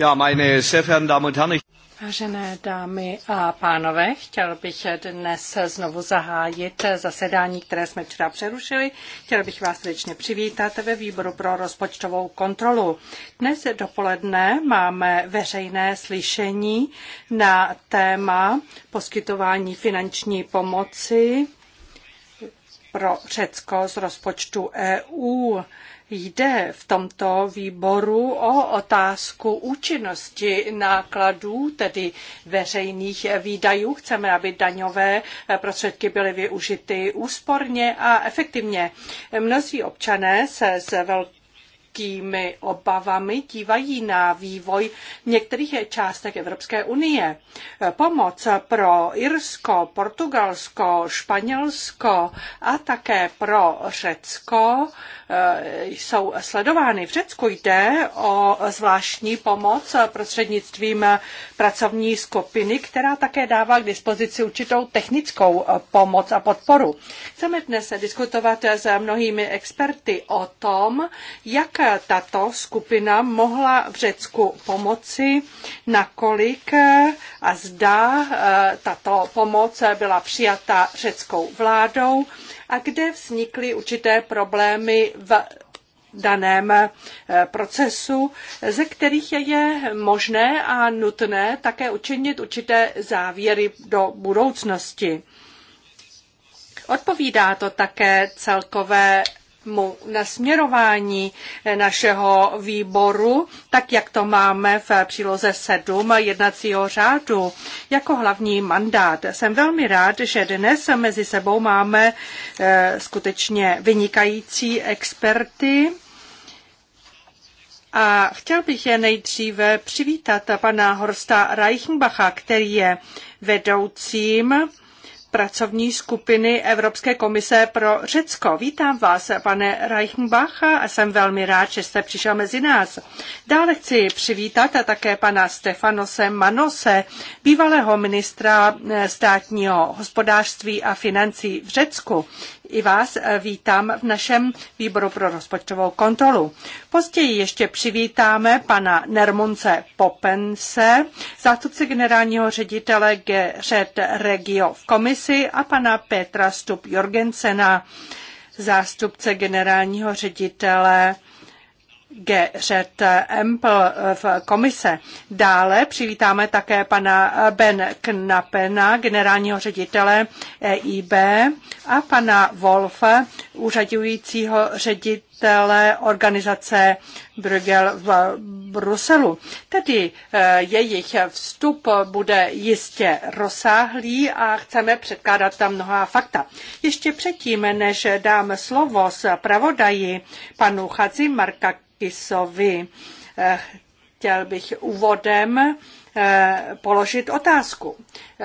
Ja, meine sehr verehrten Damen und Herren, Vážené dámy a pánové, chtěl bych dnes znovu zahájit zasedání, které jsme včera přerušili. Chtěl bych vás srdečně přivítat ve výboru pro rozpočtovou kontrolu. Dnes dopoledne máme veřejné slyšení na téma poskytování finanční pomoci pro Řecko z rozpočtu EU. Jde v tomto výboru o otázku účinnosti nákladů, tedy veřejných výdajů. Chceme, aby daňové prostředky byly využity úsporně a efektivně. Mnozí občané se z velké velkými obavami dívají na vývoj v některých částech Evropské unie. Pomoc pro Irsko, Portugalsko, Španělsko a také pro Řecko eh, jsou sledovány. V Řecku jde o zvláštní pomoc prostřednictvím pracovní skupiny, která také dává k dispozici určitou technickou eh, pomoc a podporu. Chceme dnes diskutovat s mnohými experty o tom, jak tato skupina mohla v Řecku pomoci, nakolik a zda eh, tato pomoc byla přijata řeckou vládou a kde vznikly určité problémy v daném eh, procesu, ze kterých je možné a nutné také učinit určité závěry do budoucnosti. Odpovídá to také celkové mu nasměrování eh, našeho výboru, tak jak to máme v eh, příloze 7 jednacího řádu, jako hlavní mandát. Jsem velmi rád, že dnes mezi sebou máme eh, skutečně vynikající experty. A chtěl bych je nejdříve přivítat pana Horsta Reichenbacha, který je vedoucím pracovní skupiny Evropské komise pro Řecko. Vítám vás, pane Reichenbach, a jsem velmi rád, že jste přišel mezi nás. Dále chci přivítat a také pana Stefanose Manose, bývalého ministra eh, státního hospodářství a financí v Řecku i vás eh, vítám v našem výboru pro rozpočtovou kontrolu. Později ještě přivítáme pana Nermonce Popense, zástupce generálního ředitele GŘED Regio v komisi a pana Petra Stup Jorgensena, zástupce generálního ředitele Geřet Empl v komise. Dále přivítáme také pana Ben Knapena, generálního ředitele EIB a pana Wolfa, úřadujícího ředitele ředitele organizace Bruegel v Bruselu. Tedy eh, jejich vstup bude jistě rozsáhlý a chceme předkládat tam mnoha fakta. Ještě předtím, než dám slovo zpravodaji panu Chadzi Markakisovi, eh, chtěl bych úvodem eh, položit otázku.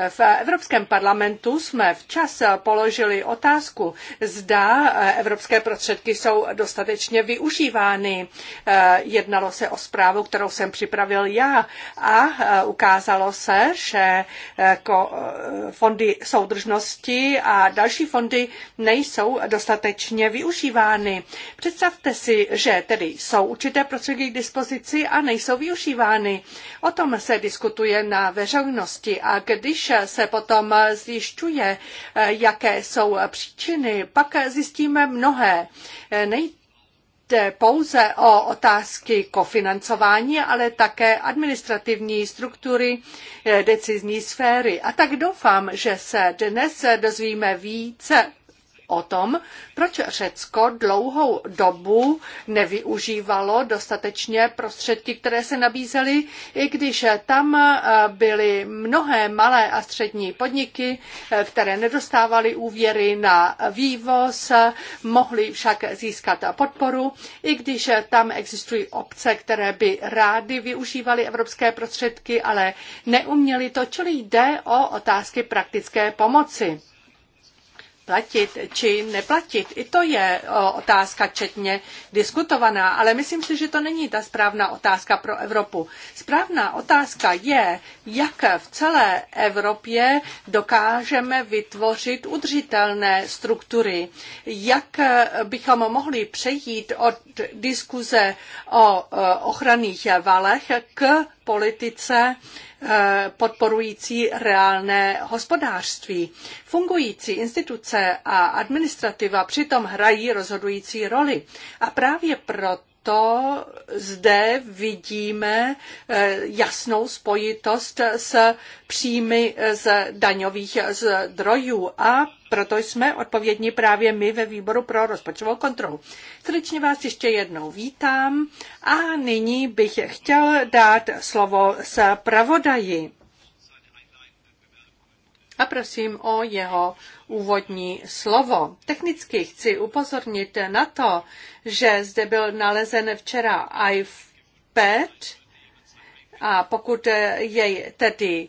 V Evropském parlamentu jsme včas položili otázku, zda evropské prostředky jsou dostatečně využívány. Jednalo se o zprávu, kterou jsem připravil já a ukázalo se, že fondy soudržnosti a další fondy nejsou dostatečně využívány. Představte si, že tedy jsou určité prostředky k dispozici a nejsou využívány. O tom se diskutuje na veřejnosti a když se potom zjišťuje, jaké jsou příčiny, pak zjistíme mnohé. nejde pouze o otázky kofinancování, ale také administrativní struktury decizní sféry. A tak doufám, že se dnes dozvíme více o tom, proč Řecko dlouhou dobu nevyužívalo dostatečně prostředky, které se nabízely, i když tam eh, byly mnohé malé a střední podniky, eh, které nedostávaly úvěry na vývoz, mohly však získat podporu, i když tam existují obce, které by rády využívaly evropské prostředky, ale neuměly to, čili jde o otázky praktické pomoci platit či neplatit. I to je otázka četně diskutovaná, ale myslím si, že to není ta správná otázka pro Evropu. Správná otázka je, jak v celé Evropě dokážeme vytvořit udržitelné struktury, jak e, bychom mohli přejít od diskuze o e, ochranných valech k politice eh, podporující reálné hospodářství. Fungující instituce a administrativa přitom hrají rozhodující roli. A právě proto proto zde vidíme eh, jasnou spojitost s příjmy z daňových zdrojů a proto jsme odpovědní právě my ve výboru pro rozpočtovou kontrolu. Srdečně vás ještě jednou vítám a nyní bych chtěl dát slovo zpravodaji a prosím o jeho úvodní slovo. Technicky chci upozornit na to, že zde byl nalezen včera iPad a pokud jej tedy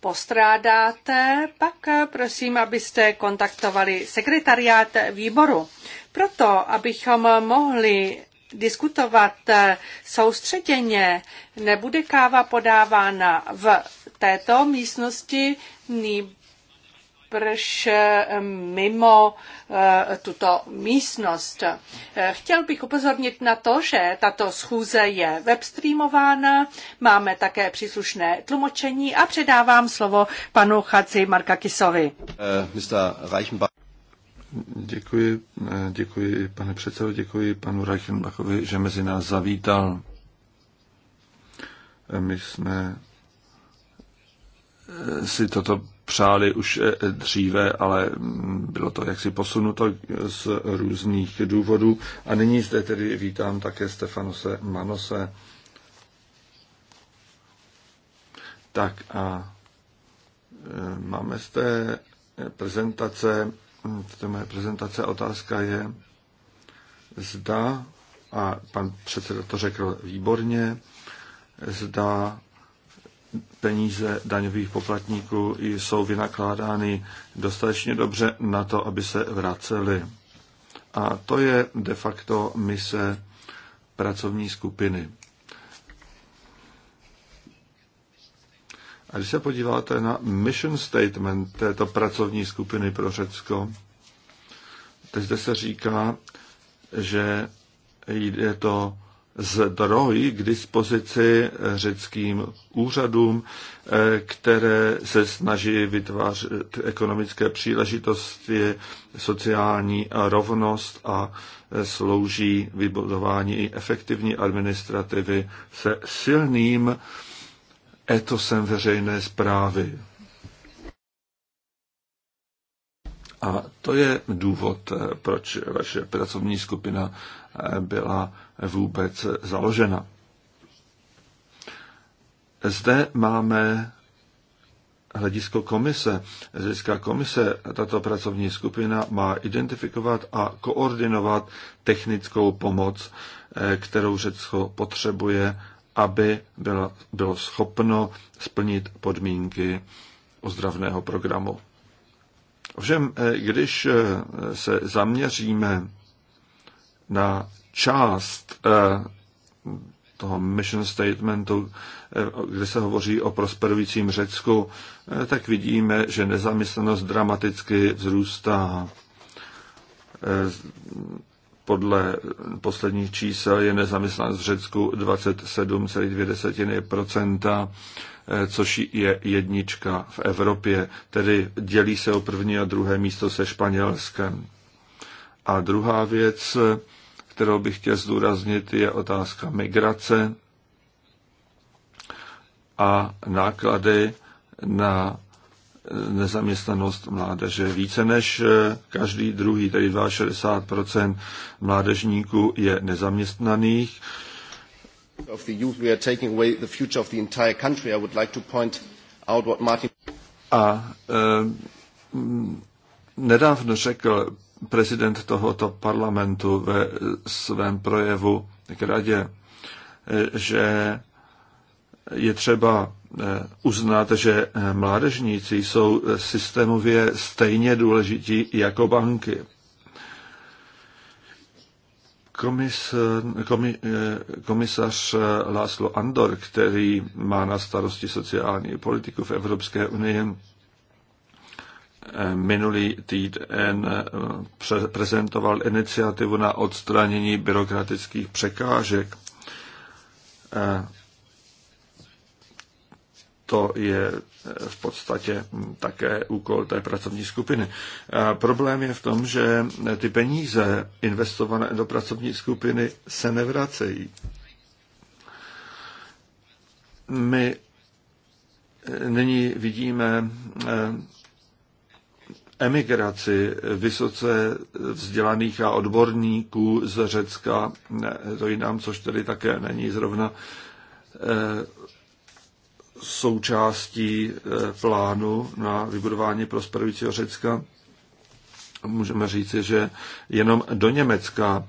postrádáte, pak prosím, abyste kontaktovali sekretariát výboru. Proto, abychom mohli diskutovat eh, soustředěně, nebude káva podávána v této místnosti, nýbrž eh, mimo eh, tuto místnost. Chtěl bych upozornit na to, že tato schůze je webstreamována, máme také příslušné tlumočení a předávám slovo panu Chaci Markakisovi. Uh, Děkuji, eh, děkuji pane předsedo, děkuji panu Reichenbachovi, že mezi nás zavítal. Eh, my jsme eh, si toto přáli už dříve, ale mm, bylo to jaksi posunuto z různých důvodů. A nyní zde tedy vítám také Stefanose Manose. Tak a máme zde prezentace této mé prezentace otázka je, zda, a pan předseda to řekl výborně, zda peníze daňových poplatníků jsou vynakládány dostatečně dobře na to, aby se vracely. A to je de facto mise pracovní skupiny. A když se podíváte na mission statement této pracovní skupiny pro Řecko, tak zde se říká, že je to zdroj k dispozici řeckým úřadům, které se snaží vytvářet ekonomické příležitosti, sociální rovnost a slouží vybudování i efektivní administrativy se silným etosem veřejné zprávy. A to je důvod, eh, proč vaše pracovní skupina eh, byla vůbec založena. Zde máme hledisko komise. Zická komise, tato pracovní skupina má identifikovat a koordinovat technickou pomoc, eh, kterou Řecko potřebuje aby bylo, bylo schopno splnit podmínky ozdravného programu. Ovšem, eh, když eh, se zaměříme na část eh, toho mission statementu, kde se hovoří o prosperujícím Řecku, tak vidíme, že nezaměstnanost dramaticky vzrůstá podle posledních čísel je nezaměstnanost v Řecku 27,2%, eh, což je jednička v Evropě, tedy dělí se o první a druhé místo se Španělskem. A druhá věc, kterou bych chtěl zdůraznit, je otázka migrace a náklady na nezaměstnanost mládeže. Více než eh, každý druhý, tedy 62 mládežníků je nezaměstnaných. Of the youth, we are taking away the future of the entire country. I would like to point out what Martin... A eh, nedávno řekl prezident tohoto parlamentu ve svém projevu k radě, eh, že je třeba Eh, uznat, že eh, mládežníci jsou eh, systémově stejně důležití jako banky. Komis, komi, komisař Láslo Andor, který má na starosti sociální politiku v Evropské unii, minulý týden prezentoval iniciativu na odstranění byrokratických překážek to je eh, v podstatě mm, také úkol té pracovní skupiny. A problém je v tom, že eh, ty peníze investované do pracovní skupiny se nevracejí. My eh, nyní vidíme emigraci vysoce vzdělaných a odborníků z Řecka, to jinam, což tedy také není zrovna součástí eh, plánu na vybudování prosperujícího Řecka. Můžeme říci, že jenom do Německa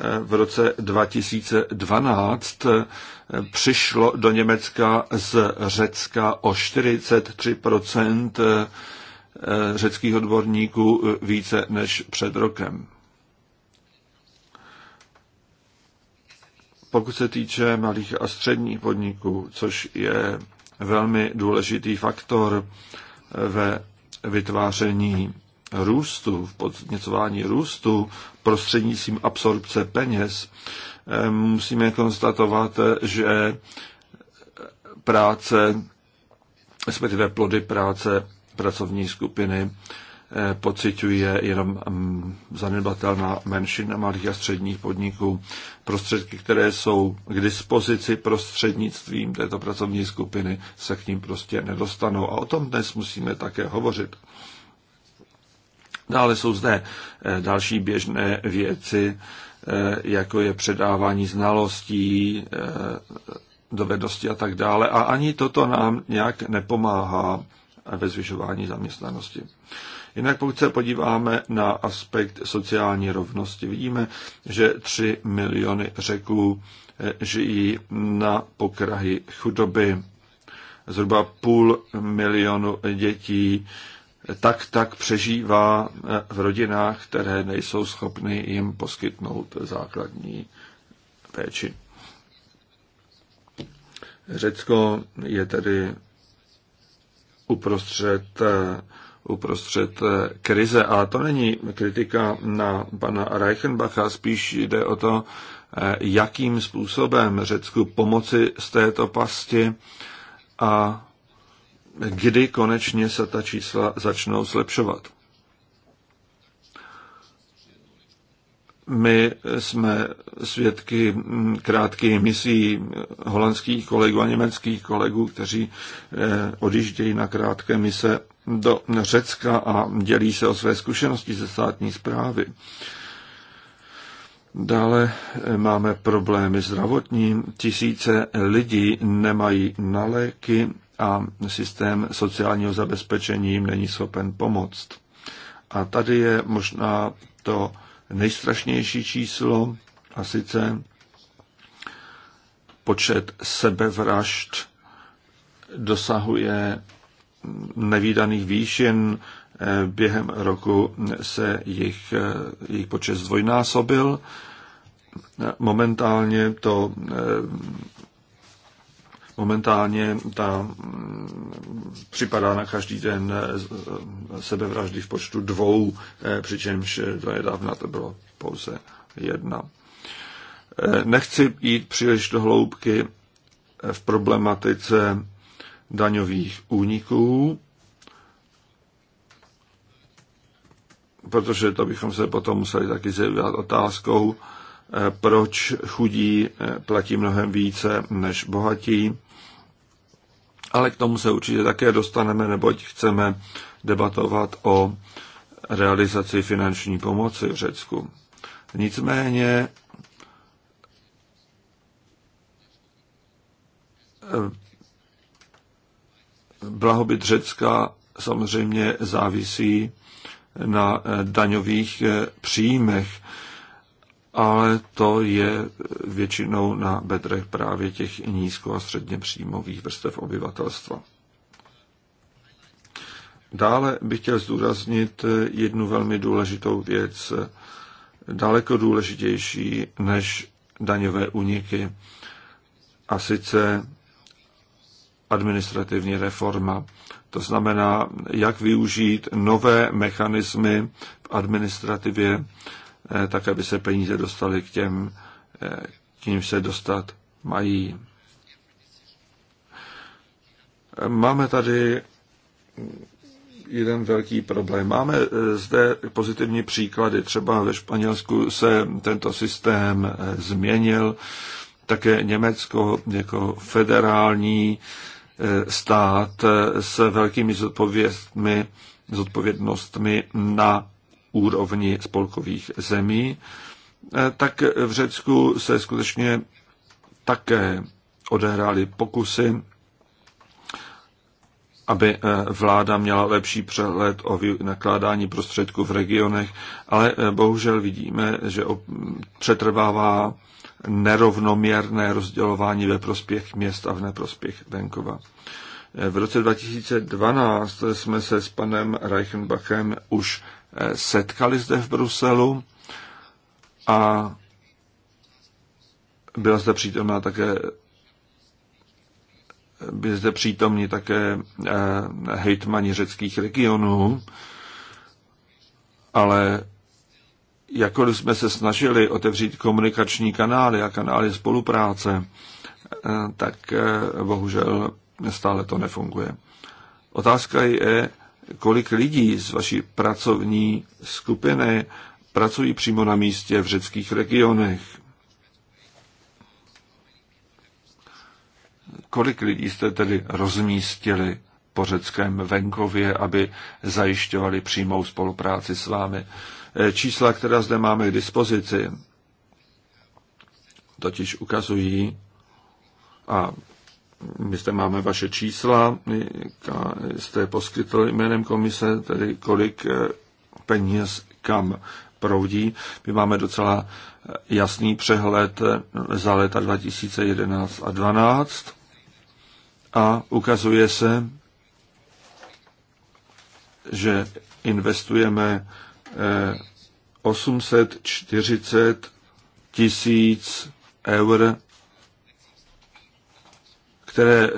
eh, v roce 2012 eh, přišlo do Německa z Řecka o 43 řeckých odborníků více než před rokem. Pokud se týče malých a středních podniků, což je velmi důležitý faktor ve vytváření růstu, v podněcování růstu prostřednictvím absorpce peněz, eh, musíme konstatovat, že práce, respektive plody práce pracovní skupiny Eh, pociťuje jenom mm, zanedbatelná menšina malých a středních podniků. Prostředky, které jsou k dispozici prostřednictvím této pracovní skupiny, se k ním prostě nedostanou. A o tom dnes musíme také hovořit. Dále jsou zde eh, další běžné věci, eh, jako je předávání znalostí, dovednosti a tak dále. A ani toto nám nějak nepomáhá ve zvyšování zaměstnanosti. Jinak pokud se podíváme na aspekt sociální rovnosti, vidíme, že 3 miliony řeků eh, žijí na pokraji chudoby. Zhruba půl milionu dětí eh, tak tak přežívá eh, v rodinách, které nejsou schopny jim poskytnout základní péči. Řecko je tedy uprostřed uprostřed eh, krize. A to není kritika na pana Reichenbacha, spíš jde o to, eh, jakým způsobem Řecku pomoci z této pasti a kdy konečně se ta čísla začnou zlepšovat. My jsme svědky hm, krátkých misí holandských kolegů a německých kolegů, kteří eh, odjíždějí na krátké mise do Řecka a dělí se o své zkušenosti ze státní zprávy. Dále eh, máme problémy zdravotní. Tisíce lidí nemají na léky a systém sociálního zabezpečení jim není schopen pomoct. A tady je možná to nejstrašnější číslo, a sice počet sebevražd dosahuje nevýdaných výšin eh, během roku se jejich, eh, jejich počet zdvojnásobil. Momentálně to eh, momentálně ta mm, připadá na každý den sebevraždy v počtu dvou, přičemž nedávna to bylo pouze jedna. Nechci jít příliš do hloubky v problematice daňových úniků, protože to bychom se potom museli taky zabývat otázkou, eh, proč chudí eh, platí mnohem více než bohatí. Ale k tomu se určitě také dostaneme, neboť chceme debatovat o realizaci finanční pomoci v Řecku. Nicméně eh, blahobyt Řecka samozřejmě závisí na eh, daňových eh, příjmech, ale to je většinou na bedrech právě těch nízko a středně příjmových vrstev obyvatelstva. Dále bych chtěl zdůraznit eh, jednu velmi důležitou věc, daleko důležitější než daňové úniky, a sice administrativní reforma. To znamená, jak využít nové mechanismy v administrativě, eh, tak aby se peníze dostaly k těm, eh, k ním se dostat mají. Máme tady jeden velký problém. Máme eh, zde pozitivní příklady. Třeba ve Španělsku se tento systém změnil. Také Německo jako federální eh, stát s velkými zodpovědmi, zodpovědnostmi na úrovni spolkových zemí, tak v Řecku se skutečně také odehrály pokusy, aby vláda měla lepší přehled o nakládání prostředků v regionech, ale bohužel vidíme, že přetrvává nerovnoměrné rozdělování ve prospěch měst a v neprospěch venkova. V roce 2012 jsme se s panem Reichenbachem už eh, setkali zde v Bruselu a byla zde přítomná také byli zde přítomni také eh, hejtmani řeckých regionů, ale jakkoliv jsme se snažili otevřít komunikační kanály a kanály spolupráce, eh, tak eh, bohužel stále to nefunguje. Otázka je, kolik lidí z vaší pracovní skupiny pracují přímo na místě v řeckých regionech. Kolik lidí jste tedy rozmístili po řeckém venkově, aby zajišťovali přímou spolupráci s vámi? čísla, která zde máme k dispozici, totiž ukazují, a my zde máme vaše čísla, jste poskytl jménem komise, tedy kolik eh, peněz kam proudí. My máme docela eh, jasný přehled eh, za leta 2011 a 2012 a ukazuje se, že investujeme 840 eh, tisíc eur, které eh,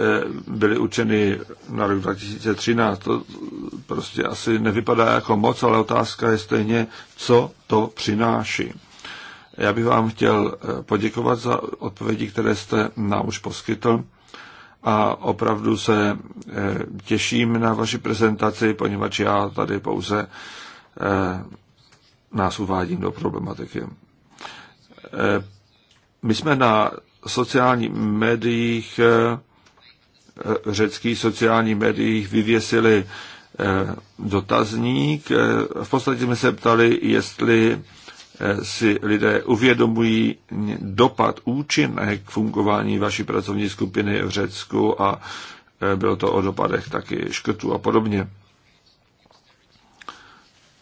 byly učeny na rok 2013. To prostě asi nevypadá jako moc, ale otázka je stejně, co to přináší. Já bych vám chtěl eh, poděkovat za odpovědi, které jste nám už poskytl a opravdu se těším na vaši prezentaci, poněvadž já tady pouze Eh, nás uvádím do problematiky. Eh, my jsme na sociálních médiích, eh, řeckých sociálních médiích vyvěsili dotazník. V podstatě jsme se ptali, jestli si lidé uvědomují dopad účinek fungování vaší pracovní skupiny v Řecku a bylo to o dopadech taky škrtů a podobně.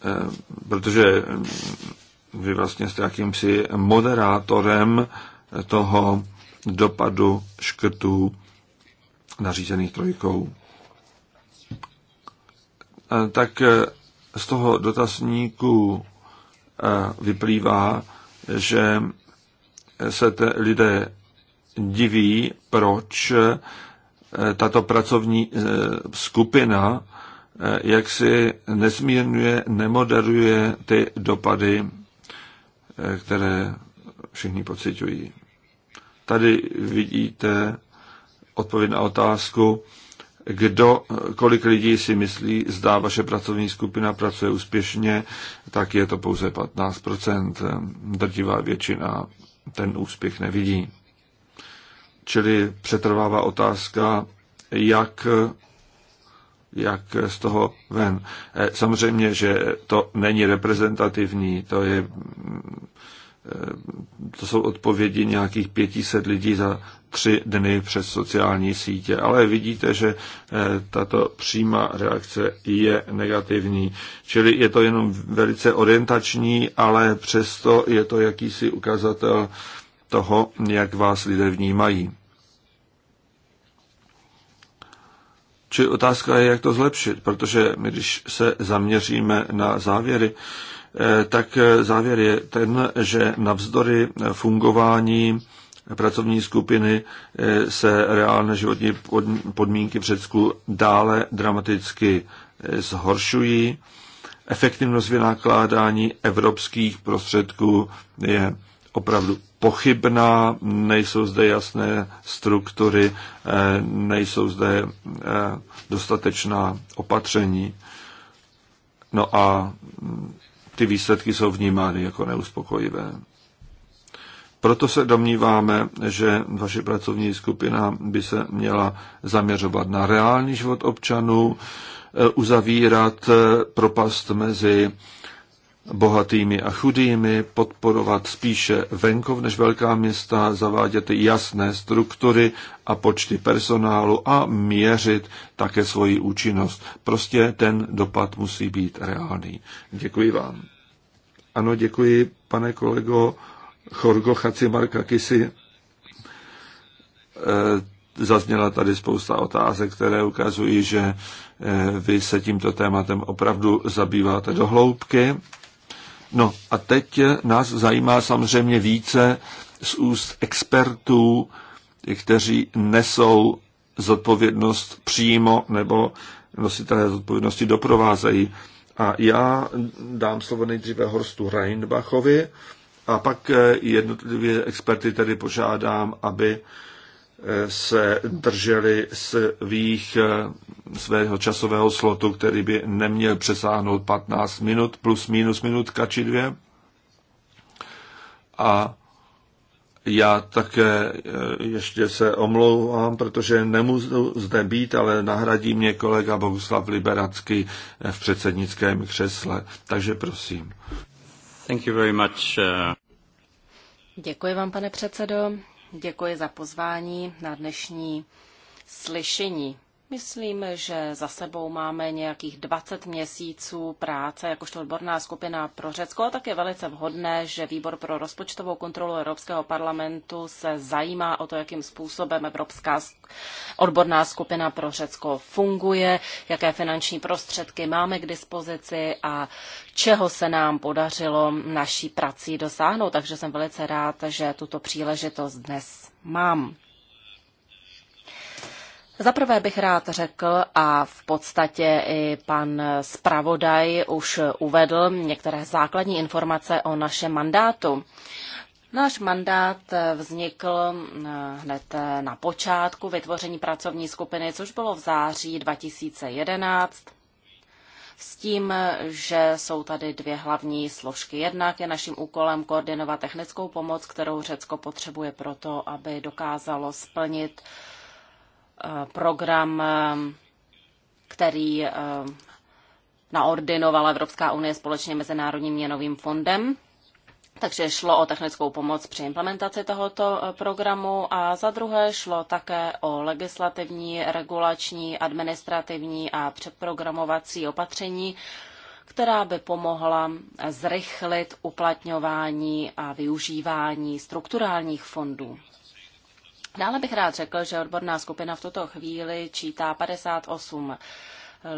Eh, protože eh, vy vlastně jste jakýmsi moderátorem toho dopadu škrtů nařízených trojkou. Eh, tak z toho dotazníku vyplývá, že se te lidé diví, proč tato pracovní skupina Eh, jak si nezmírňuje, nemoderuje ty dopady, eh, které všichni pociťují. Tady vidíte odpověď na otázku, kdo, kolik lidí si myslí, zdá vaše pracovní skupina pracuje úspěšně, tak je to pouze 15%. Drtivá většina ten úspěch nevidí. Čili přetrvává otázka, jak jak z toho ven. E, samozřejmě, že to není reprezentativní, to, je, mm, e, to jsou odpovědi nějakých 500 lidí za tři dny přes sociální sítě, ale vidíte, že e, tato přímá reakce je negativní. Čili je to jenom velice orientační, ale přesto je to jakýsi ukazatel toho, jak vás lidé vnímají. Či otázka je, jak to zlepšit, protože my, když se zaměříme na závěry, eh, tak eh, závěr je ten, že navzdory fungování pracovní skupiny eh, se reálné životní podmínky v Řecku dále dramaticky zhoršují. Efektivnost vynakládání evropských prostředků je opravdu pochybná, nejsou zde jasné struktury, eh, nejsou zde eh, dostatečná opatření. No a mm, ty výsledky jsou vnímány jako neuspokojivé. Proto se domníváme, že vaše pracovní skupina by se měla zaměřovat na reálný život občanů, eh, uzavírat propast mezi bohatými a chudými, podporovat spíše venkov než velká města, zavádět jasné struktury a počty personálu a měřit také svoji účinnost. Prostě ten dopad musí být reálný. Děkuji vám. Ano, děkuji, pane kolego Chorgo Chacimarka Kisi. Eh, zazněla tady spousta otázek, které ukazují, že eh, vy se tímto tématem opravdu zabýváte do hloubky. No a teď nás zajímá samozřejmě více z úst expertů, kteří nesou zodpovědnost přímo nebo nositelé zodpovědnosti doprovázejí. A já dám slovo nejdříve Horstu Reinbachovi a pak eh, jednotlivě experty tedy požádám, aby se drželi svých, svého časového slotu, který by neměl přesáhnout 15 minut plus minus minutka či dvě. A já také eh, ještě se omlouvám, protože nemůžu zde být, ale nahradí mě kolega Bohuslav Liberacký eh, v předsednickém křesle. Takže prosím. Thank you very much. Eh. Děkuji vám, pane předsedo. Děkuji za pozvání na dnešní slyšení. Myslím, že za sebou máme nějakých 20 měsíců práce jakožto odborná skupina pro Řecko a tak je velice vhodné, že Výbor pro rozpočtovou kontrolu Evropského parlamentu se zajímá o to, jakým způsobem Evropská odborná skupina pro Řecko funguje, jaké finanční prostředky máme k dispozici a čeho se nám podařilo naší prací dosáhnout. Takže jsem velice rád, že tuto příležitost dnes mám. Za prvé bych rád řekl, a v podstatě i pan zpravodaj už uvedl některé základní informace o našem mandátu. Náš mandát vznikl eh, hned eh, na počátku vytvoření pracovní skupiny, což bylo v září 2011 s tím, že jsou tady dvě hlavní složky. Jednak je naším úkolem koordinovat technickou pomoc, kterou Řecko potřebuje proto, aby dokázalo splnit Eh, program, eh, který eh, naordinovala Evropská unie společně Mezinárodním měnovým fondem. Takže šlo o technickou pomoc při implementaci tohoto programu a za druhé šlo také o legislativní, regulační, administrativní a předprogramovací opatření, která by pomohla zrychlit uplatňování a využívání strukturálních fondů. Dále bych rád řekl, že odborná skupina v tuto chvíli čítá 58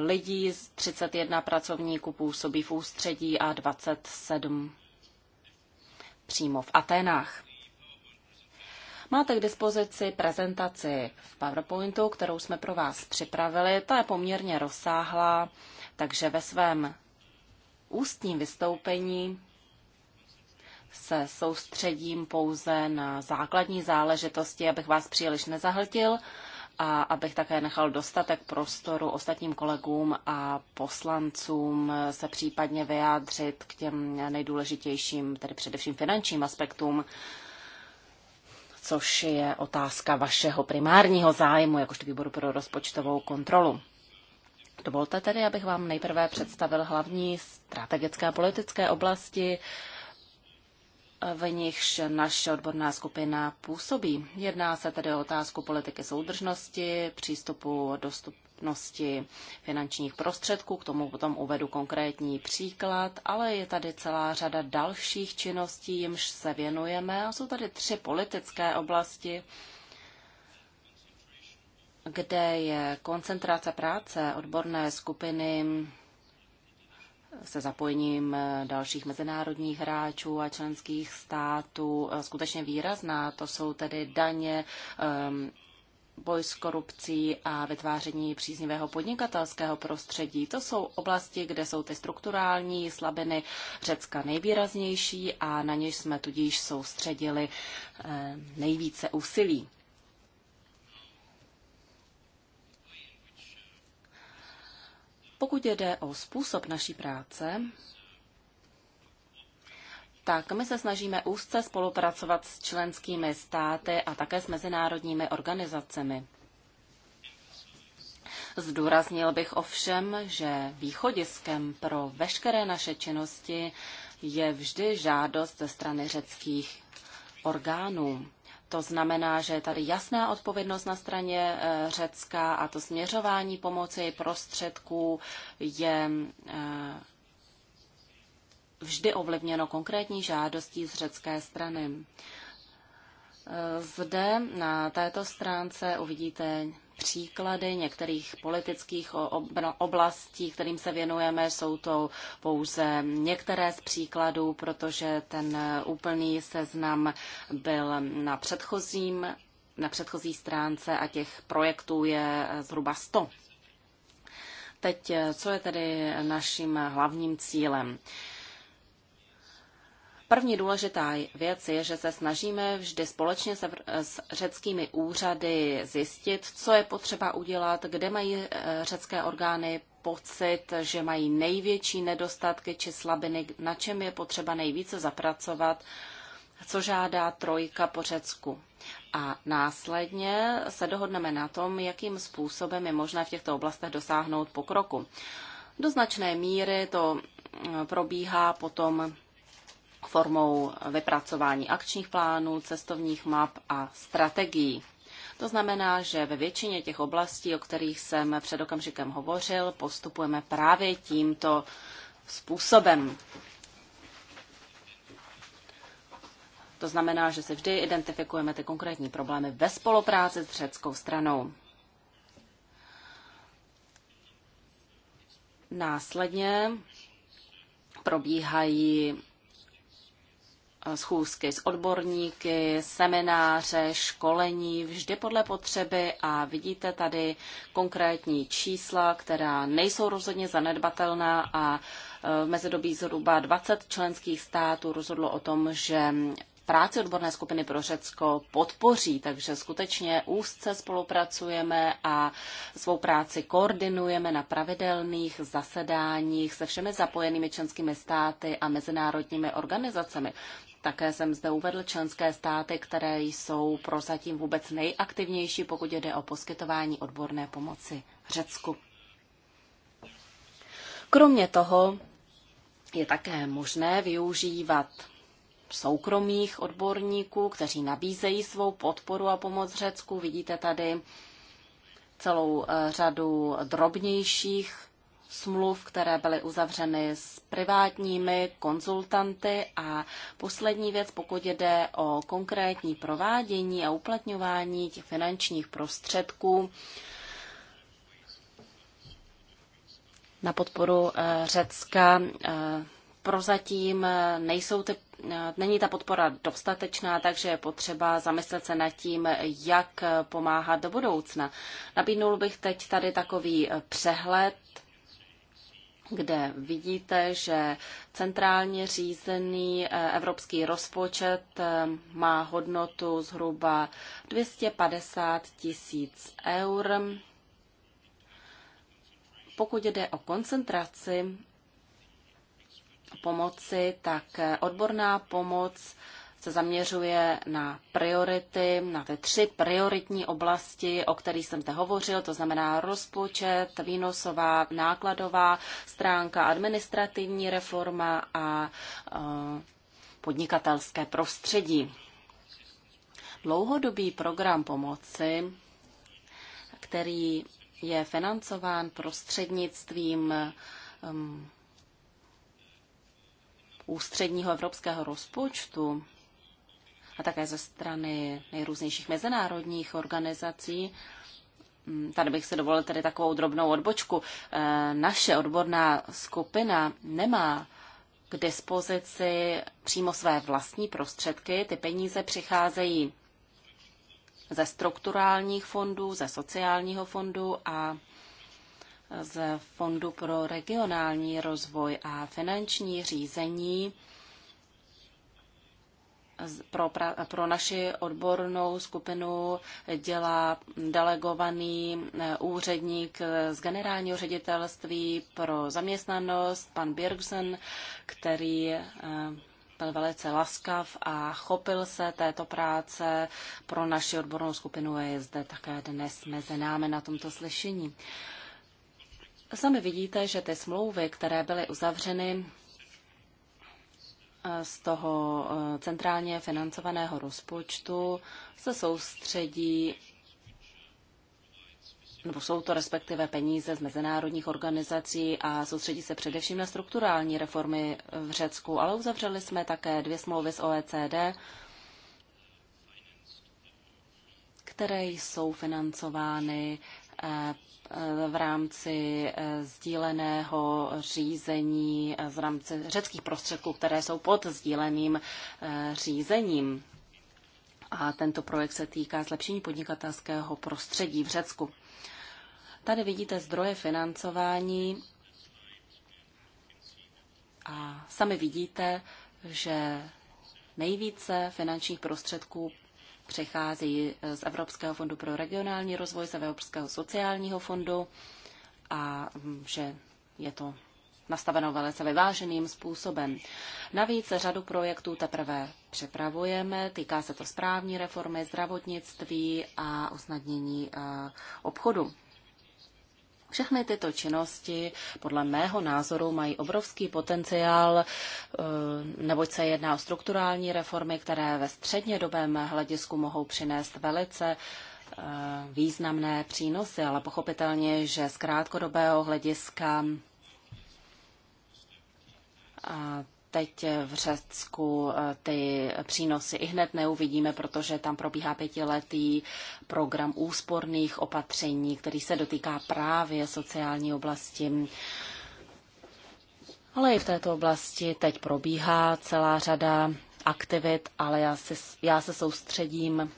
lidí, 31 pracovníků působí v ústředí a 27 přímo v Aténách. Máte k dispozici prezentaci v PowerPointu, kterou jsme pro vás připravili. Ta je poměrně rozsáhlá, takže ve svém ústním vystoupení se soustředím pouze na základní záležitosti, abych vás příliš nezahltil a abych také nechal dostatek prostoru ostatním kolegům a poslancům se případně vyjádřit k těm nejdůležitějším, tedy především finančním aspektům, což je otázka vašeho primárního zájmu, jakožto výboru pro rozpočtovou kontrolu. Dovolte tedy, abych vám nejprve představil hlavní strategické a politické oblasti, v nichž naše odborná skupina působí. Jedná se tedy o otázku politiky soudržnosti, přístupu dostupnosti finančních prostředků, k tomu potom uvedu konkrétní příklad, ale je tady celá řada dalších činností, jimž se věnujeme a jsou tady tři politické oblasti, kde je koncentrace práce odborné skupiny se zapojením eh, dalších mezinárodních hráčů a členských států eh, skutečně výrazná. To jsou tedy daně, ehm, boj s korupcí a vytváření příznivého podnikatelského prostředí. To jsou oblasti, kde jsou ty strukturální slabiny Řecka nejvýraznější a na něž jsme tudíž soustředili eh, nejvíce úsilí. Pokud jde o způsob naší práce, tak my se snažíme úzce spolupracovat s členskými státy a také s mezinárodními organizacemi. Zdůraznil bych ovšem, že východiskem pro veškeré naše činnosti je vždy žádost ze strany řeckých orgánů. To znamená, že je tady jasná odpovědnost na straně eh, Řecka a to směřování pomoci prostředků je eh, vždy ovlivněno konkrétní žádostí z řecké strany. Eh, zde na této stránce uvidíte příklady některých politických oblastí, kterým se věnujeme. Jsou to pouze některé z příkladů, protože ten eh, úplný seznam byl na předchozím na předchozí stránce a těch projektů je eh, zhruba 100. Teď, eh, co je tedy naším hlavním cílem? První důležitá věc je, že se snažíme vždy společně se, s řeckými úřady zjistit, co je potřeba udělat, kde mají eh, řecké orgány pocit, že mají největší nedostatky či slabiny, na čem je potřeba nejvíce zapracovat, co žádá trojka po Řecku. A následně se dohodneme na tom, jakým způsobem je možné v těchto oblastech dosáhnout pokroku. Do značné míry to mm, probíhá potom formou vypracování akčních plánů, cestovních map a strategií. To znamená, že ve většině těch oblastí, o kterých jsem před okamžikem hovořil, postupujeme právě tímto způsobem. To znamená, že se vždy identifikujeme ty konkrétní problémy ve spolupráci s řeckou stranou. Následně probíhají Eh, schůzky s odborníky, semináře, školení, vždy podle potřeby a vidíte tady konkrétní čísla, která nejsou rozhodně zanedbatelná a eh, v mezidobí zhruba 20 členských států rozhodlo o tom, že práci odborné skupiny pro Řecko podpoří, takže skutečně úzce spolupracujeme a svou práci koordinujeme na pravidelných zasedáních se všemi zapojenými členskými státy a mezinárodními organizacemi. Také jsem zde uvedl členské státy, které jsou prozatím vůbec nejaktivnější, pokud jde o poskytování odborné pomoci Řecku. Kromě toho je také možné využívat soukromých odborníků, kteří nabízejí svou podporu a pomoc Řecku. Vidíte tady celou eh, řadu drobnějších smluv, které byly uzavřeny s privátními konzultanty. A poslední věc, pokud jde o konkrétní provádění a uplatňování těch finančních prostředků na podporu eh, Řecka, eh, prozatím eh, nejsou ty, není ta podpora dostatečná, takže je potřeba zamyslet se nad tím, jak pomáhat do budoucna. Nabídnul bych teď tady takový přehled kde vidíte, že centrálně řízený eh, evropský rozpočet eh, má hodnotu zhruba 250 tisíc eur. Pokud jde o koncentraci pomoci, tak odborná pomoc se zaměřuje na priority, na ty tři prioritní oblasti, o kterých jsem te hovořil, to znamená rozpočet, výnosová, nákladová stránka, administrativní reforma a eh, podnikatelské prostředí. Dlouhodobý program pomoci, který je financován prostřednictvím ehm, ústředního evropského rozpočtu a také ze strany nejrůznějších mezinárodních organizací. Mm, tady bych se dovolil tedy takovou drobnou odbočku. E, naše odborná skupina nemá k dispozici přímo své vlastní prostředky. Ty peníze přicházejí ze strukturálních fondů, ze sociálního fondu a z Fondu pro regionální rozvoj a finanční řízení pro, pro naši odbornou skupinu dělá delegovaný eh, úředník eh, z generálního ředitelství pro zaměstnanost, pan Birgsen, který eh, byl velice laskav a chopil se této práce pro naši odbornou skupinu a je zde také dnes mezi námi na tomto slyšení. Sami vidíte, že ty smlouvy, které byly uzavřeny, z toho eh, centrálně financovaného rozpočtu se soustředí nebo jsou to respektive peníze z mezinárodních organizací a soustředí se především na strukturální reformy v Řecku, ale uzavřeli jsme také dvě smlouvy z OECD, které jsou financovány eh, v rámci eh, sdíleného řízení, eh, v rámci řeckých prostředků, které jsou pod sdíleným eh, řízením. A tento projekt se týká zlepšení podnikatelského prostředí v Řecku. Tady vidíte zdroje financování a sami vidíte, že nejvíce finančních prostředků přechází eh, z Evropského fondu pro regionální rozvoj, z Evropského sociálního fondu a mm, že je to nastaveno velice vyváženým způsobem. Navíc řadu projektů teprve připravujeme, týká se to správní reformy, zdravotnictví a usnadnění eh, obchodu. Všechny tyto činnosti podle mého názoru mají obrovský potenciál, eh, neboť se jedná o strukturální reformy, které ve střednědobém hledisku mohou přinést velice eh, významné přínosy, ale pochopitelně, že z krátkodobého hlediska eh, teď v Řecku eh, ty přínosy i hned neuvidíme, protože tam probíhá pětiletý program úsporných opatření, který se dotýká právě sociální oblasti. Ale i v této oblasti teď probíhá celá řada aktivit, ale já se, já se soustředím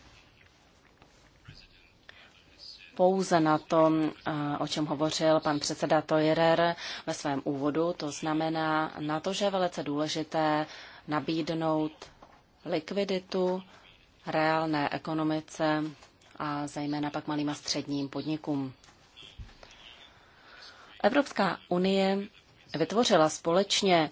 pouze na to, eh, o čem hovořil pan předseda Tojerer ve svém úvodu, to znamená na to, že je velice důležité nabídnout likviditu reálné ekonomice a zejména pak malým a středním podnikům. Evropská unie vytvořila společně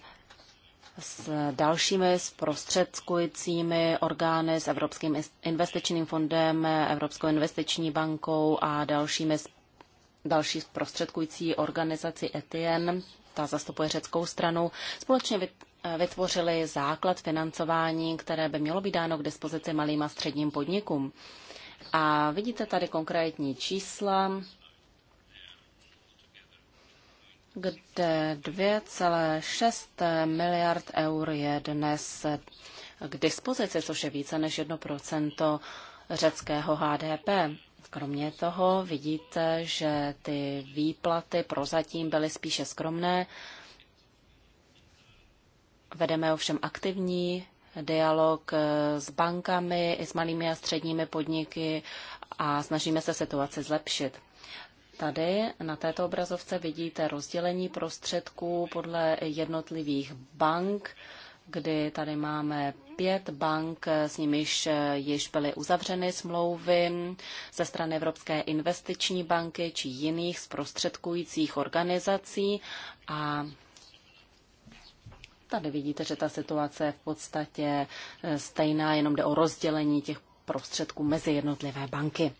s dalšími zprostředkujícími orgány, s Evropským investičním fondem, Evropskou investiční bankou a dalšími další zprostředkující organizaci ETN, ta zastupuje řeckou stranu, společně vytvořili základ financování, které by mělo být dáno k dispozici malým a středním podnikům. A vidíte tady konkrétní čísla, kde 2,6 miliard eur je dnes k dispozici, což je více než 1% řeckého HDP. Kromě toho vidíte, že ty výplaty prozatím byly spíše skromné. Vedeme ovšem aktivní dialog s bankami i s malými a středními podniky a snažíme se situaci zlepšit. Tady na této obrazovce vidíte rozdělení prostředků podle jednotlivých bank, kdy tady máme pět bank, s nimiž již byly uzavřeny smlouvy ze strany Evropské investiční banky či jiných zprostředkujících organizací a Tady vidíte, že ta situace je v podstatě stejná, jenom jde o rozdělení těch prostředků mezi jednotlivé banky.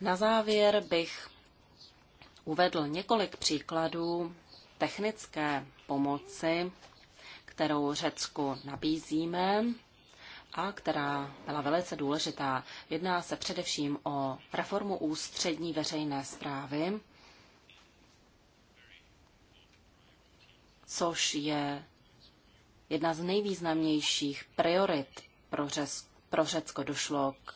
Na závěr bych uvedl několik příkladů technické pomoci, kterou Řecku nabízíme a která byla velice důležitá. Jedná se především o reformu ústřední veřejné zprávy, což je jedna z nejvýznamnějších priorit pro, Řecko. pro Řecko. Došlo k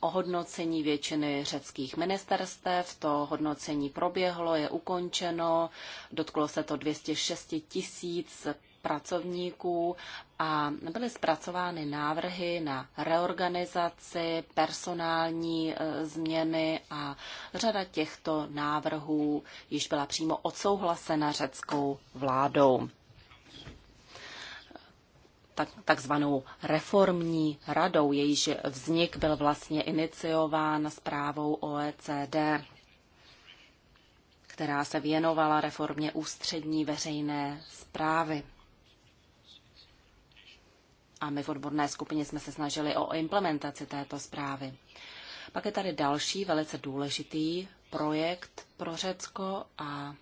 hodnocení většiny řeckých ministerstev. To hodnocení proběhlo, je ukončeno, dotklo se to 206 tisíc pracovníků a byly zpracovány návrhy na reorganizaci, personální e, změny a řada těchto návrhů již byla přímo odsouhlasena řeckou vládou tak, takzvanou reformní radou, jejíž vznik byl vlastně iniciován zprávou OECD, která se věnovala reformě ústřední veřejné zprávy. A my v odborné skupině jsme se snažili o implementaci této zprávy. Pak je tady další velice důležitý projekt pro Řecko a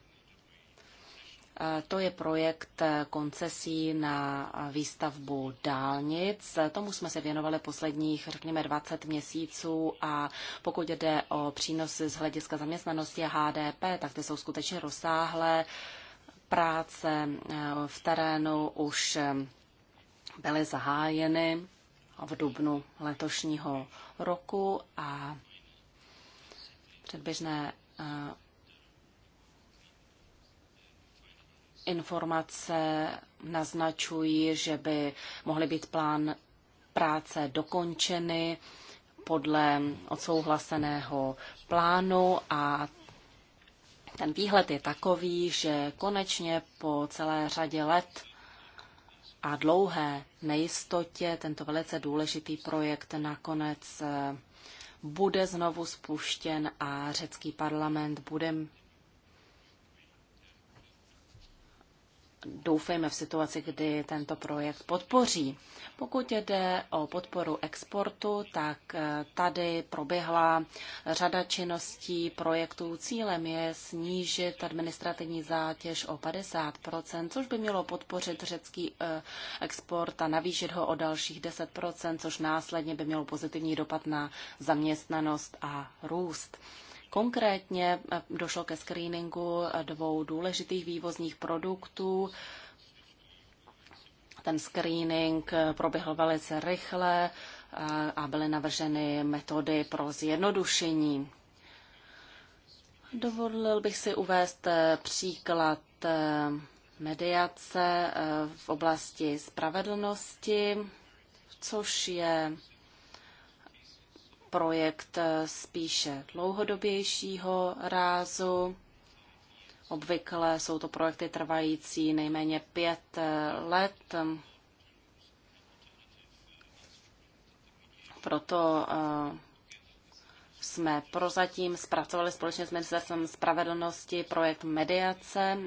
to je projekt koncesí na výstavbu dálnic. Tomu jsme se věnovali posledních, řekněme, 20 měsíců a pokud jde o přínosy z hlediska zaměstnanosti a HDP, tak ty jsou skutečně rozsáhlé. Práce eh, v terénu už eh, byly zahájeny v dubnu letošního roku a předběžné eh, informace naznačují, že by mohly být plán práce dokončeny podle odsouhlaseného plánu a ten výhled je takový, že konečně po celé řadě let a dlouhé nejistotě tento velice důležitý projekt nakonec eh, bude znovu spuštěn a řecký parlament bude doufejme v situaci, kdy tento projekt podpoří. Pokud jde o podporu exportu, tak eh, tady proběhla řada činností projektů. Cílem je snížit administrativní zátěž o 50 což by mělo podpořit řecký eh, export a navýšit ho o dalších 10 což následně by mělo pozitivní dopad na zaměstnanost a růst. Konkrétně eh, došlo ke screeningu eh, dvou důležitých vývozních produktů. Ten screening eh, proběhl velice rychle a byly navrženy metody pro zjednodušení. Dovolil bych si uvést příklad mediace v oblasti spravedlnosti, což je projekt eh, spíše dlouhodobějšího rázu. Obvykle jsou to projekty trvající nejméně pět eh, let. Proto eh, jsme prozatím zpracovali společně s Ministerstvem spravedlnosti projekt mediace,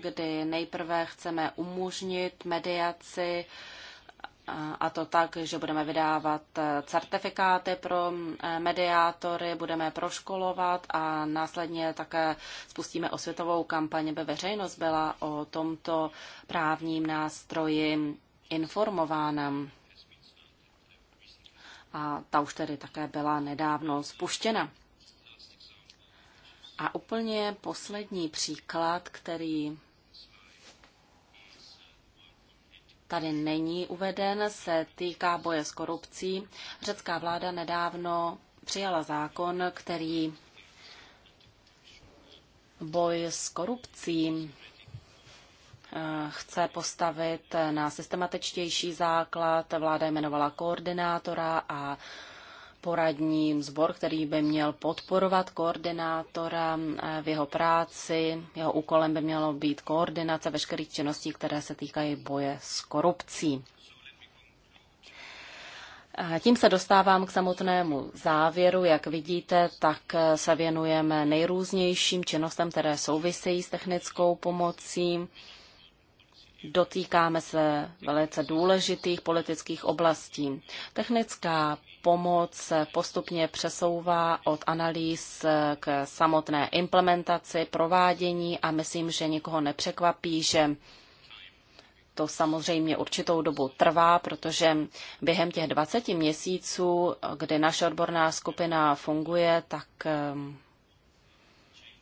kdy nejprve chceme umožnit mediaci a to tak, že budeme vydávat eh, certifikáty pro eh, mediátory, budeme proškolovat a následně také spustíme osvětovou kampaň, aby veřejnost byla o tomto právním nástroji informována. A ta už tedy také byla nedávno spuštěna. A úplně poslední příklad, který tady není uveden, se týká boje s korupcí. Řecká vláda nedávno přijala zákon, který boj s korupcí eh, chce postavit na systematičtější základ. Vláda jmenovala koordinátora a poradní sbor, který by měl podporovat koordinátora eh, v jeho práci. Jeho úkolem by mělo být koordinace veškerých činností, které se týkají boje s korupcí. Tím se dostávám k samotnému závěru. Jak vidíte, tak eh, se věnujeme nejrůznějším činnostem, které souvisejí s technickou pomocí dotýkáme se velice důležitých politických oblastí. Technická pomoc se postupně přesouvá od analýz k samotné implementaci, provádění a myslím, že nikoho nepřekvapí, že to samozřejmě určitou dobu trvá, protože během těch 20 měsíců, kdy naše odborná skupina funguje, tak, eh,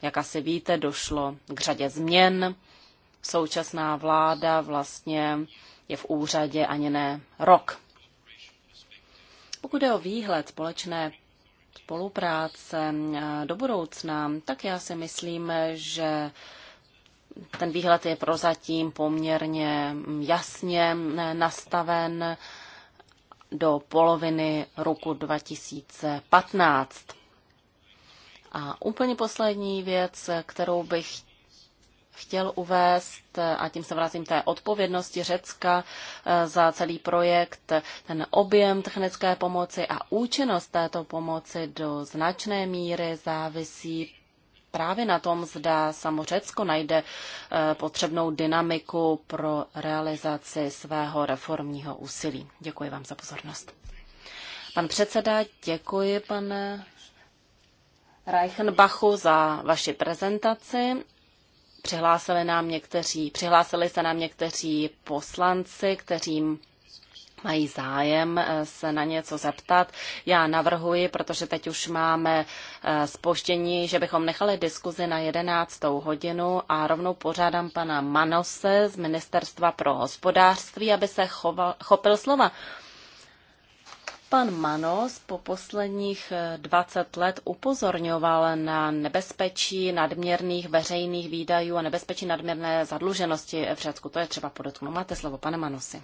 jak asi víte, došlo k řadě změn současná vláda vlastně je v úřadě ani ne rok. Pokud je o výhled společné spolupráce eh, do budoucna, tak já si myslím, že ten výhled je prozatím poměrně jasně eh, nastaven do poloviny roku 2015. A úplně poslední věc, kterou bych chtěl uvést, a tím se vracím té odpovědnosti Řecka eh, za celý projekt, ten objem technické pomoci a účinnost této pomoci do značné míry závisí právě na tom, zda samo Řecko najde eh, potřebnou dynamiku pro realizaci svého reformního úsilí. Děkuji vám za pozornost. Pan předseda, děkuji, pane Reichenbachu, za vaši prezentaci Přihlásili, nám někteří, přihlásili se nám někteří poslanci, kterým mají zájem eh, se na něco zeptat. Já navrhuji, protože teď už máme spoštění, eh, že bychom nechali diskuzi na 11. hodinu a rovnou pořádám pana Manose z Ministerstva pro hospodářství, aby se choval, chopil slova. Pan Manos po posledních 20 eh, let upozorňoval na nebezpečí nadměrných veřejných výdajů a nebezpečí nadměrné zadluženosti v Řecku. To je třeba podotknout. Máte slovo, pane Manosi.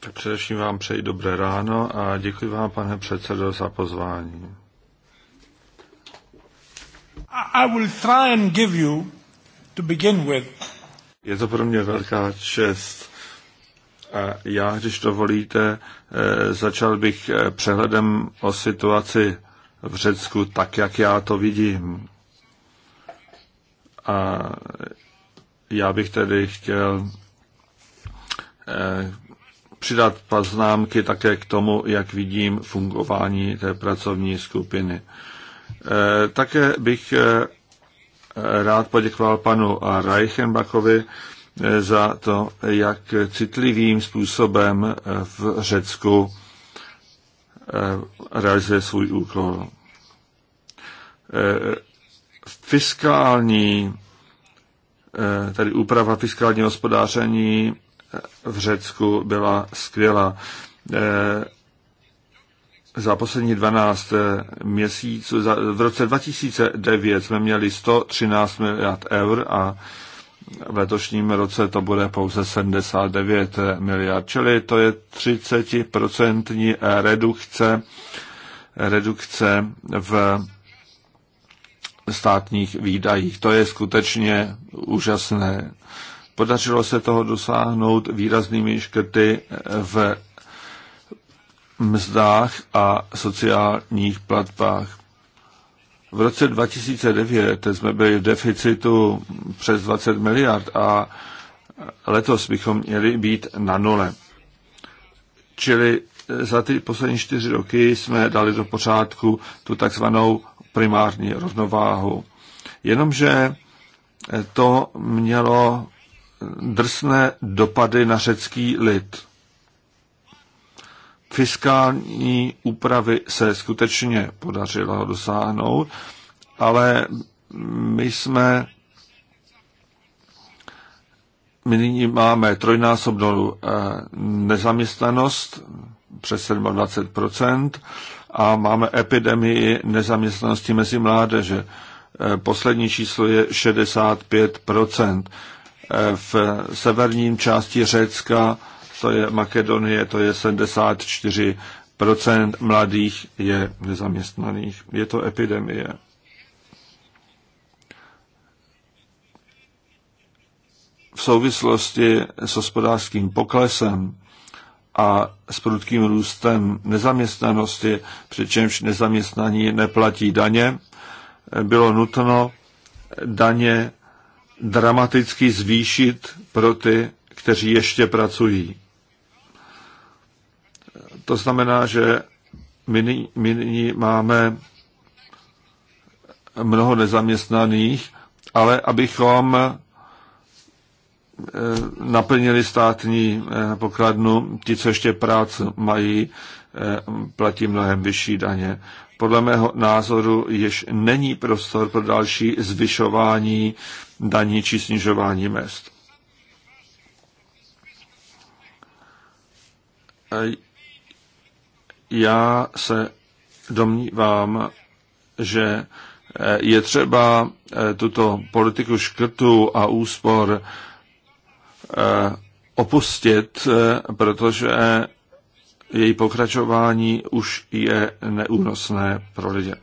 Tak především vám přeji dobré ráno a děkuji vám, pane předsedo, za pozvání. I will try and give you, to begin with. Je to pro mě velká čest a já, když dovolíte, eh, začal bych eh, přehledem o situaci v Řecku tak, jak já to vidím. A já bych tedy chtěl eh, přidat poznámky také k tomu, jak vidím fungování té pracovní skupiny. Také bych rád poděkoval panu Reichenbachovi, za to, jak citlivým způsobem eh, v Řecku eh, realizuje svůj úkol. Eh, fiskální, tady úprava fiskálního hospodáření v Řecku byla skvělá. Za poslední 12 měsíců, v roce 2009 jsme měli 113 miliard eur a v letošním roce to bude pouze 79 miliard, čili to je 30% redukce, redukce v státních výdajích. To je skutečně úžasné. Podařilo se toho dosáhnout výraznými škrty v mzdách a sociálních platbách. V roce 2009 jsme byli v deficitu přes 20 miliard a letos bychom měli být na nule. Čili eh, za ty poslední čtyři roky jsme dali do pořádku tu takzvanou primární rovnováhu. Jenomže eh, to mělo eh, drsné dopady na řecký lid fiskální úpravy se skutečně podařilo dosáhnout, ale my jsme my nyní máme trojnásobnou eh, nezaměstnanost přes 27% a máme epidemii nezaměstnanosti mezi mládeže. Eh, poslední číslo je 65%. Eh, v severním části Řecka to je Makedonie, to je 74 mladých je nezaměstnaných. Je to epidemie. V souvislosti s hospodářským poklesem a s prudkým růstem nezaměstnanosti, přičemž nezaměstnaní neplatí daně, bylo nutno daně dramaticky zvýšit pro ty, kteří ještě pracují. To znamená, že my, my nyní máme mnoho nezaměstnaných, ale abychom eh, naplnili státní eh, pokladnu, ti, co ještě práci mají, eh, platí mnohem vyšší daně. Podle mého názoru již není prostor pro další zvyšování daní či snižování mest já se domnívám, že eh, je třeba eh, tuto politiku škrtů a úspor eh, opustit, protože její pokračování už je neúnosné pro lidi.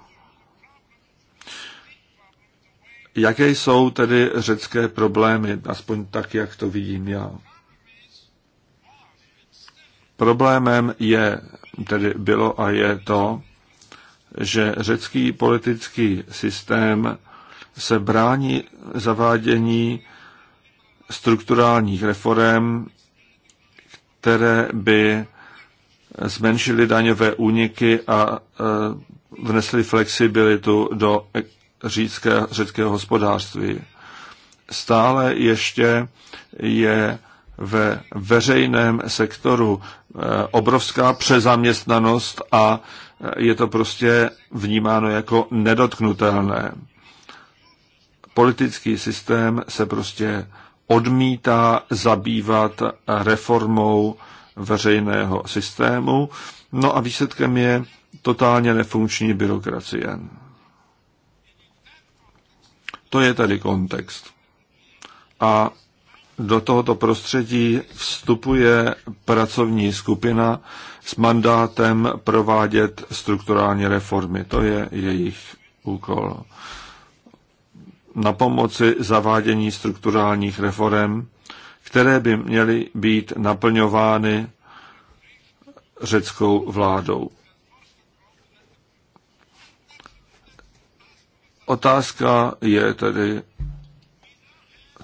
Jaké jsou tedy řecké problémy, aspoň tak, jak to vidím já? Problémem je, tedy bylo a je to, že řecký politický systém se brání zavádění strukturálních reform, které by zmenšily daňové úniky a e, vnesly flexibilitu do řeckého hospodářství. Stále ještě je ve veřejném sektoru eh, obrovská přezaměstnanost a eh, je to prostě vnímáno jako nedotknutelné. Politický systém se prostě odmítá zabývat reformou veřejného systému. No a výsledkem je totálně nefunkční byrokracie. To je tedy kontext. A do tohoto prostředí vstupuje pracovní skupina s mandátem provádět strukturální reformy. To je jejich úkol. Na pomoci zavádění strukturálních reform, které by měly být naplňovány řeckou vládou. Otázka je tedy,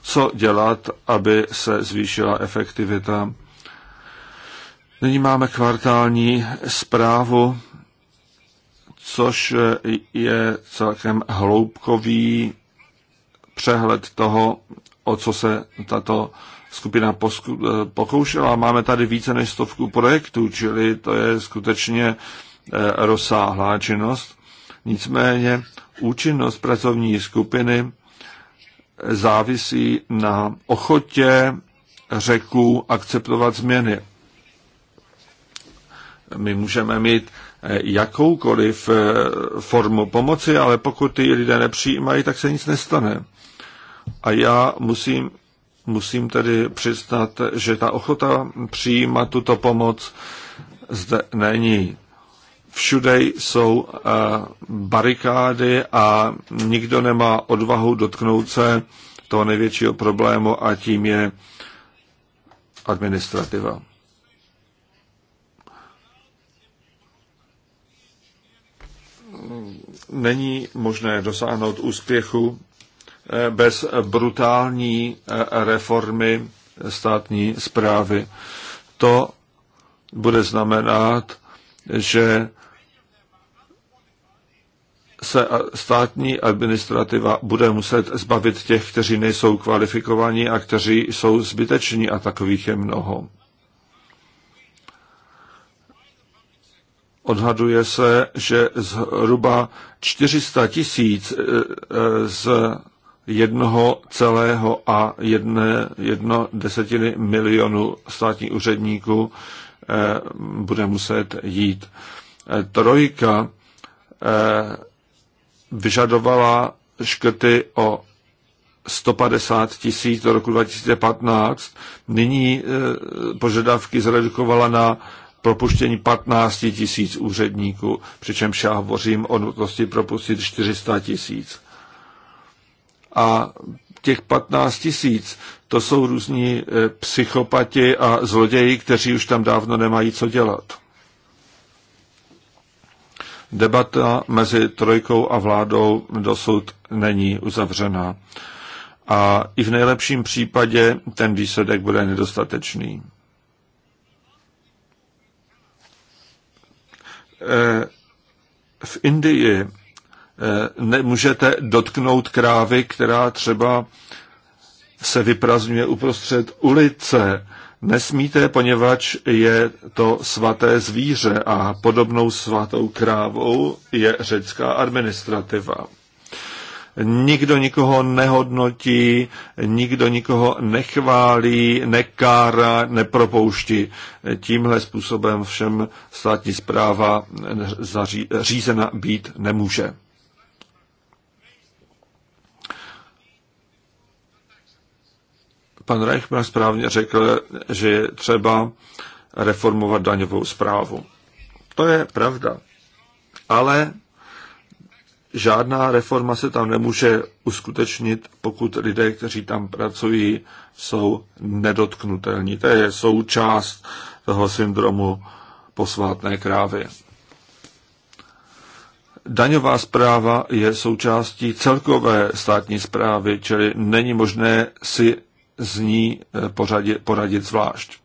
co dělat, aby se zvýšila efektivita. Nyní máme kvartální zprávu, což je celkem hloubkový přehled toho, o co se tato skupina pokoušela. Máme tady více než stovku projektů, čili to je skutečně e, rozsáhlá činnost. Nicméně účinnost pracovní skupiny závisí na ochotě řeků akceptovat změny. My můžeme mít eh, jakoukoliv eh, formu pomoci, ale pokud ty lidé nepřijímají, tak se nic nestane. A já musím, musím tedy přiznat, že ta ochota přijímat tuto pomoc zde není všude jsou eh, barikády a nikdo nemá odvahu dotknout se toho největšího problému a tím je administrativa. Není možné dosáhnout úspěchu eh, bez brutální eh, reformy státní zprávy. To bude znamenat, že se státní administrativa bude muset zbavit těch, kteří nejsou kvalifikovaní a kteří jsou zbyteční a takových je mnoho. Odhaduje se, že zhruba 400 tisíc e, e, z jednoho celého a jedné, jedno desetiny milionu státních úředníků e, bude muset jít. Trojka vyžadovala škrty o 150 tisíc do roku 2015. Nyní e, požadavky zredukovala na propuštění 15 tisíc úředníků, přičemž já hovořím o nutnosti propustit 400 tisíc. A těch 15 tisíc, to jsou různí e, psychopati a zloději, kteří už tam dávno nemají co dělat. Debata mezi trojkou a vládou dosud není uzavřená. A i v nejlepším případě ten výsledek bude nedostatečný. Eh, v Indii eh, nemůžete dotknout krávy, která třeba se vyprazňuje uprostřed ulice Nesmíte, poněvadž je to svaté zvíře a podobnou svatou krávou je řecká administrativa. Nikdo nikoho nehodnotí, nikdo nikoho nechválí, nekára, nepropouští. Tímhle způsobem všem státní zpráva řízena být nemůže. Pan Reichmann správně řekl, že je třeba reformovat daňovou zprávu. To je pravda. Ale žádná reforma se tam nemůže uskutečnit, pokud lidé, kteří tam pracují, jsou nedotknutelní. To je součást toho syndromu posvátné krávy. Daňová zpráva je součástí celkové státní zprávy, čili není možné si z ní eh, poradit, poradit zvlášť.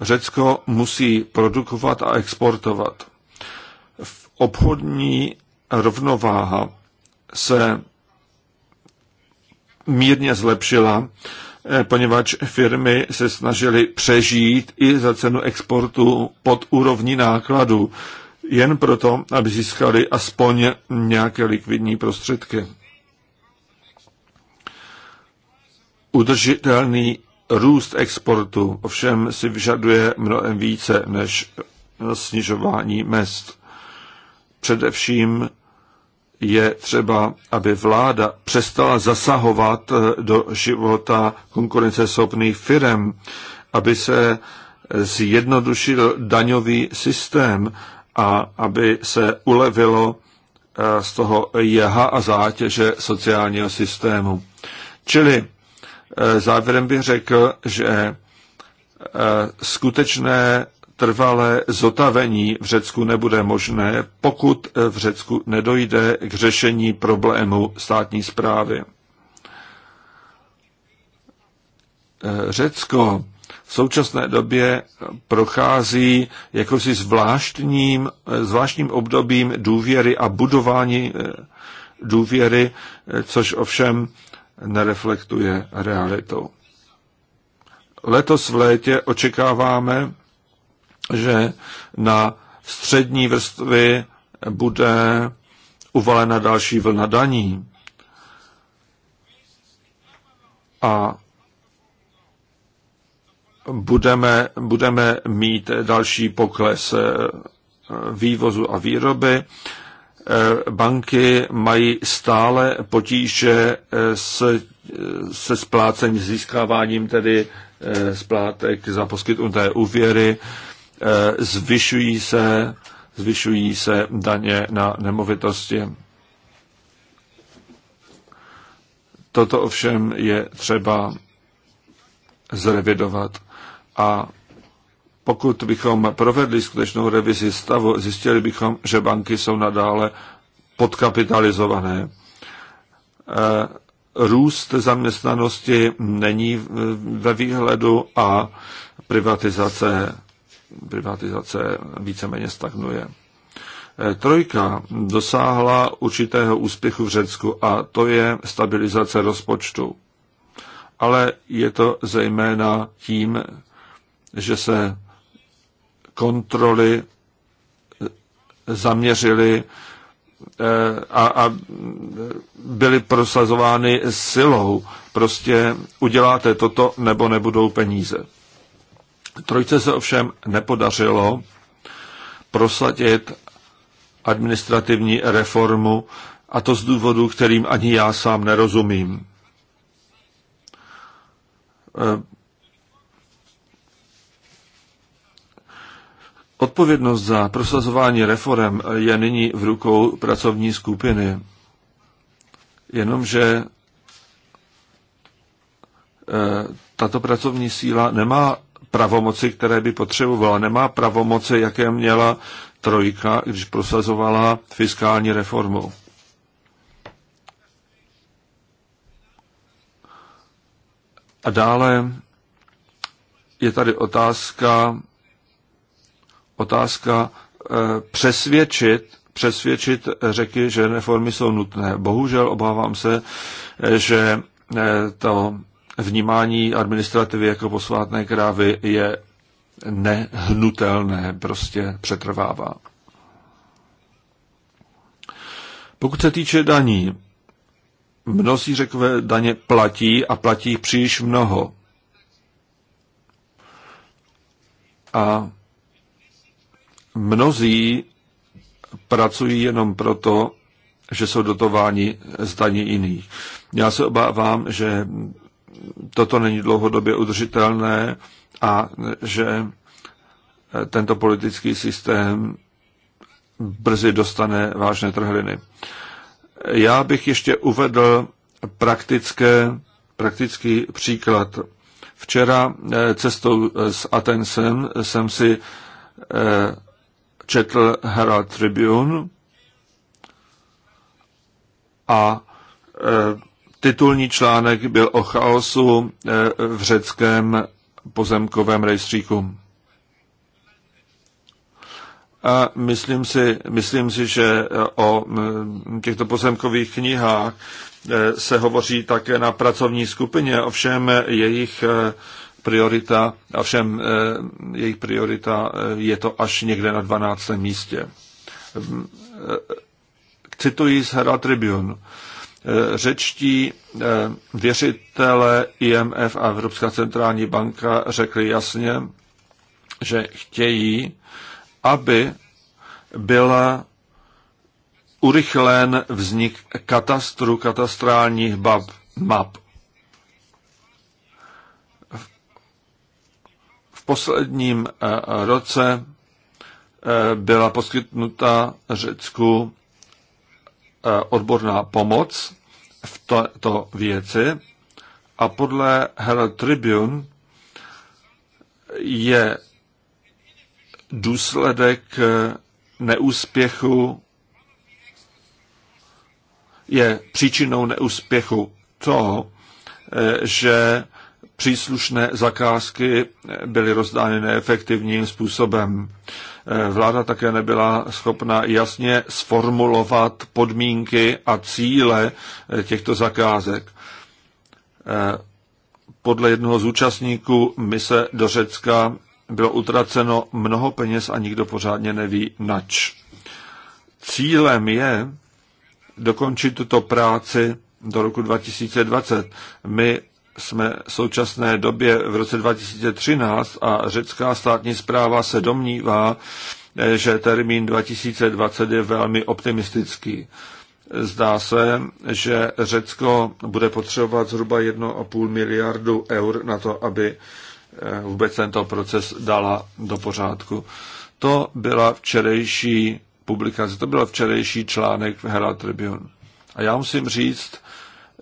Řecko musí produkovat a exportovat. V obchodní rovnováha se mírně zlepšila, eh, poněvadž firmy se snažily přežít i za cenu exportu pod úrovní nákladu, jen proto, aby získali aspoň nějaké likvidní prostředky. Udržitelný růst exportu ovšem si vyžaduje mnohem více než snižování mest. Především je třeba, aby vláda přestala zasahovat eh, do života konkurenceschopných firm, aby se zjednodušil daňový systém a aby se ulevilo eh, z toho jeha a zátěže sociálního systému. Čili Eh, závěrem bych řekl, že eh, skutečné trvalé zotavení v Řecku nebude možné, pokud eh, v Řecku nedojde k řešení problému státní zprávy. Řecko v současné době prochází jakousi zvláštním, zvláštním obdobím důvěry a budování důvěry, což ovšem nereflektuje realitu. Letos v létě očekáváme, že na střední vrstvy bude uvalena další vlna daní. A budeme, budeme mít další pokles eh, vývozu a výroby Eh, banky mají stále potíže eh, se, eh, se splácením, získáváním tedy splátek za poskytnuté úvěry, zvyšují se, zvyšují se daně na nemovitosti. Toto ovšem je třeba zrevidovat a pokud bychom provedli skutečnou revizi stavu, zjistili bychom, že banky jsou nadále podkapitalizované. E, růst zaměstnanosti není ve výhledu a privatizace, privatizace víceméně stagnuje. E, trojka dosáhla určitého úspěchu v Řecku a to je stabilizace rozpočtu. Ale je to zejména tím, že se kontroly zaměřili eh, a, a byly prosazovány silou. Prostě uděláte toto, nebo nebudou peníze. Trojce se ovšem nepodařilo prosadit administrativní reformu, a to z důvodu, kterým ani já sám nerozumím. Eh, Odpovědnost za prosazování reform je nyní v rukou pracovní skupiny. Jenomže eh, tato pracovní síla nemá pravomoci, které by potřebovala. Nemá pravomoci, jaké měla trojka, když prosazovala fiskální reformu. A dále je tady otázka otázka eh, přesvědčit, přesvědčit řeky, že reformy jsou nutné. Bohužel obávám se, eh, že eh, to vnímání administrativy jako posvátné krávy je nehnutelné, prostě přetrvává. Pokud se týče daní, mnozí řekové daně platí a platí příliš mnoho. A mnozí pracují jenom proto, že jsou dotováni zdaní jiných. Já se obávám, že toto není dlouhodobě udržitelné a že tento politický systém brzy dostane vážné trhliny. Já bych ještě uvedl praktické, praktický příklad. Včera eh, cestou s Atensem eh, jsem si eh, četl Herald Tribune a e, titulní článek byl o chaosu e, v řeckém pozemkovém rejstříku. A myslím si, myslím si, že o těchto pozemkových knihách e, se hovoří také na pracovní skupině, ovšem jejich priorita, a všem eh, jejich priorita eh, je to až někde na 12. místě. Eh, cituji z Herald Tribune. Řečtí věřitele IMF a Evropská centrální banka řekli jasně, že chtějí, aby byla urychlen vznik katastru katastrálních map posledním eh, roce eh, byla poskytnuta Řecku eh, odborná pomoc v této věci a podle Herald Tribune je důsledek neúspěchu je příčinou neúspěchu to, že příslušné zakázky byly rozdány neefektivním způsobem. Eh, vláda také nebyla schopna jasně sformulovat podmínky a cíle eh, těchto zakázek. Eh, podle jednoho z účastníků mise do Řecka bylo utraceno mnoho peněz a nikdo pořádně neví nač. Cílem je dokončit tuto práci do roku 2020. My jsme v současné době v roce 2013 a řecká státní zpráva se domnívá, eh, že termín 2020 je velmi optimistický. Zdá se, že Řecko bude potřebovat zhruba 1,5 miliardu eur na to, aby eh, vůbec tento proces dala do pořádku. To byla včerejší publikace, to byl včerejší článek v Herald Tribune. A já musím říct,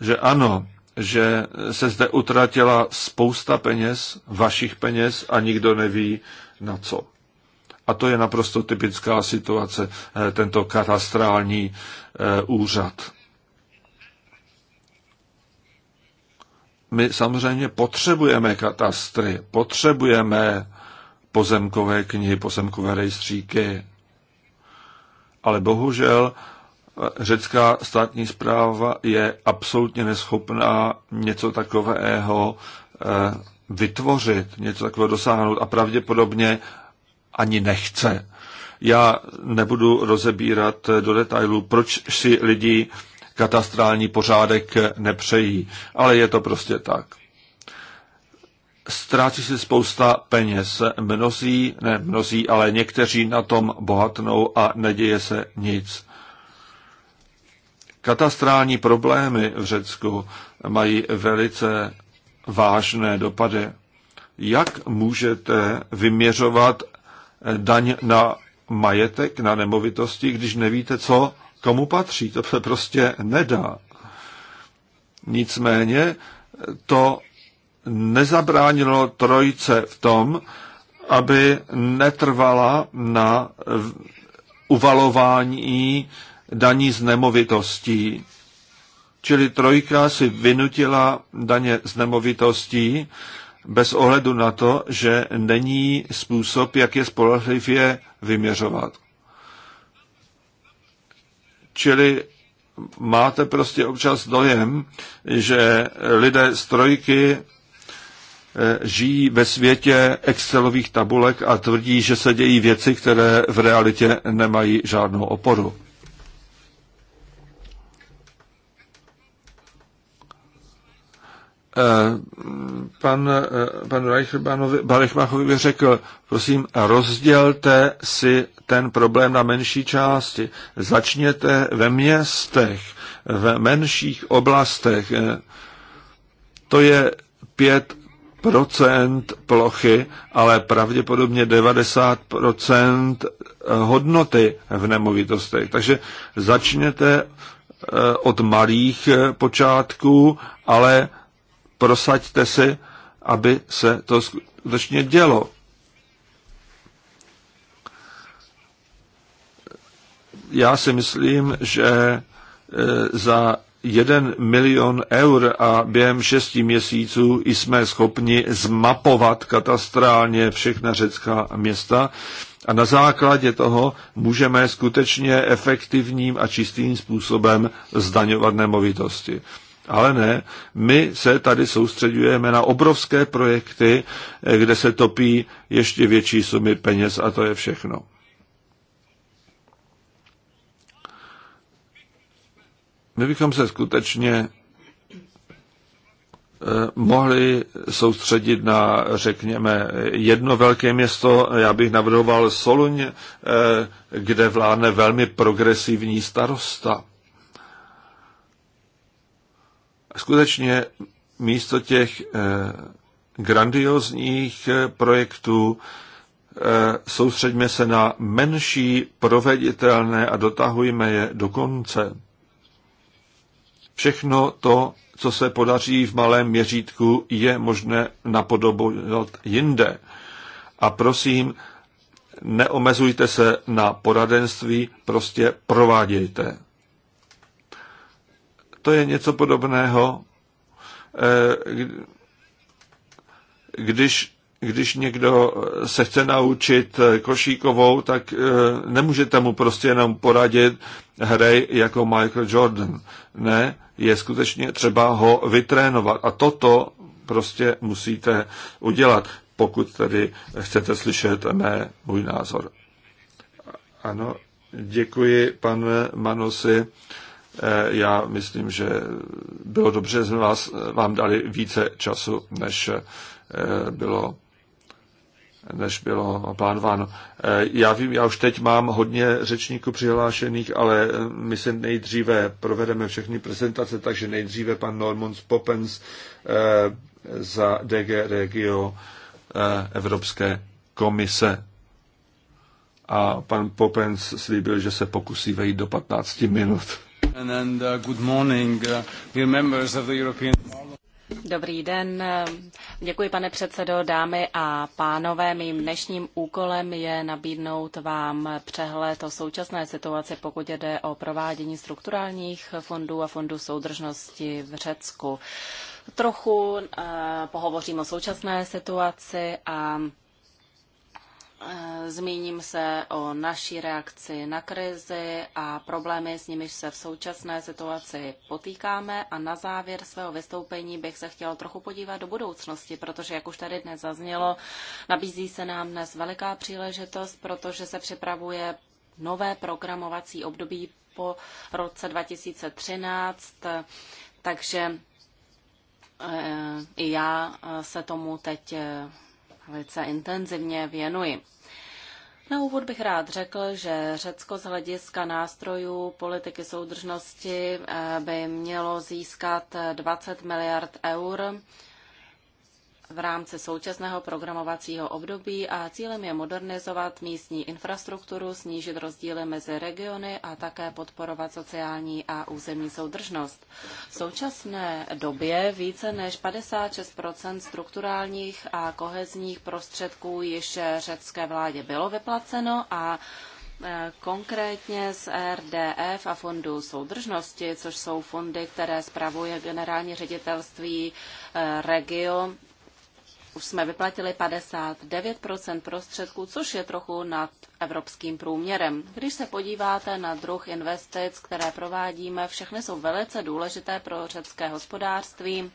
že ano, že se zde utratila spousta peněz, vašich peněz a nikdo neví na co. A to je naprosto typická situace, eh, tento katastrální eh, úřad. My samozřejmě potřebujeme katastry, potřebujeme pozemkové knihy, pozemkové rejstříky, ale bohužel řecká státní zpráva je absolutně neschopná něco takového eh, vytvořit, něco takového dosáhnout a pravděpodobně ani nechce. Já nebudu rozebírat do detailů, proč si lidi katastrální pořádek nepřejí, ale je to prostě tak. Ztrácí se spousta peněz. Mnozí, ne mnozí, ale někteří na tom bohatnou a neděje se nic. Katastrální problémy v Řecku mají velice vážné dopady. Jak můžete vyměřovat daň na majetek, na nemovitosti, když nevíte, co komu patří? To se prostě nedá. Nicméně to nezabránilo trojce v tom, aby netrvala na uvalování daní z nemovitostí. Čili trojka si vynutila daně z nemovitostí bez ohledu na to, že není způsob, jak je spolehlivě vyměřovat. Čili máte prostě občas dojem, že lidé z trojky eh, žijí ve světě Excelových tabulek a tvrdí, že se dějí věci, které v realitě nemají žádnou oporu. Eh, pan, eh, pan Reichbachovi by řekl, prosím, rozdělte si ten problém na menší části. Začněte ve městech, v menších oblastech. Eh, to je 5% plochy, ale pravděpodobně 90% hodnoty v nemovitostech. Takže začněte od malých počátků, ale prosaďte si, aby se to skutečně dělo. Já si myslím, že e, za jeden milion eur a během šesti měsíců jsme schopni zmapovat katastrálně všechna řecká města a na základě toho můžeme skutečně efektivním a čistým způsobem zdaňovat nemovitosti. Ale ne, my se tady soustředujeme na obrovské projekty, eh, kde se topí ještě větší sumy peněz a to je všechno. My bychom se skutečně eh, mohli soustředit na, řekněme, jedno velké město, já bych navrhoval Soluň, eh, kde vládne velmi progresivní starosta skutečně místo těch eh, grandiozních eh, projektů eh, soustředíme se na menší, proveditelné a dotahujme je do konce. Všechno to, co se podaří v malém měřítku, je možné napodobovat jinde. A prosím, neomezujte se na poradenství, prostě provádějte to je něco podobného, eh, když, když někdo eh, se chce naučit eh, košíkovou, tak nemůžete mu prostě jenom poradit, hrej jako Michael Jordan. Ne, je skutečně třeba ho vytrénovat. A toto prostě musíte udělat, pokud tedy chcete slyšet mé, můj názor. Ano, děkuji, pane Manosi Eh, já myslím, že bylo dobře, že jsme vás, vám dali více času, než eh, bylo než bylo plánováno. Eh, já vím, já už teď mám hodně řečníků přihlášených, ale my se nejdříve provedeme všechny prezentace, takže nejdříve pan Norman Popens za DG Regio Evropské komise. A pan Popens slíbil, že se pokusí vejít do 15 minut. Dobrý den, děkuji pane předsedo, dámy a pánové. Mým dnešním úkolem je nabídnout vám přehled o současné situaci, pokud jde o provádění strukturálních fondů a fondů soudržnosti v Řecku. Trochu eh, pohovořím o současné situaci a Eh, zmíním se o naší reakci na krizi a problémy, s nimiž se v současné situaci potýkáme. A na závěr svého vystoupení bych se chtěl trochu podívat do budoucnosti, protože, jak už tady dnes zaznělo, nabízí se nám dnes veliká příležitost, protože se připravuje nové programovací období po roce 2013. Takže eh, i já eh, se tomu teď velice intenzivně věnuji. Na úvod bych rád řekl, že Řecko z hlediska nástrojů politiky soudržnosti eh, by mělo získat 20 miliard eur v rámci současného programovacího období a cílem je modernizovat místní infrastrukturu, snížit rozdíly mezi regiony a také podporovat sociální a územní soudržnost. V současné době více než 56 strukturálních a kohezních prostředků již řecké vládě bylo vyplaceno a e, konkrétně z RDF a Fondu soudržnosti, což jsou fondy, které spravuje generální ředitelství e, Regio už jsme vyplatili 59 prostředků, což je trochu nad evropským průměrem. Když se podíváte na druh investic, které provádíme, všechny jsou velice důležité pro řecké hospodářství.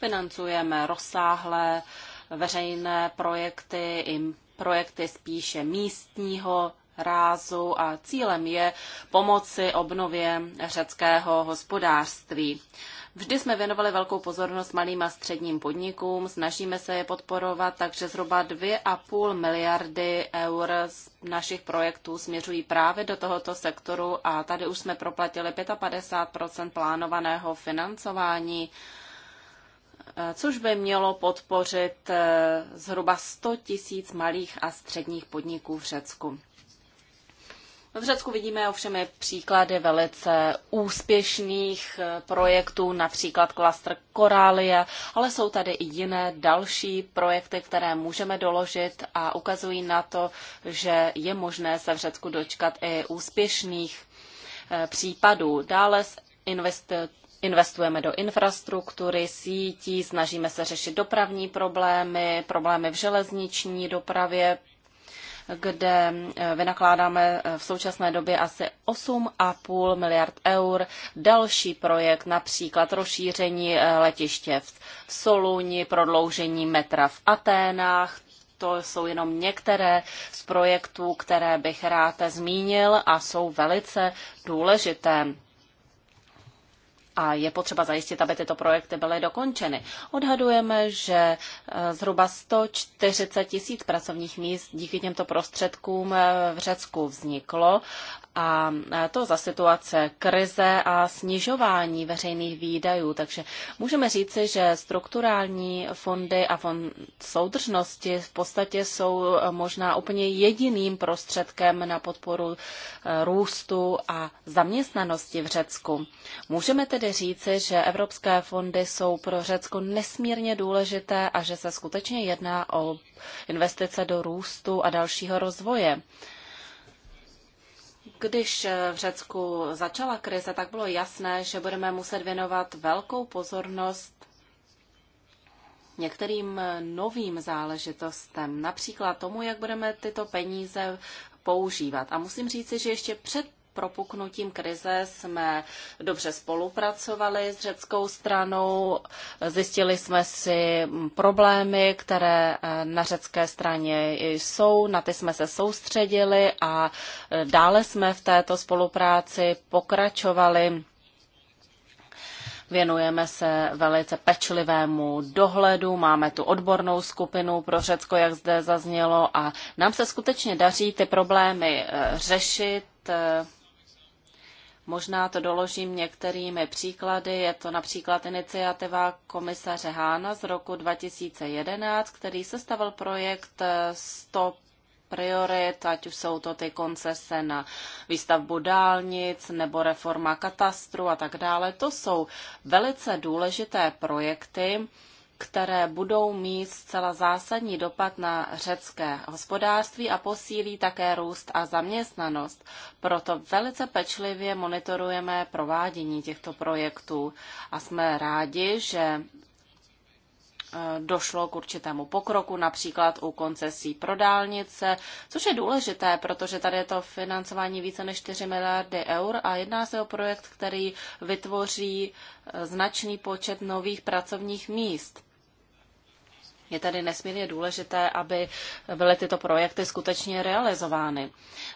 Financujeme rozsáhlé veřejné projekty i projekty spíše místního rázu a cílem je pomoci obnově řeckého hospodářství. Vždy jsme věnovali velkou pozornost malým a středním podnikům, snažíme se je podporovat, takže zhruba 2,5 miliardy eur z našich projektů směřují právě do tohoto sektoru a tady už jsme proplatili 55 plánovaného financování což by mělo podpořit eh, zhruba 100 tisíc malých a středních podniků v Řecku. V Řecku vidíme ovšem příklady velice úspěšných eh, projektů, například klastr Korálie, ale jsou tady i jiné další projekty, které můžeme doložit a ukazují na to, že je možné se v Řecku dočkat i úspěšných eh, případů. Dále investujeme do infrastruktury, sítí, snažíme se řešit dopravní problémy, problémy v železniční dopravě, kde eh, vynakládáme eh, v současné době asi 8,5 miliard eur. Další projekt, například rozšíření eh, letiště v Soluni, prodloužení metra v Aténách, to jsou jenom některé z projektů, které bych rád zmínil a jsou velice důležité a je potřeba zajistit, aby tyto projekty byly dokončeny. Odhadujeme, že e, zhruba 140 tisíc pracovních míst díky těmto prostředkům e, v Řecku vzniklo a to za situace krize a snižování veřejných výdajů. Takže můžeme říci, že strukturální fondy a fond soudržnosti v podstatě jsou e, možná úplně jediným prostředkem na podporu e, růstu a zaměstnanosti v Řecku. Můžeme tedy říci, že evropské fondy jsou pro Řecko nesmírně důležité a že se skutečně jedná o investice do růstu a dalšího rozvoje. Když eh, v Řecku začala krize, tak bylo jasné, že budeme muset věnovat velkou pozornost některým eh, novým záležitostem, například tomu, jak budeme tyto peníze používat. A musím říci, že ještě před propuknutím krize jsme dobře spolupracovali s řeckou stranou, zjistili jsme si problémy, které eh, na řecké straně jsou, na ty jsme se soustředili a eh, dále jsme v této spolupráci pokračovali. Věnujeme se velice pečlivému dohledu, máme tu odbornou skupinu pro Řecko, jak zde zaznělo, a nám se skutečně daří ty problémy eh, řešit Možná to doložím některými příklady. Je to například iniciativa komisaře Hána z roku 2011, který sestavil projekt 100 eh, priorit, ať už jsou to ty koncese na výstavbu dálnic nebo reforma katastru a tak dále. To jsou velice důležité projekty, které budou mít zcela zásadní dopad na řecké hospodářství a posílí také růst a zaměstnanost. Proto velice pečlivě monitorujeme provádění těchto projektů a jsme rádi, že e, došlo k určitému pokroku, například u koncesí pro dálnice, což je důležité, protože tady je to financování více než 4 miliardy eur a jedná se o projekt, který vytvoří e, značný počet nových pracovních míst. Je tedy nesmírně důležité, aby byly tyto projekty skutečně realizovány.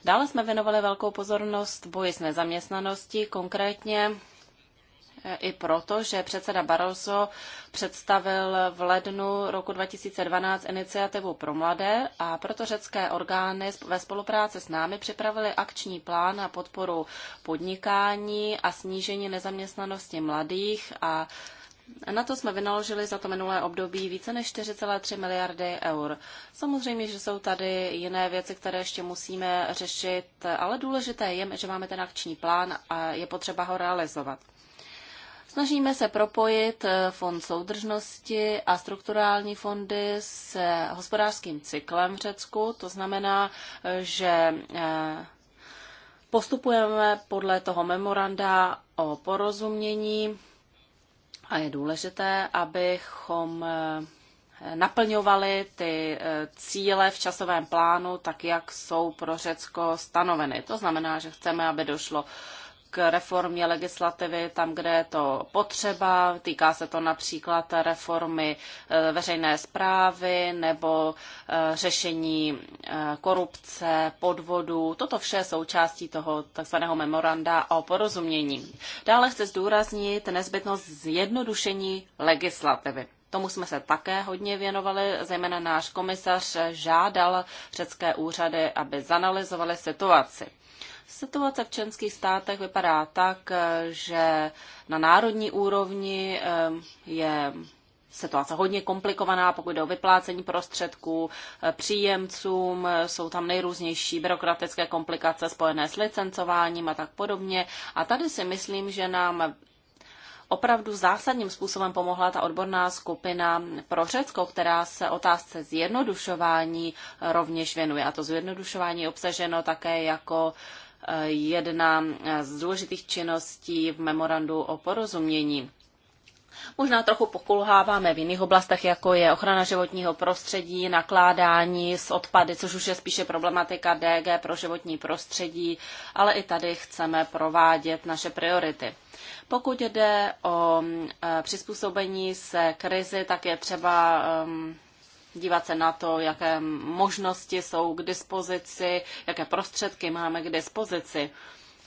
Dále jsme věnovali velkou pozornost boji s nezaměstnaností, konkrétně eh, i proto, že předseda Barroso představil v lednu roku 2012 iniciativu pro mladé a proto řecké orgány ve spolupráci s námi připravili akční plán na podporu podnikání a snížení nezaměstnanosti mladých a na to jsme vynaložili za to minulé období více než 4,3 miliardy eur. Samozřejmě, že jsou tady jiné věci, které ještě musíme řešit, ale důležité je, že máme ten akční plán a je potřeba ho realizovat. Snažíme se propojit eh, fond soudržnosti a strukturální fondy s eh, hospodářským cyklem v Řecku. To znamená, eh, že postupujeme podle toho memoranda o porozumění a je důležité, abychom eh, naplňovali ty eh, cíle v časovém plánu, tak jak jsou pro Řecko stanoveny. To znamená, že chceme, aby došlo k reformě legislativy tam, kde je to potřeba. Týká se to například reformy e, veřejné zprávy nebo e, řešení e, korupce, podvodu. Toto vše je součástí toho takzvaného memoranda o porozumění. Dále chci zdůraznit nezbytnost zjednodušení legislativy. Tomu jsme se také hodně věnovali, zejména náš komisař žádal řecké úřady, aby zanalizovali situaci. Situace v členských státech vypadá tak, eh, že na národní úrovni eh, je situace hodně komplikovaná, pokud jde o vyplácení prostředků eh, příjemcům, jsou tam nejrůznější byrokratické komplikace spojené s licencováním a tak podobně. A tady si myslím, že nám opravdu zásadním způsobem pomohla ta odborná skupina pro Řecko, která se otázce zjednodušování rovněž věnuje. A to zjednodušování je obsaženo také jako uh, jedna z důležitých činností v memorandu o porozumění. Možná trochu pokulháváme v jiných oblastech, jako je ochrana životního prostředí, nakládání s odpady, což už je spíše problematika DG pro životní prostředí, ale i tady chceme provádět naše priority. Pokud jde o eh, přizpůsobení se krizi, tak je třeba um, dívat se na to, jaké možnosti jsou k dispozici, jaké prostředky máme k dispozici.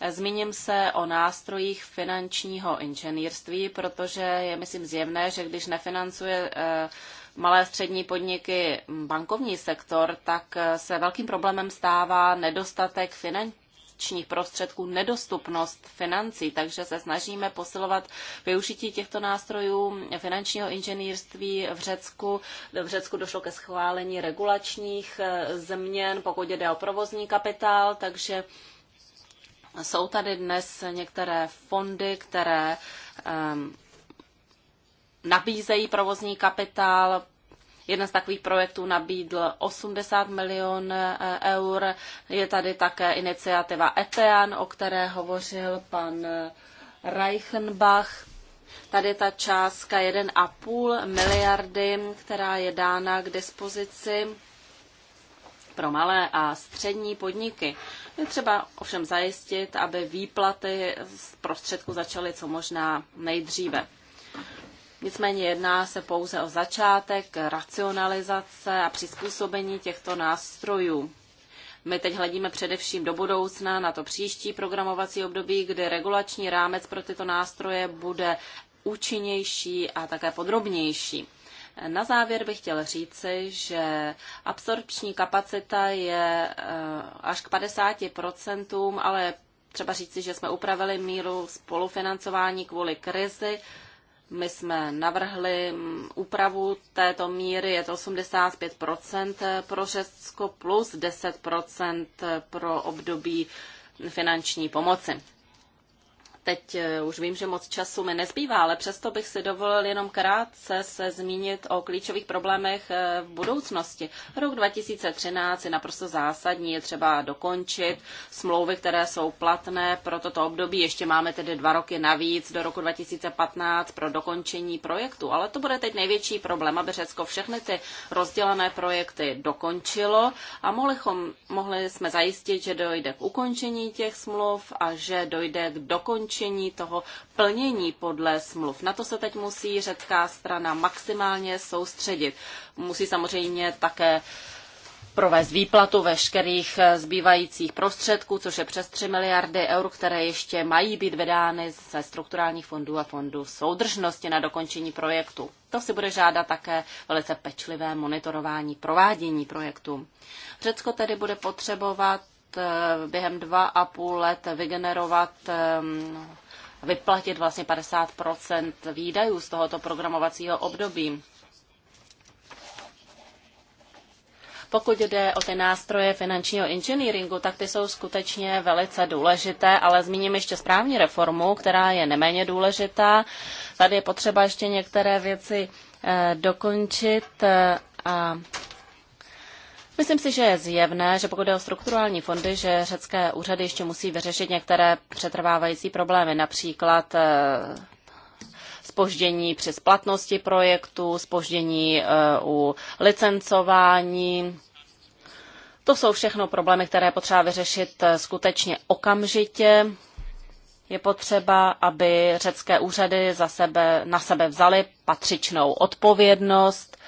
Zmíním se o nástrojích finančního inženýrství, protože je, myslím, zjevné, že když nefinancuje eh, malé a střední podniky bankovní sektor, tak eh, se velkým problémem stává nedostatek finančních finančních prostředků, nedostupnost financí, takže se snažíme posilovat využití těchto nástrojů finančního inženýrství v Řecku. V Řecku došlo ke schválení regulačních eh, změn, pokud jde o provozní kapitál, takže jsou tady dnes některé fondy, které um, nabízejí provozní kapitál Jeden z takových projektů nabídl 80 milion eh, eur. Je tady také iniciativa ETEAN, o které hovořil pan eh, Reichenbach. Tady ta částka 1,5 miliardy, která je dána k dispozici pro malé a střední podniky. Je třeba ovšem zajistit, aby výplaty z prostředku začaly co možná nejdříve. Nicméně jedná se pouze o začátek racionalizace a přizpůsobení těchto nástrojů. My teď hledíme především do budoucna, na to příští programovací období, kdy regulační rámec pro tyto nástroje bude účinnější a také podrobnější. Na závěr bych chtěl říci, že absorpční kapacita je eh, až k 50%, ale třeba říci, že jsme upravili míru spolufinancování kvůli krizi, my jsme navrhli mm, úpravu této míry, je to 85 pro Řecko plus 10 pro období finanční pomoci. Teď eh, už vím, že moc času mi nezbývá, ale přesto bych si dovolil jenom krátce se zmínit o klíčových problémech eh, v budoucnosti. Rok 2013 je naprosto zásadní, je třeba dokončit smlouvy, které jsou platné pro toto období. Ještě máme tedy dva roky navíc do roku 2015 pro dokončení projektu, ale to bude teď největší problém, aby Řecko všechny ty rozdělené projekty dokončilo a mohli, chom, mohli jsme zajistit, že dojde k ukončení těch smluv a že dojde k dokončení zrušení toho plnění podle smluv. Na to se teď musí řecká strana maximálně soustředit. Musí samozřejmě také provést výplatu veškerých eh, zbývajících prostředků, což je přes 3 miliardy eur, které ještě mají být vydány ze strukturálních fondů a fondů soudržnosti na dokončení projektu. To si bude žádat také velice pečlivé monitorování provádění projektu. Řecko tedy bude potřebovat Eh, během dva a půl let vygenerovat ehm, vyplatit vlastně 50 výdajů z tohoto programovacího období. Pokud jde o ty nástroje finančního inženýringu, tak ty jsou skutečně velice důležité, ale zmíním ještě správní reformu, která je neméně důležitá. Tady je potřeba ještě některé věci eh, dokončit eh, a Myslím si, že je zjevné, že pokud jde o strukturální fondy, že řecké úřady ještě musí vyřešit některé přetrvávající problémy, například spoždění eh, při splatnosti projektu, spoždění eh, u licencování. To jsou všechno problémy, které potřeba vyřešit eh, skutečně okamžitě. Je potřeba, aby řecké úřady za sebe, na sebe vzaly patřičnou odpovědnost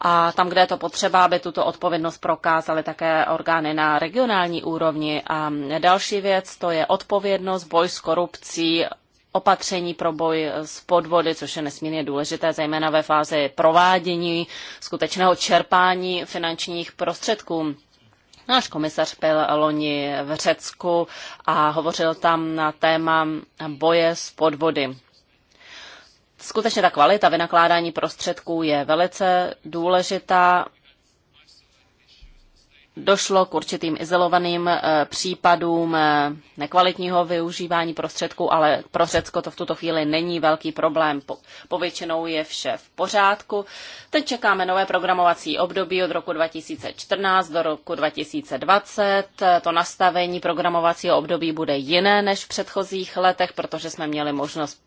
a tam, kde je to potřeba, aby tuto odpovědnost prokázaly také orgány na regionální úrovni. A další věc, to je odpovědnost, boj s korupcí, opatření pro boj s podvody, což je nesmírně důležité, zejména ve fázi provádění skutečného čerpání finančních prostředků. Náš komisař byl loni v Řecku a hovořil tam na téma boje s podvody skutečně ta kvalita vynakládání prostředků je velice důležitá. Došlo k určitým izolovaným eh, případům eh, nekvalitního využívání prostředků, ale pro Řecko to v tuto chvíli není velký problém. Povětšinou je vše v pořádku. Teď čekáme nové programovací období od roku 2014 do roku 2020. Eh, to nastavení programovacího období bude jiné než v předchozích letech, protože jsme měli možnost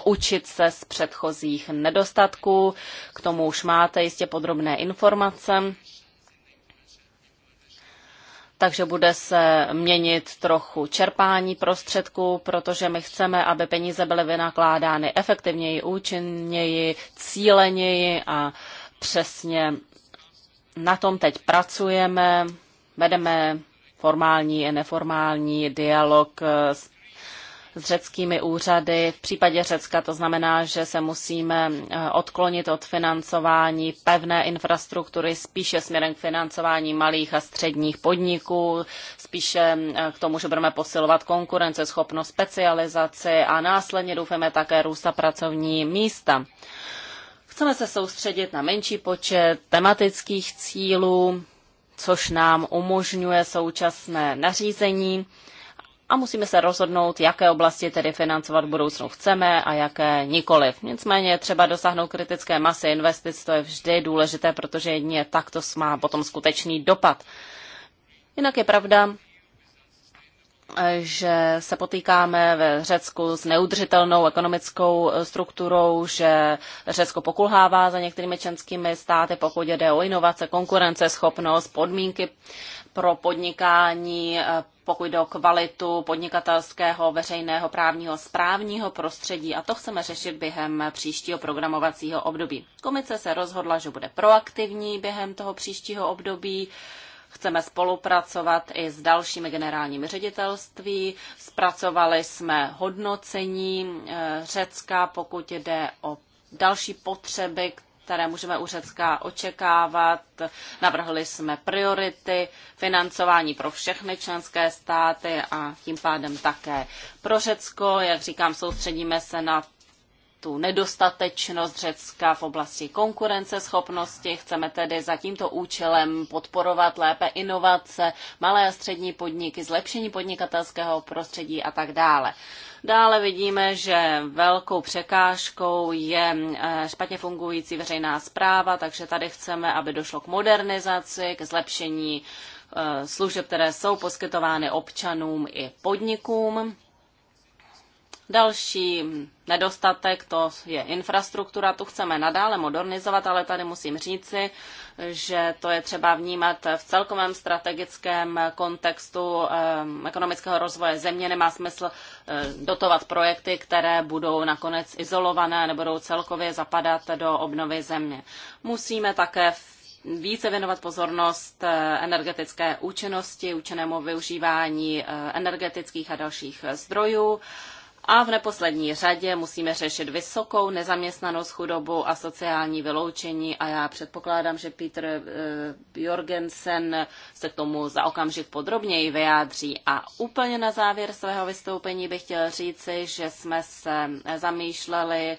poučit se z předchozích nedostatků. K tomu už máte jistě podrobné informace. Takže bude se měnit trochu čerpání prostředků, protože my chceme, aby peníze byly vynakládány efektivněji, účinněji, cíleněji a přesně na tom teď pracujeme. Vedeme formální i neformální dialog s s řeckými úřady. V případě Řecka to znamená, že se musíme eh, odklonit od financování pevné infrastruktury spíše směrem k financování malých a středních podniků, spíše eh, k tomu, že budeme posilovat konkurenceschopnost, specializaci a následně doufáme také růsta pracovní místa. Chceme se soustředit na menší počet tematických cílů, což nám umožňuje současné nařízení a musíme se rozhodnout, jaké oblasti tedy financovat v budoucnu chceme a jaké nikoliv. Nicméně třeba dosáhnout kritické masy investic, to je vždy důležité, protože jedině tak to má potom skutečný dopad. Jinak je pravda, že se potýkáme ve Řecku s neudržitelnou ekonomickou strukturou, že Řecko pokulhává za některými členskými státy, pokud jde o inovace, konkurenceschopnost, podmínky pro podnikání, pokud jde o kvalitu podnikatelského, veřejného, právního, správního prostředí a to chceme řešit během příštího programovacího období. Komice se rozhodla, že bude proaktivní během toho příštího období. Chceme spolupracovat i s dalšími generálními ředitelství. Zpracovali jsme hodnocení eh, Řecka, pokud jde o další potřeby, které můžeme u Řecka očekávat. Navrhli jsme priority financování pro všechny členské státy a tím pádem také pro Řecko. Jak říkám, soustředíme se na tu nedostatečnost Řecka v oblasti konkurenceschopnosti. Chceme tedy za tímto účelem podporovat lépe inovace, malé a střední podniky, zlepšení podnikatelského prostředí a tak dále. Dále vidíme, že velkou překážkou je eh, špatně fungující veřejná zpráva, takže tady chceme, aby došlo k modernizaci, k zlepšení eh, služeb, které jsou poskytovány občanům i podnikům. Další nedostatek to je infrastruktura, tu chceme nadále modernizovat, ale tady musím říci, že to je třeba vnímat v celkovém strategickém kontextu ekonomického rozvoje země. Nemá smysl eh, dotovat projekty, které budou nakonec izolované, nebudou celkově zapadat do obnovy země. Musíme také více věnovat pozornost eh, energetické účinnosti, účinnému využívání eh, energetických a dalších zdrojů a v neposlední řadě musíme řešit vysokou nezaměstnanost, chudobu a sociální vyloučení a já předpokládám, že Peter uh, Jorgensen se k tomu za okamžik podrobněji vyjádří. A úplně na závěr svého vystoupení bych chtěl říci, že jsme se zamýšleli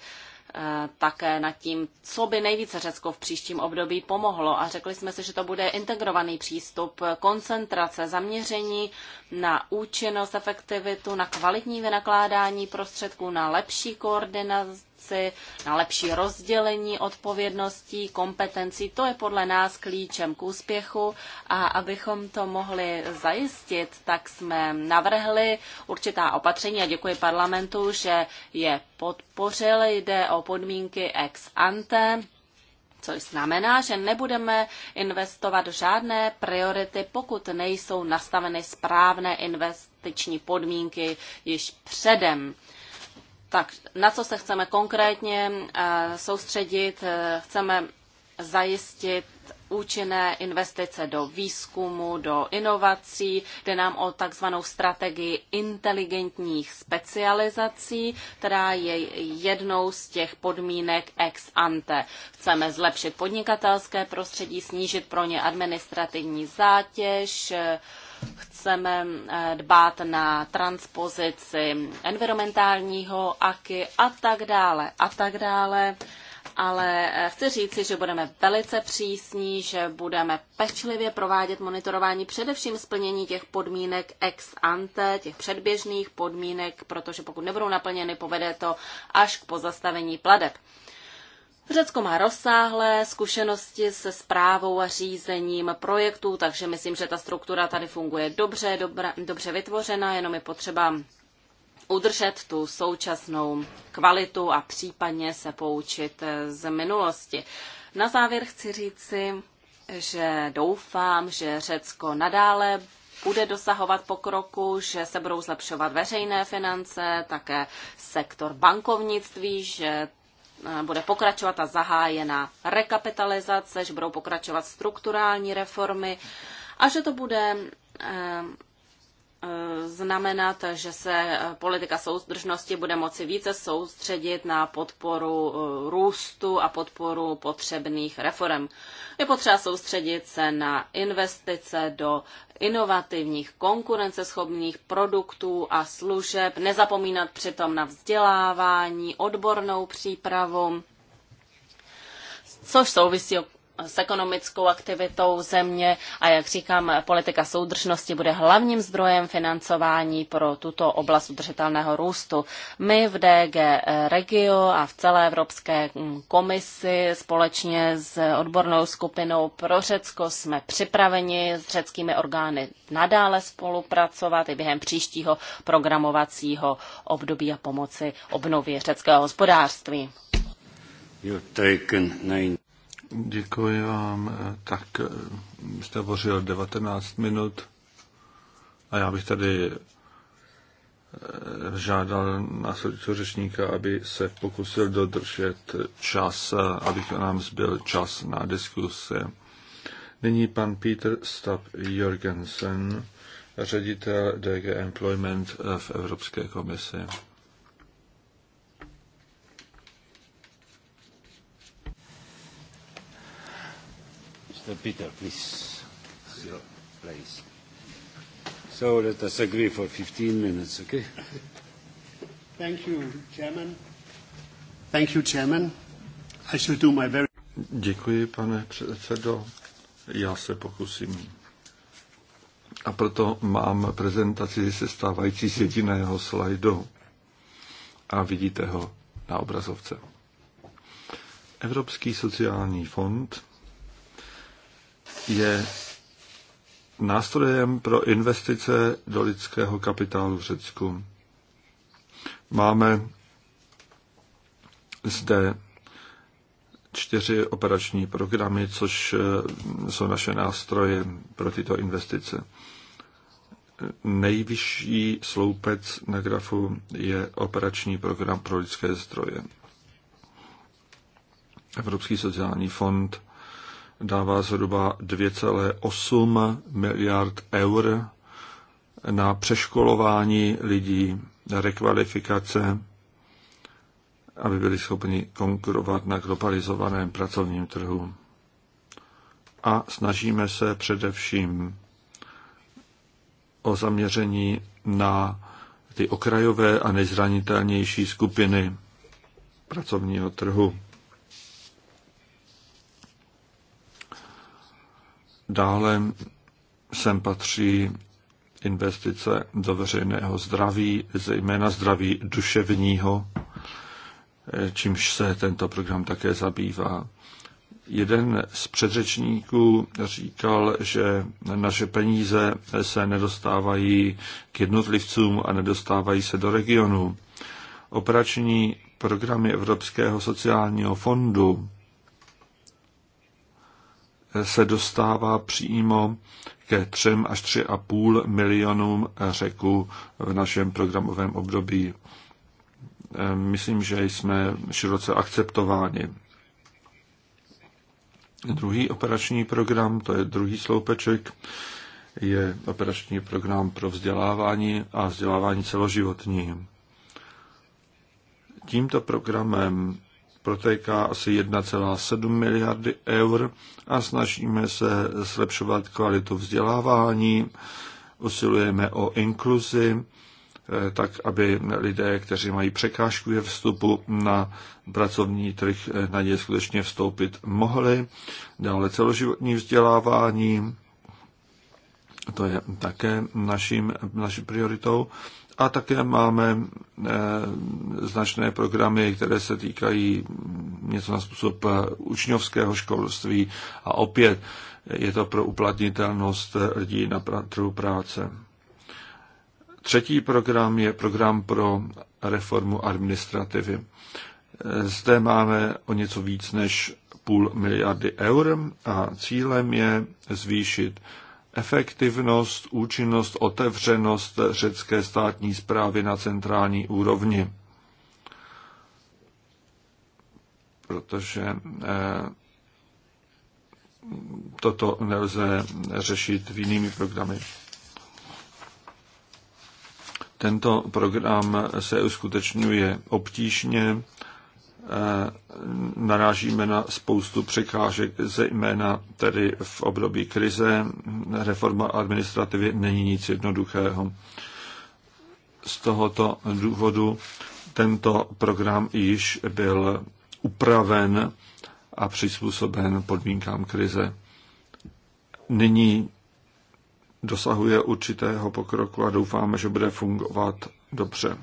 Eh, také nad tím, co by nejvíce Řecko v příštím období pomohlo. A řekli jsme si, že to bude integrovaný přístup, koncentrace, zaměření na účinnost, efektivitu, na kvalitní vynakládání prostředků, na lepší koordinaci spolupráci, na lepší rozdělení odpovědností, kompetencí. To je podle nás klíčem k úspěchu a abychom to mohli zajistit, tak jsme navrhli určitá opatření a děkuji parlamentu, že je podpořil. Jde o podmínky ex ante, což znamená, že nebudeme investovat žádné priority, pokud nejsou nastaveny správné investiční podmínky již předem tak na co se chceme konkrétně eh, soustředit? Eh, chceme zajistit účinné investice do výzkumu, do inovací, jde nám o takzvanou strategii inteligentních specializací, která je jednou z těch podmínek ex ante. Chceme zlepšit podnikatelské prostředí, snížit pro ně administrativní zátěž, eh, chceme eh, dbát na transpozici environmentálního aky a tak dále a tak dále. Ale eh, chci říci, že budeme velice přísní, že budeme pečlivě provádět monitorování především splnění těch podmínek ex ante, těch předběžných podmínek, protože pokud nebudou naplněny, povede to až k pozastavení pladeb. Řecko má rozsáhlé zkušenosti se zprávou a řízením projektů, takže myslím, že ta struktura tady funguje dobře, dobra, dobře vytvořena, jenom je potřeba udržet tu současnou kvalitu a případně se poučit z minulosti. Na závěr chci říci, že doufám, že Řecko nadále bude dosahovat pokroku, že se budou zlepšovat veřejné finance, také sektor bankovnictví, že Eh, bude pokračovat a zahájena rekapitalizace, že budou pokračovat strukturální reformy a že to bude eh, znamenat, že se politika soudržnosti bude moci více soustředit na podporu eh, růstu a podporu potřebných reform. Je potřeba soustředit se na investice do inovativních, konkurenceschopných produktů a služeb, nezapomínat přitom na vzdělávání, odbornou přípravu, což souvisí s ekonomickou aktivitou země a jak říkám, politika soudržnosti bude hlavním zdrojem financování pro tuto oblast udržitelného růstu. My v DG Regio a v celé Evropské komisi společně s odbornou skupinou pro Řecko jsme připraveni s řeckými orgány nadále spolupracovat i během příštího programovacího období a pomoci obnově řeckého hospodářství. You're taken nine. Děkuji vám. Tak eh, jste hovořil 19 minut a já bych tady eh, žádal následujícího řečníka, aby se pokusil dodržet čas, aby nám zbyl čas na diskuse. Nyní pan Peter Stab Jorgensen, ředitel DG Employment v Evropské komisi. Mr. Peter, please, your place. So let us agree for 15 minutes, okay? Thank you, Chairman. Thank you, Chairman. I shall do my very... Děkuji, pane předsedo. Já se pokusím. A proto mám prezentaci sestávající z jediného slajdu. A vidíte ho na obrazovce. Evropský sociální fond je nástrojem pro investice do lidského kapitálu v Řecku. Máme zde čtyři operační programy, což eh, jsou naše nástroje pro tyto investice. Nejvyšší sloupec na grafu je operační program pro lidské zdroje. Evropský sociální fond dává zhruba 2,8 miliard eur na přeškolování lidí, na rekvalifikace, aby byli schopni konkurovat na globalizovaném pracovním trhu. A snažíme se především o zaměření na ty okrajové a nejzranitelnější skupiny pracovního trhu. Dále sem patří investice do veřejného zdraví, zejména zdraví duševního, eh, čímž se tento program také zabývá. Jeden z předřečníků říkal, že naše peníze se nedostávají k jednotlivcům a nedostávají se do regionu. Operační programy Evropského sociálního fondu se dostává přímo ke 3 až 3,5 milionům řeků v našem programovém období. Ehm, myslím, že jsme široce akceptováni. Druhý operační program, to je druhý sloupeček, je operační program pro vzdělávání a vzdělávání celoživotní. Tímto programem protéká asi 1,7 miliardy eur a snažíme se zlepšovat kvalitu vzdělávání, usilujeme o inkluzi, eh, tak aby lidé, kteří mají překážku ve vstupu na pracovní trh, eh, na ně skutečně vstoupit mohli. Dále celoživotní vzdělávání, to je také naším, naší prioritou. A také máme eh, značné programy, které se týkají něco na způsob eh, učňovského školství a opět je to pro uplatnitelnost lidí na trhu práce. Třetí program je program pro reformu administrativy. Eh, zde máme o něco víc než půl miliardy eur a cílem je zvýšit efektivnost, účinnost, otevřenost řecké státní zprávy na centrální úrovni. Protože eh, toto nelze řešit v jinými programy. Tento program se uskutečňuje obtížně, Eh, narážíme na spoustu překážek, zejména tedy v období krize. Reforma administrativy není nic jednoduchého. Z tohoto důvodu tento program již byl upraven a přizpůsoben podmínkám krize. Nyní dosahuje určitého pokroku a doufáme, že bude fungovat dobře.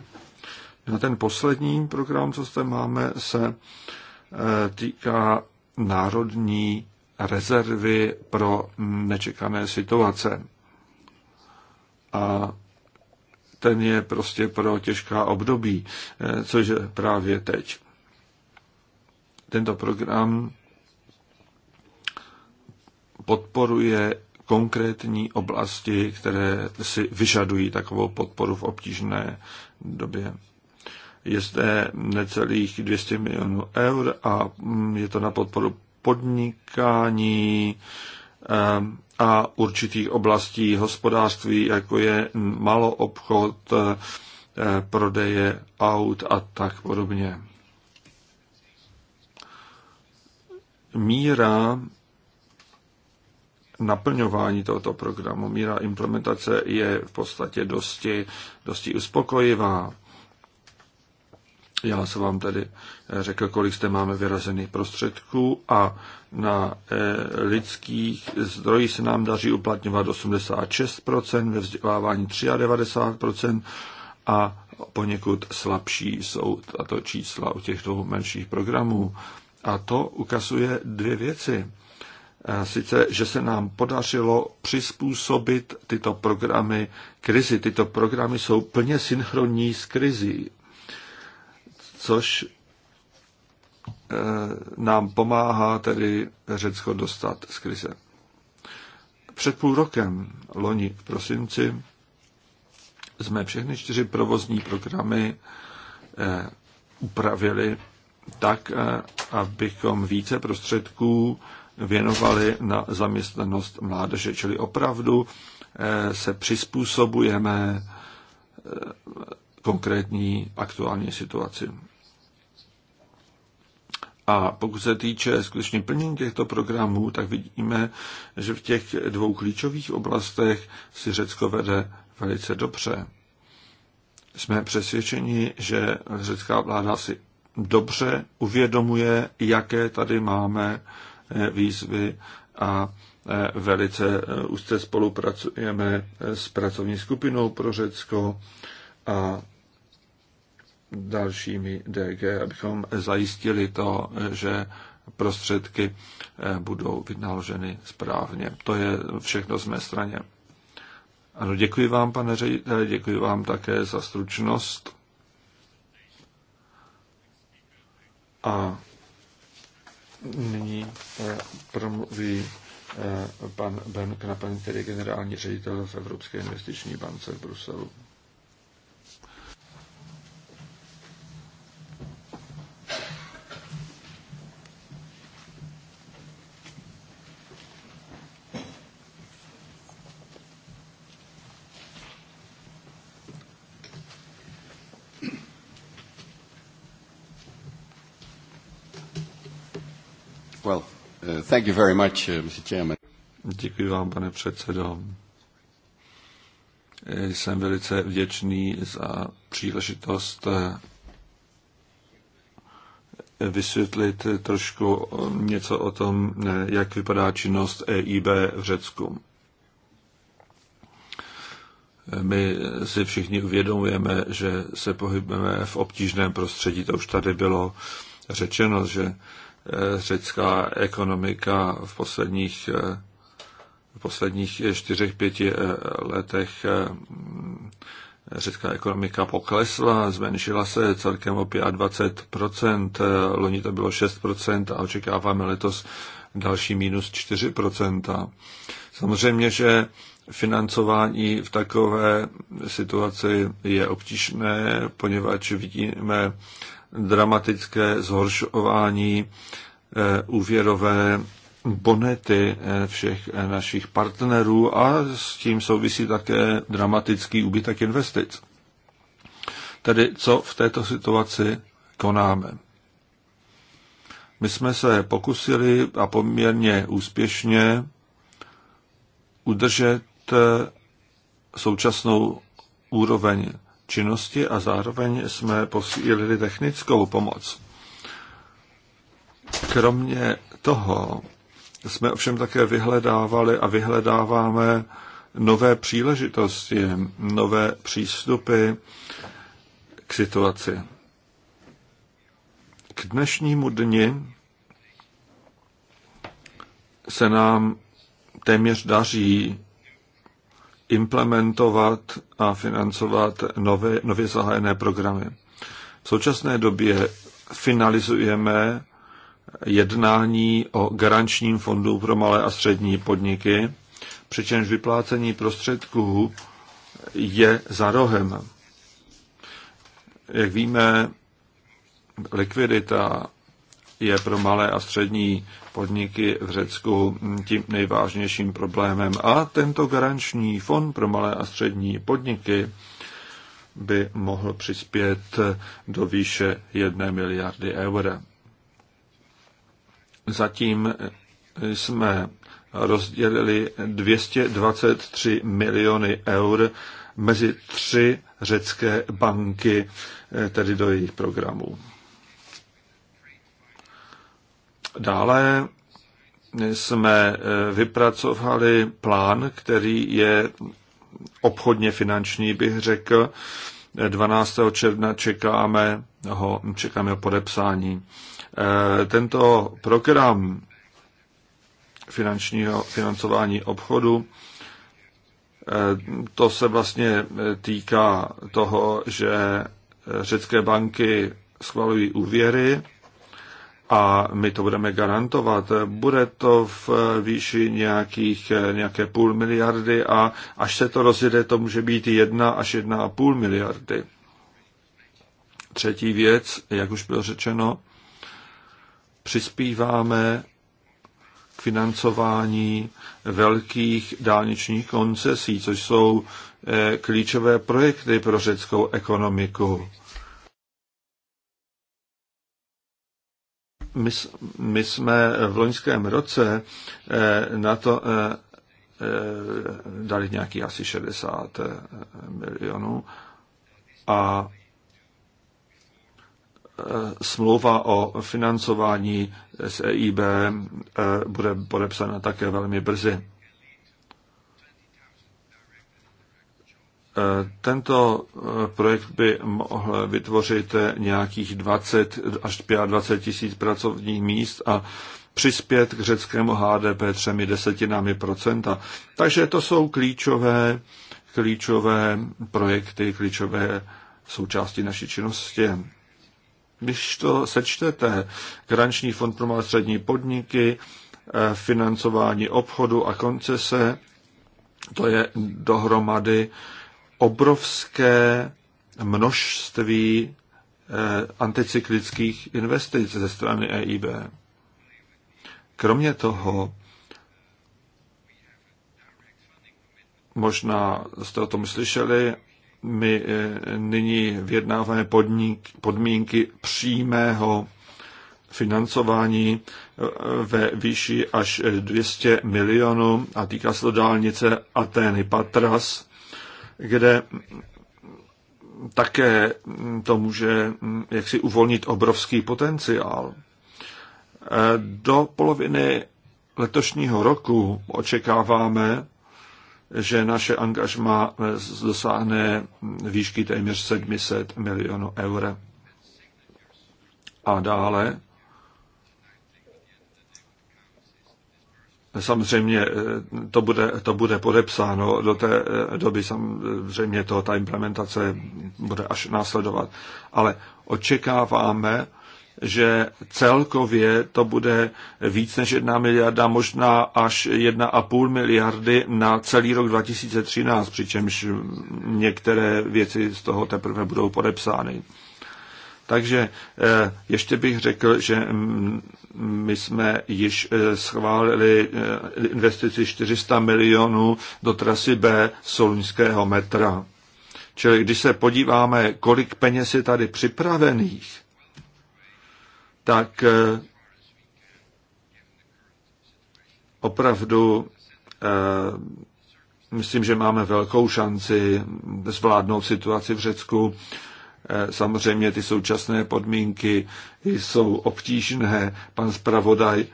No ten poslední program, co zde máme, se e, týká národní rezervy pro nečekané situace. A ten je prostě pro těžká období, e, což je právě teď. Tento program podporuje konkrétní oblasti, které si vyžadují takovou podporu v obtížné době je zde necelých 200 milionů eur a mm, je to na podporu podnikání a určitých oblastí hospodářství, jako je maloobchod, eh, prodeje aut a tak podobně. Míra naplňování tohoto programu, míra implementace je v podstatě dosti, dosti uspokojivá. Já jsem vám tedy eh, řekl, kolik zde máme vyrazených prostředků a na eh, lidských zdrojích se nám daří uplatňovat 86%, ve vzdělávání 93% a poněkud slabší jsou tato čísla u těch dvou menších programů. A to ukazuje dvě věci. Eh, sice, že se nám podařilo přizpůsobit tyto programy krizi. Tyto programy jsou plně synchronní s krizí což eh, nám pomáhá tedy Řecko dostat z krize. Před půl rokem, loni v prosinci, jsme všechny čtyři provozní programy eh, upravili tak, eh, abychom více prostředků věnovali na zaměstnanost mládeže. Čili opravdu se přizpůsobujeme konkrétní aktuální situaci. A pokud se týče skutečně plnění těchto programů, tak vidíme, že v těch dvou klíčových oblastech si Řecko vede velice dobře. Jsme přesvědčeni, že řecká vláda si dobře uvědomuje, jaké tady máme eh, výzvy a eh, velice eh, úzce spolupracujeme s pracovní skupinou pro Řecko a dalšími DG, abychom zajistili to, že prostředky eh, budou vynaloženy správně. To je všechno z mé straně. Ano, děkuji vám, pane řediteli, děkuji vám také za stručnost. A nyní eh, promluví eh, pan Ben Knapen, který je generální ředitel v Evropské investiční bance v Bruselu. Thank you very much, uh, Mr. Chairman. Děkuji vám, pane předsedo. Jsem velice vděčný za příležitost eh, vysvětlit trošku eh, něco o tom, eh, jak vypadá činnost EIB v Řecku. My si všichni uvědomujeme, že se pohybujeme v obtížném prostředí. To už tady bylo řečeno, že Eh, řecká ekonomika v posledních, eh, v posledních čtyřech, pěti eh, letech mm, řecká ekonomika poklesla, zmenšila se celkem o 25%, loni to bylo 6% a očekáváme letos další minus 4%. Samozřejmě, že financování v takové situaci je obtížné, poněvadž vidíme dramatické zhoršování eh, úvěrové bonety eh, všech eh, našich partnerů a s tím souvisí také dramatický úbytek investic. Tedy co v této situaci konáme? My jsme se pokusili a poměrně úspěšně udržet současnou úroveň činnosti a zároveň jsme posílili technickou pomoc. Kromě toho jsme ovšem také vyhledávali a vyhledáváme nové příležitosti, nové přístupy k situaci. K dnešnímu dni se nám téměř daří implementovat a financovat nové, nově zahájené programy. V současné době finalizujeme jednání o garančním fondu pro malé a střední podniky, přičemž vyplácení prostředků je za rohem. Jak víme, likvidita je pro malé a střední podniky v Řecku tím nejvážnějším problémem. A tento garanční fond pro malé a střední podniky by mohl přispět do výše 1 miliardy eur. Zatím jsme rozdělili 223 miliony eur mezi tři řecké banky, tedy do jejich programů. Dále jsme eh, vypracovali plán, který je obchodně finanční, bych řekl. 12. června čekáme ho, čekáme ho podepsání. Eh, tento program finančního financování obchodu eh, to se vlastně týká toho, že řecké banky schvalují úvěry a my to budeme garantovat. Bude to v výši nějakých, nějaké půl miliardy a až se to rozjede, to může být jedna až jedna a půl miliardy. Třetí věc, jak už bylo řečeno, přispíváme k financování velkých dálničních koncesí, což jsou eh, klíčové projekty pro řeckou ekonomiku My, my jsme v loňském roce eh, na to eh, eh, dali nějaký asi 60 milionů a smlouva o financování s EIB bude podepsána také velmi brzy. Tento eh, projekt by mohl vytvořit eh, nějakých 20 až 25 tisíc pracovních míst a přispět k řeckému HDP třemi desetinami procenta. Takže to jsou klíčové, klíčové projekty, klíčové součásti naší činnosti. Když to sečtete, Garanční fond pro malé střední podniky, eh, financování obchodu a koncese, to je dohromady obrovské množství eh, anticyklických investic ze strany EIB. Kromě toho, možná jste o tom slyšeli, my eh, nyní vyjednáváme podmínky přímého financování eh, ve výši až 200 milionů a týká se to dálnice Atény Patras kde také to může jaksi uvolnit obrovský potenciál. Do poloviny letošního roku očekáváme, že naše angažma dosáhne výšky téměř 700 milionů eur. A dále Samozřejmě eh, to bude, to bude podepsáno, do té eh, doby samozřejmě to, ta implementace bude až následovat. Ale očekáváme, že celkově to bude víc než jedna miliarda, možná až 1,5 miliardy na celý rok 2013, přičemž některé věci z toho teprve budou podepsány. Takže eh, ještě bych řekl, že my jsme již eh, schválili eh, investici 400 milionů do trasy B solunského metra. Čili když se podíváme, kolik peněz je tady připravených, tak opravdu myslím, že máme velkou šanci zvládnout situaci v Řecku Eh, samozřejmě ty současné podmínky jsou obtížné. Pan zpravodaj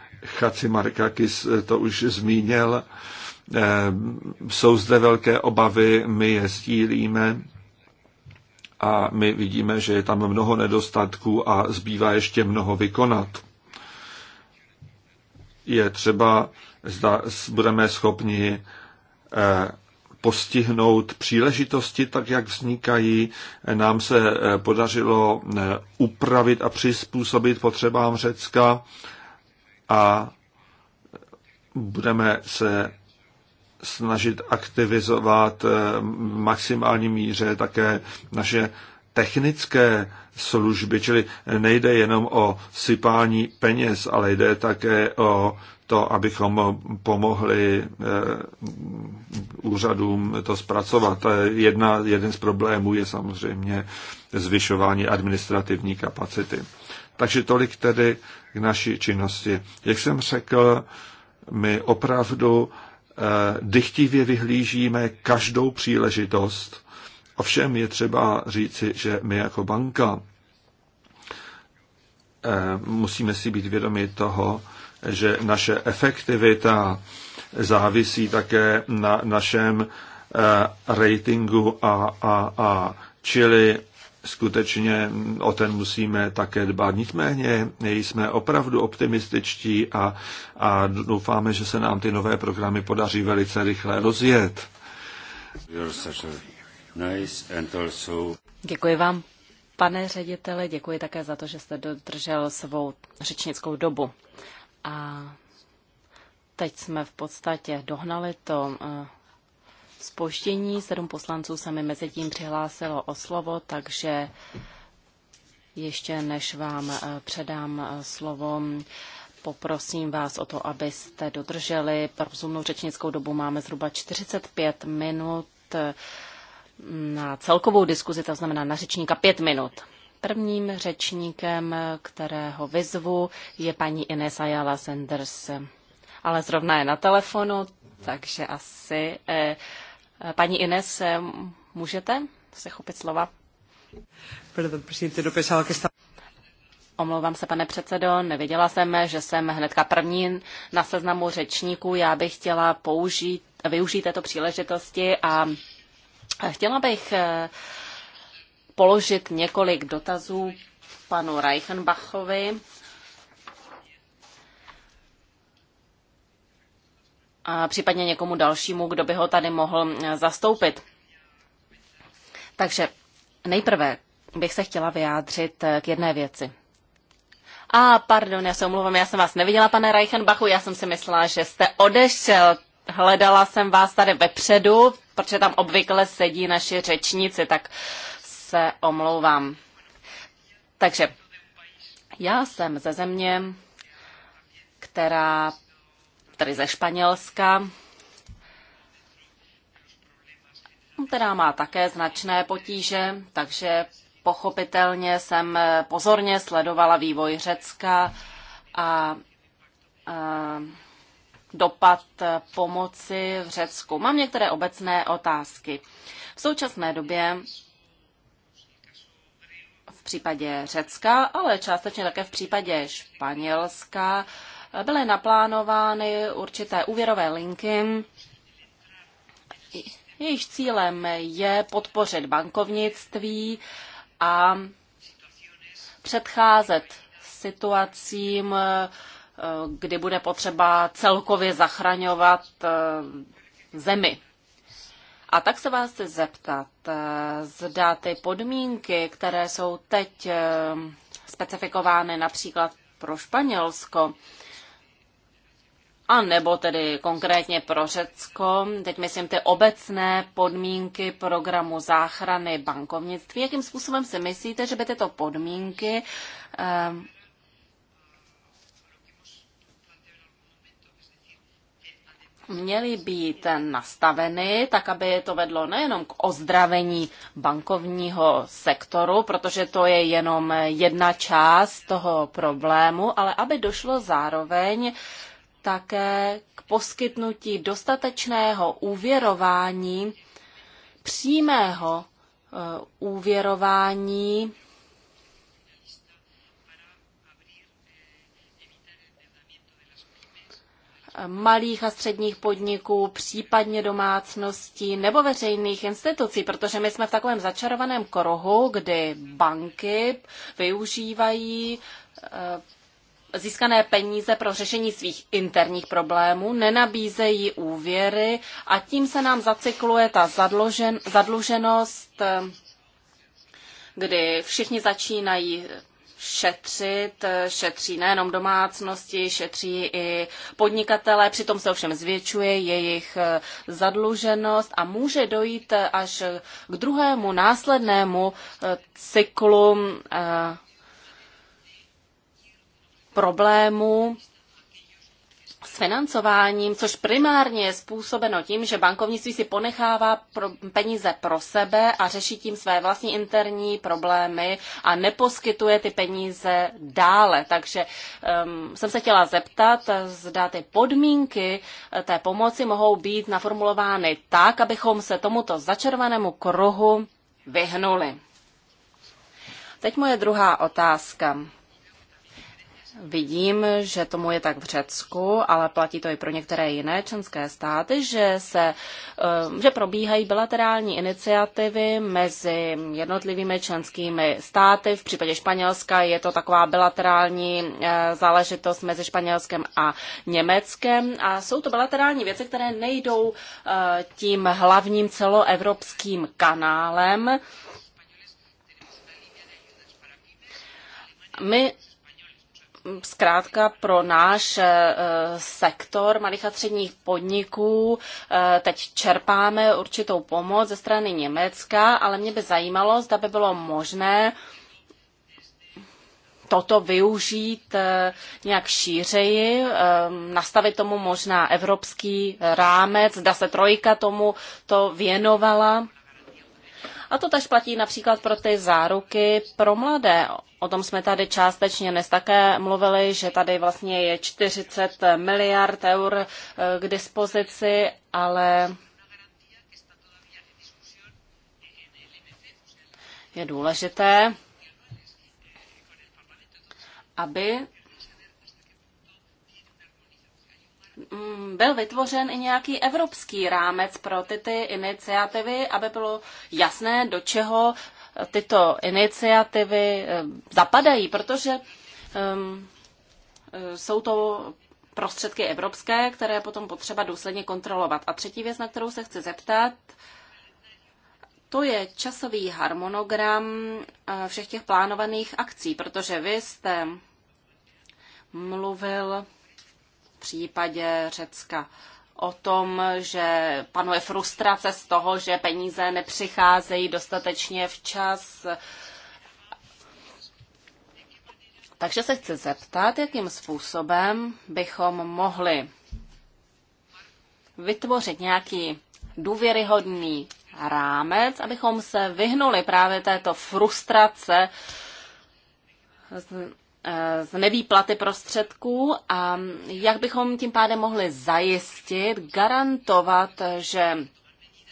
Markakis eh, to už zmínil. Eh, jsou zde velké obavy, my je stílíme a my vidíme, že je tam mnoho nedostatků a zbývá ještě mnoho vykonat. Je třeba, zda budeme schopni postihnout příležitosti, tak jak vznikají. Nám se eh, podařilo eh, upravit a přizpůsobit potřebám Řecka a eh, budeme se snažit aktivizovat v maximální míře také naše technické služby, čili nejde jenom o sypání peněz, ale jde také o to, abychom pomohli eh, úřadům to zpracovat. Jedna, jeden z problémů je samozřejmě zvyšování administrativní kapacity. Takže tolik tedy k naší činnosti. Jak jsem řekl, my opravdu eh, dychtivě vyhlížíme každou příležitost, Ovšem je třeba říci, že my jako banka eh, musíme si být vědomi toho, že naše efektivita závisí také na našem eh, ratingu a a a čili skutečně o ten musíme také dbát. Nicméně jsme opravdu optimističtí a, a doufáme, že se nám ty nové programy podaří velice rychle rozjet. Děkuji vám, pane řediteli, děkuji také za to, že jste dodržel svou řečnickou dobu. A teď jsme v podstatě dohnali to spoštění. Eh, Sedm poslanců se mi mezi tím přihlásilo o slovo, takže ještě než vám eh, předám eh, slovo, poprosím vás o to, abyste dodrželi rozumnou řečnickou dobu. Máme zhruba 45 minut na celkovou diskuzi, to znamená na řečníka pět minut. Prvním řečníkem, kterého vyzvu, je paní Ines Ayala Sanders. Ale zrovna je na telefonu, takže asi. Eh, paní Ines, eh, můžete se chopit slova? No Omlouvám se, pane předsedo, nevěděla jsem, že jsem hnedka první na seznamu řečníků. Já bych chtěla použít, využít této příležitosti a Chtěla bych eh, položit několik dotazů panu Reichenbachovi. A případně někomu dalšímu, kdo by ho tady mohl eh, zastoupit. Takže nejprve bych se chtěla vyjádřit eh, k jedné věci. A pardon, já se omluvám, já jsem vás neviděla, pane Reichenbachu, já jsem si myslela, že jste odešel. Hledala jsem vás tady vepředu, protože tam obvykle sedí naši řečníci, tak se omlouvám. Takže já jsem ze země, která, tady ze Španělska, no, která má také značné potíže, takže pochopitelně jsem pozorně sledovala vývoj Řecka a, a dopad pomoci v Řecku. Mám některé obecné otázky. V současné době v případě Řecka, ale částečně také v případě Španělska byly naplánovány určité úvěrové linky. Jejich cílem je podpořit bankovnictví a předcházet situacím, Eh, kdy bude potřeba celkově zachraňovat eh, zemi. A tak se vás chci zeptat, eh, zda ty podmínky, které jsou teď specifikovány například pro Španělsko, a nebo tedy konkrétně pro Řecko, teď myslím ty obecné podmínky programu záchrany bankovnictví, jakým způsobem si myslíte, že by tyto podmínky měly být nastaveny tak, aby to vedlo nejenom k ozdravení bankovního sektoru, protože to je jenom jedna část toho problému, ale aby došlo zároveň také k poskytnutí dostatečného úvěrování, přímého eh, úvěrování malých a středních podniků, případně domácností nebo veřejných institucí, protože my jsme v takovém začarovaném korohu, kdy banky využívají eh, získané peníze pro řešení svých interních problémů, nenabízejí úvěry a tím se nám zacykluje ta zadlužen, zadluženost, eh, kdy všichni začínají šetřit, šetří nejenom domácnosti, šetří i podnikatele, přitom se ovšem zvětšuje jejich eh, zadluženost a může dojít eh, až k druhému následnému eh, cyklu problémů, financováním, což primárně je způsobeno tím, že bankovnictví si ponechává pro peníze pro sebe a řeší tím své vlastní interní problémy a neposkytuje ty peníze dále. Takže um, jsem se chtěla zeptat, zda ty podmínky eh, té pomoci mohou být naformulovány tak, abychom se tomuto začervenému kruhu vyhnuli. Teď moje druhá otázka. Vidím, že tomu je tak v Řecku, ale platí to i pro některé jiné členské státy, že, se, eh, že probíhají bilaterální iniciativy mezi jednotlivými členskými státy. V případě Španělska je to taková bilaterální eh, záležitost mezi Španělskem a Německem. A jsou to bilaterální věci, které nejdou eh, tím hlavním celoevropským kanálem. My zkrátka pro náš eh, sektor malých a středních podniků eh, teď čerpáme určitou pomoc ze strany Německa, ale mě by zajímalo, zda by bylo možné toto využít eh, nějak šířeji, nastavit tomu možná evropský rámec, zda se trojka tomu to věnovala a to tež platí například pro ty záruky pro mladé. O tom jsme tady částečně dnes také mluvili, že tady vlastně je 40 miliard eur eh, k dispozici, ale je důležité, aby Mm, byl vytvořen i nějaký evropský rámec pro tyto iniciativy, aby bylo jasné, do čeho tyto iniciativy eh, zapadají, protože um, jsou to prostředky evropské, které potom potřeba důsledně kontrolovat. A třetí věc, na kterou se chci zeptat, to je časový harmonogram eh, všech těch plánovaných akcí, protože vy jste mluvil případě Řecka o tom, že panuje frustrace z toho, že peníze nepřicházejí dostatečně včas. Takže se chci zeptat, jakým způsobem bychom mohli vytvořit nějaký důvěryhodný rámec, abychom se vyhnuli právě této frustrace z nevýplaty prostředků a jak bychom tím pádem mohli zajistit, garantovat, že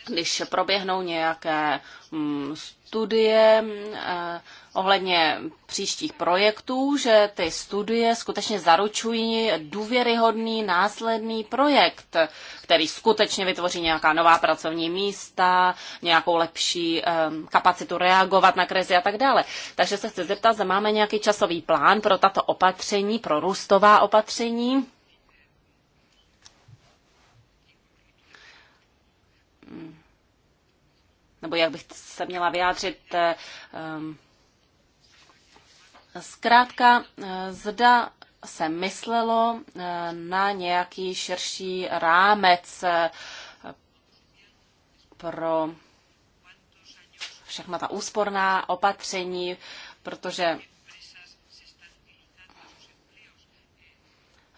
když proběhnou nějaké mm, studie mm, eh, ohledně příštích projektů, že ty studie skutečně zaručují důvěryhodný následný projekt, který skutečně vytvoří nějaká nová pracovní místa, nějakou lepší eh, kapacitu reagovat na krizi a tak dále. Takže se chci zeptat, zda máme nějaký časový plán pro tato opatření, pro růstová opatření. Hmm nebo jak bych se měla vyjádřit, eh, ehm, zkrátka, eh, zda se myslelo eh, na nějaký širší rámec pro všechna ta úsporná opatření, protože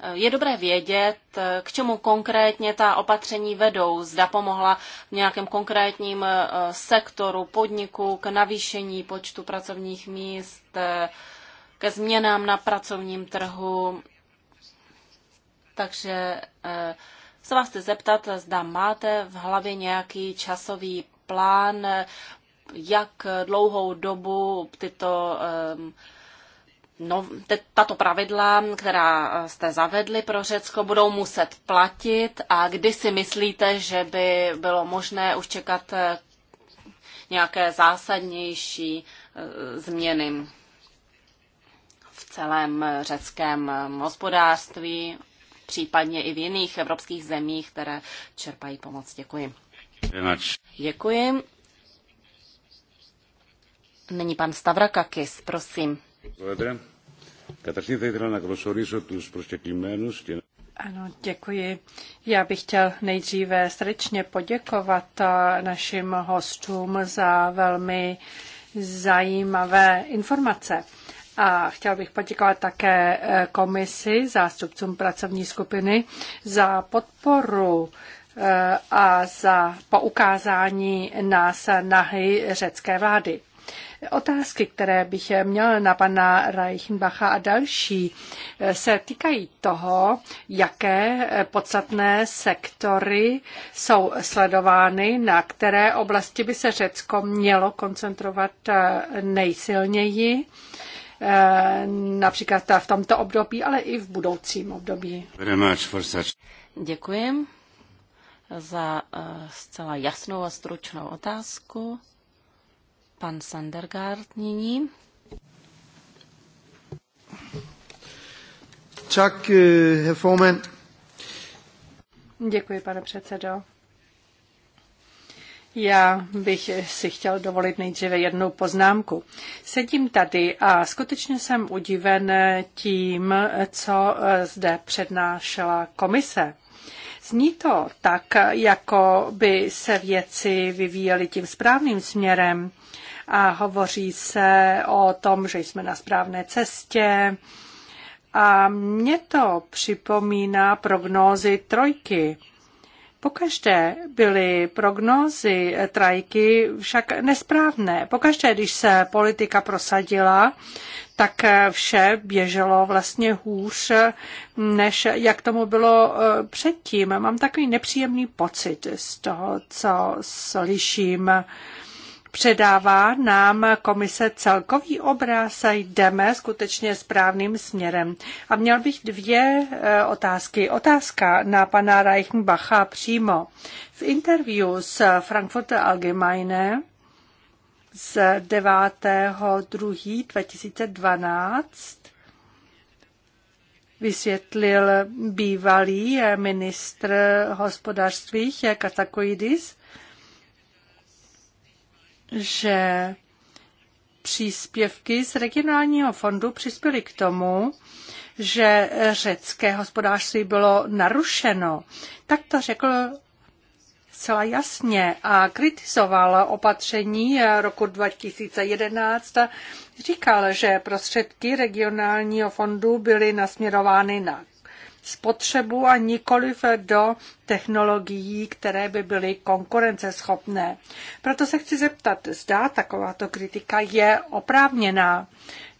Eh, je dobré vědět, eh, k čemu konkrétně ta opatření vedou. Zda pomohla v nějakém konkrétním eh, sektoru, podniku k navýšení počtu pracovních míst, ke změnám na pracovním trhu. Takže se vás chci zeptat, zda máte v hlavě nějaký časový plán, jak dlouhou dobu tyto no, te, tato pravidla, která eh, jste zavedli pro Řecko, budou muset platit a kdy si myslíte, že by bylo možné už čekat eh, nějaké zásadnější eh, změny v celém řeckém hospodářství, případně i v jiných evropských zemích, které čerpají pomoc. Děkuji. Děkuji. Není pan Stavrakakis, prosím. Ano, děkuji. Já bych chtěl nejdříve srdečně poděkovat eh, našim hostům za velmi zajímavé informace. A chtěl bych poděkovat také eh, komisi, zástupcům pracovní skupiny za podporu eh, a za poukázání na snahy řecké vlády. Otázky, které bych měl na pana Reichenbacha a další, eh, se týkají toho, jaké eh, podstatné sektory jsou sledovány, na které oblasti by se Řecko mělo koncentrovat eh, nejsilněji například v tomto období, ale i v budoucím období. Děkuji za zcela jasnou a stručnou otázku. Pan Sandergaard nyní. Tak, eh, herr Forman. Děkuji, pane předsedo. Já bych si chtěl dovolit nejdříve jednu poznámku. Sedím tady a skutečně jsem udiven tím, co eh, zde přednášela komise. Zní to tak, jako by se věci vyvíjely tím správným směrem, a hovoří se o tom, že jsme na správné cestě. A mě to připomíná prognózy trojky. Pokaždé byly prognózy trajky však nesprávné. Pokaždé, když se politika prosadila, tak vše běželo vlastně hůř, než jak tomu bylo eh, předtím. Mám takový nepříjemný pocit z toho, co slyším Předává nám komise celkový obraz a jdeme skutečně správným směrem. A měl bych dvě e, otázky. Otázka na pana Reichenbacha přímo. V interview s Frankfurter Allgemeine z 9.2.2012 vysvětlil bývalý ministr hospodářství Katakoidis, že příspěvky z regionálního fondu přispěly k tomu, že řecké hospodářství bylo narušeno. Tak to řekl zcela jasně a kritizoval opatření roku 2011. Říkal, že prostředky regionálního fondu byly nasměrovány na spotřebu a nikoliv do technologií, které by byly konkurenceschopné. Proto se chci zeptat, zda takováto kritika je oprávněná.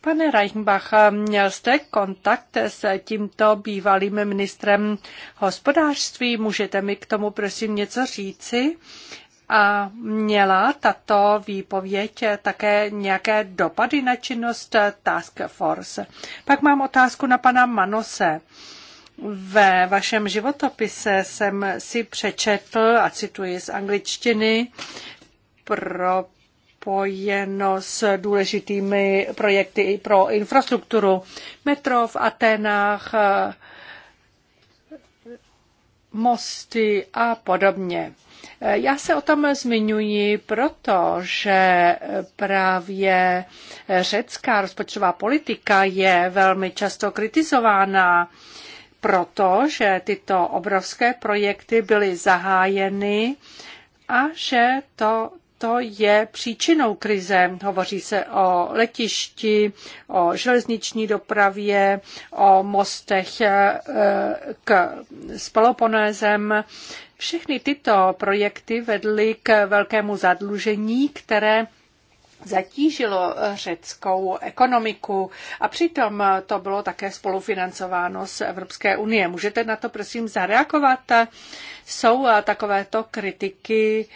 Pane Reichenbach, měl jste kontakt s tímto bývalým ministrem hospodářství? Můžete mi k tomu prosím něco říci? A měla tato výpověď také nějaké dopady na činnost Task Force? Pak mám otázku na pana Manose. Ve vašem životopise jsem si přečetl, a cituji z angličtiny, pro spojeno s důležitými projekty i pro infrastrukturu. Metro v Atenách, mosty a podobně. Já se o tom zmiňuji, protože právě řecká rozpočtová politika je velmi často kritizována proto, že tyto obrovské projekty byly zahájeny a že to to je příčinou krize. Hovoří se o letišti, o železniční dopravě, o mostech eh, k spaloponézem. Všechny tyto projekty vedly k velkému zadlužení, které zatížilo eh, řeckou ekonomiku a přitom eh, to bylo také spolufinancováno z Evropské unie. Můžete na to prosím zareagovat? Jsou eh, takovéto kritiky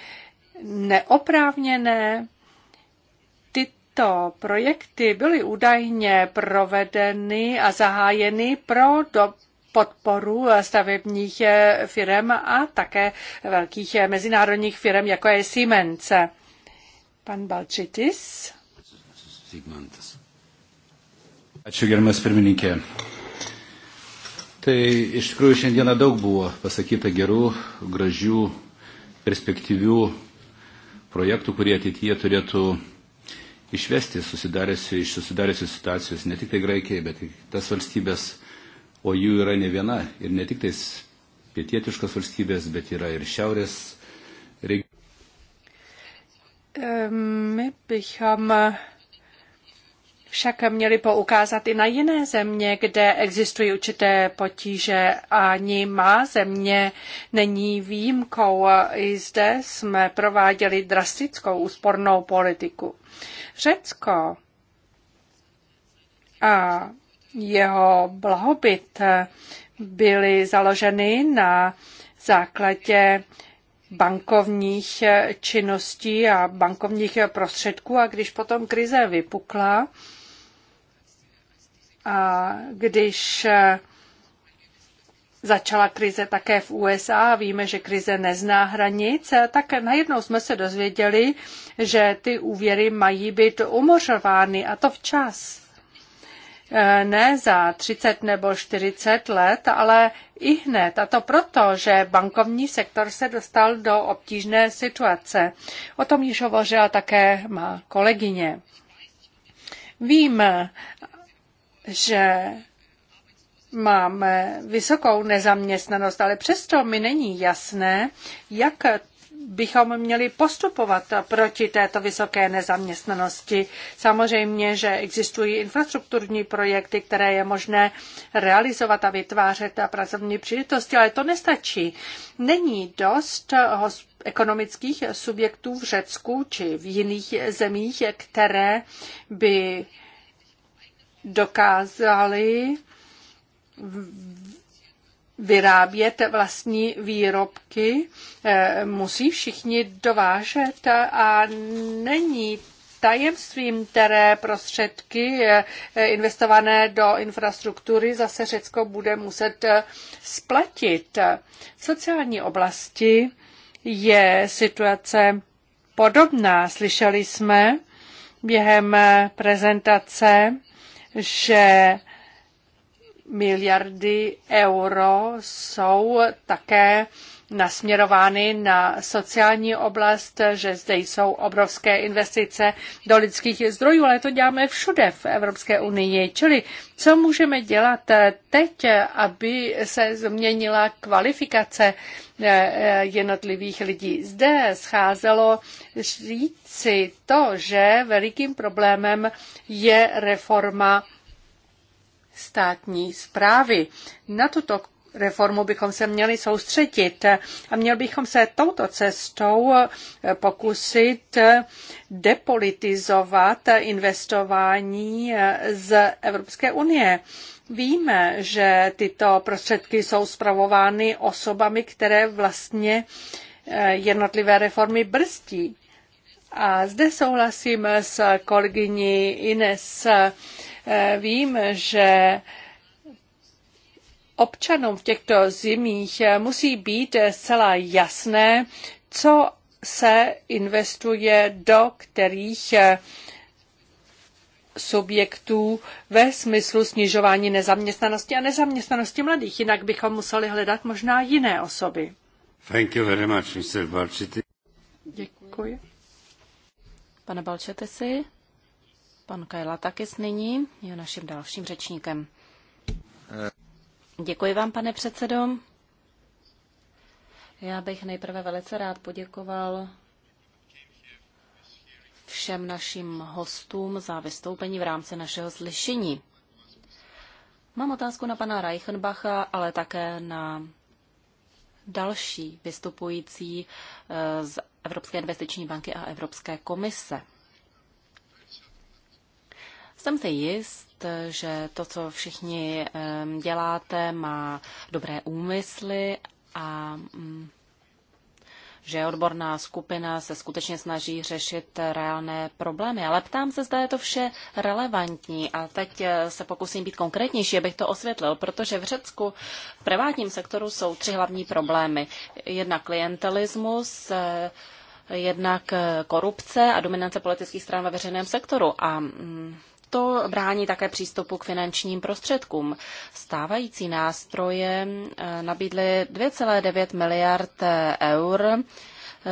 neoprávněné? Tyto projekty byly údajně provedeny a zahájeny pro do podporu stavebních firm a také velkých mezinárodních firm, jako je Siemens. Pan Balčitis. Zygmantas. Ačiū gerbiamas pirmininkė. Tai iš tikrųjų šiandieną daug buvo pasakyta gerų, gražių, perspektyvių projektų, kurie ateityje turėtų išvesti susidariusių, iš susidariusių situacijos ne tik tai Graikijai, bet ir tas valstybės, o jų yra ne viena ir ne tik tais pietietiškas valstybės, bet yra ir šiaurės Ehm, my bychom však měli poukázat i na jiné země, kde existují určité potíže. Ani má země není výjimkou. I zde jsme prováděli drastickou úspornou politiku. Řecko a jeho blahobyt byly založeny na základě bankovních činností a bankovních prostředků a když potom krize vypukla a když začala krize také v USA, víme, že krize nezná hranic, tak najednou jsme se dozvěděli, že ty úvěry mají být umořovány a to včas. Eh, ne za 30 nebo 40 let, ale i hned. A to proto, že bankovní sektor se dostal do obtížné situace. O tom již hovořila také má kolegyně. Vím, že máme vysokou nezaměstnanost, ale přesto mi není jasné, jak bychom měli postupovat proti této vysoké nezaměstnanosti. Samozřejmě, že existují infrastrukturní projekty, které je možné realizovat a vytvářet a pracovní příležitosti, ale to nestačí. Není dost ekonomických subjektů v Řecku či v jiných zemích, které by dokázaly vyrábět vlastní výrobky, eh, musí všichni dovážet a není tajemstvím, které prostředky eh, eh, investované do infrastruktury zase Řecko bude muset splatit. V sociální oblasti je situace podobná. Slyšeli jsme během prezentace, že miliardy euro jsou také nasměrovány na sociální oblast, že zde jsou obrovské investice do lidských zdrojů, ale to děláme všude v Evropské unii. Čili co můžeme dělat teď, aby se změnila kvalifikace eh, eh, jednotlivých lidí? Zde scházelo říci to, že velikým problémem je reforma státní zprávy. Na tuto reformu bychom se měli soustředit a měli bychom se touto cestou eh, pokusit eh, depolitizovat investování eh, z Evropské unie. Víme, že tyto prostředky jsou zpravovány osobami, které vlastně jednotlivé reformy brzdí. A zde souhlasím s kolegyní Ines Eh, vím, že občanům v těchto zimích eh, musí být zcela jasné, co se investuje do kterých eh, subjektů ve smyslu snižování nezaměstnanosti a nezaměstnanosti mladých. Jinak bychom museli hledat možná jiné osoby. Thank you very much, Mr. Děkuji. Pane Balčete si, Pan Kajla Takis nyní je naším dalším řečníkem. Děkuji vám, pane předsedo. Já bych nejprve velice rád poděkoval všem našim hostům za vystoupení v rámci našeho slyšení. Mám otázku na pana Reichenbacha, ale také na další vystupující eh, z Evropské investiční banky a Evropské komise. Jsem si jist, že to, co všichni děláte, má dobré úmysly a mm, že odborná skupina se skutečně snaží řešit reálné problémy. Ale ptám se, zda je to vše relevantní. A teď eh, se pokusím být konkrétnější, abych to osvětlil, protože v Řecku v privátním sektoru jsou tři hlavní problémy. Jedna klientelismus, eh, jednak eh, korupce a dominance politických stran ve veřejném sektoru. A mm, to brání také přístupu k finančním prostředkům. Stávající nástroje eh, nabídly 2,9 miliard eur,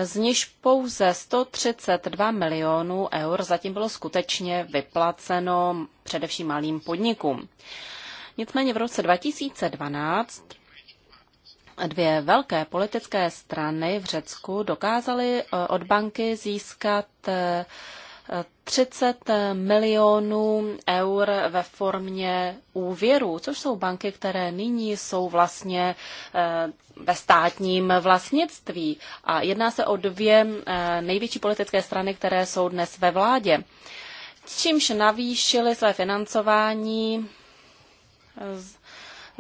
z nich pouze 132 milionů eur zatím bylo skutečně vyplaceno především malým podnikům. Nicméně v roce 2012 Dvě velké politické strany v Řecku dokázaly eh, od banky získat eh, 30 milionů eur ve formě úvěru, což jsou banky, které nyní jsou vlastně eh, ve státním vlastnictví. A jedná se o dvě eh, největší politické strany, které jsou dnes ve vládě. Čímž navýšili své financování z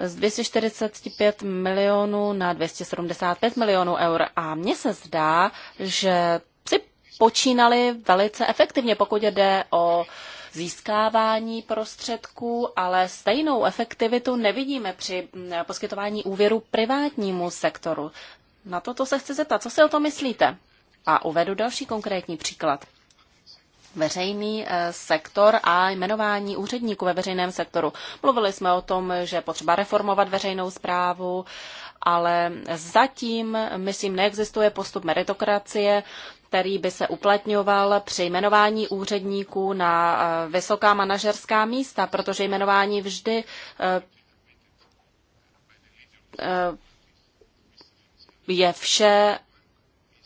z 245 milionů na 275 milionů eur. A mně se zdá, že počínali velice efektivně, pokud jde o získávání prostředků, ale stejnou efektivitu nevidíme při poskytování úvěru privátnímu sektoru. Na toto se chci zeptat, co si o to myslíte? A uvedu další konkrétní příklad. Veřejný e, sektor a jmenování úředníků ve veřejném sektoru. Mluvili jsme o tom, že potřeba reformovat veřejnou zprávu, ale zatím, myslím, neexistuje postup meritokracie, který by se uplatňoval při jmenování úředníků na eh, vysoká manažerská místa, protože jmenování vždy eh, eh, je vše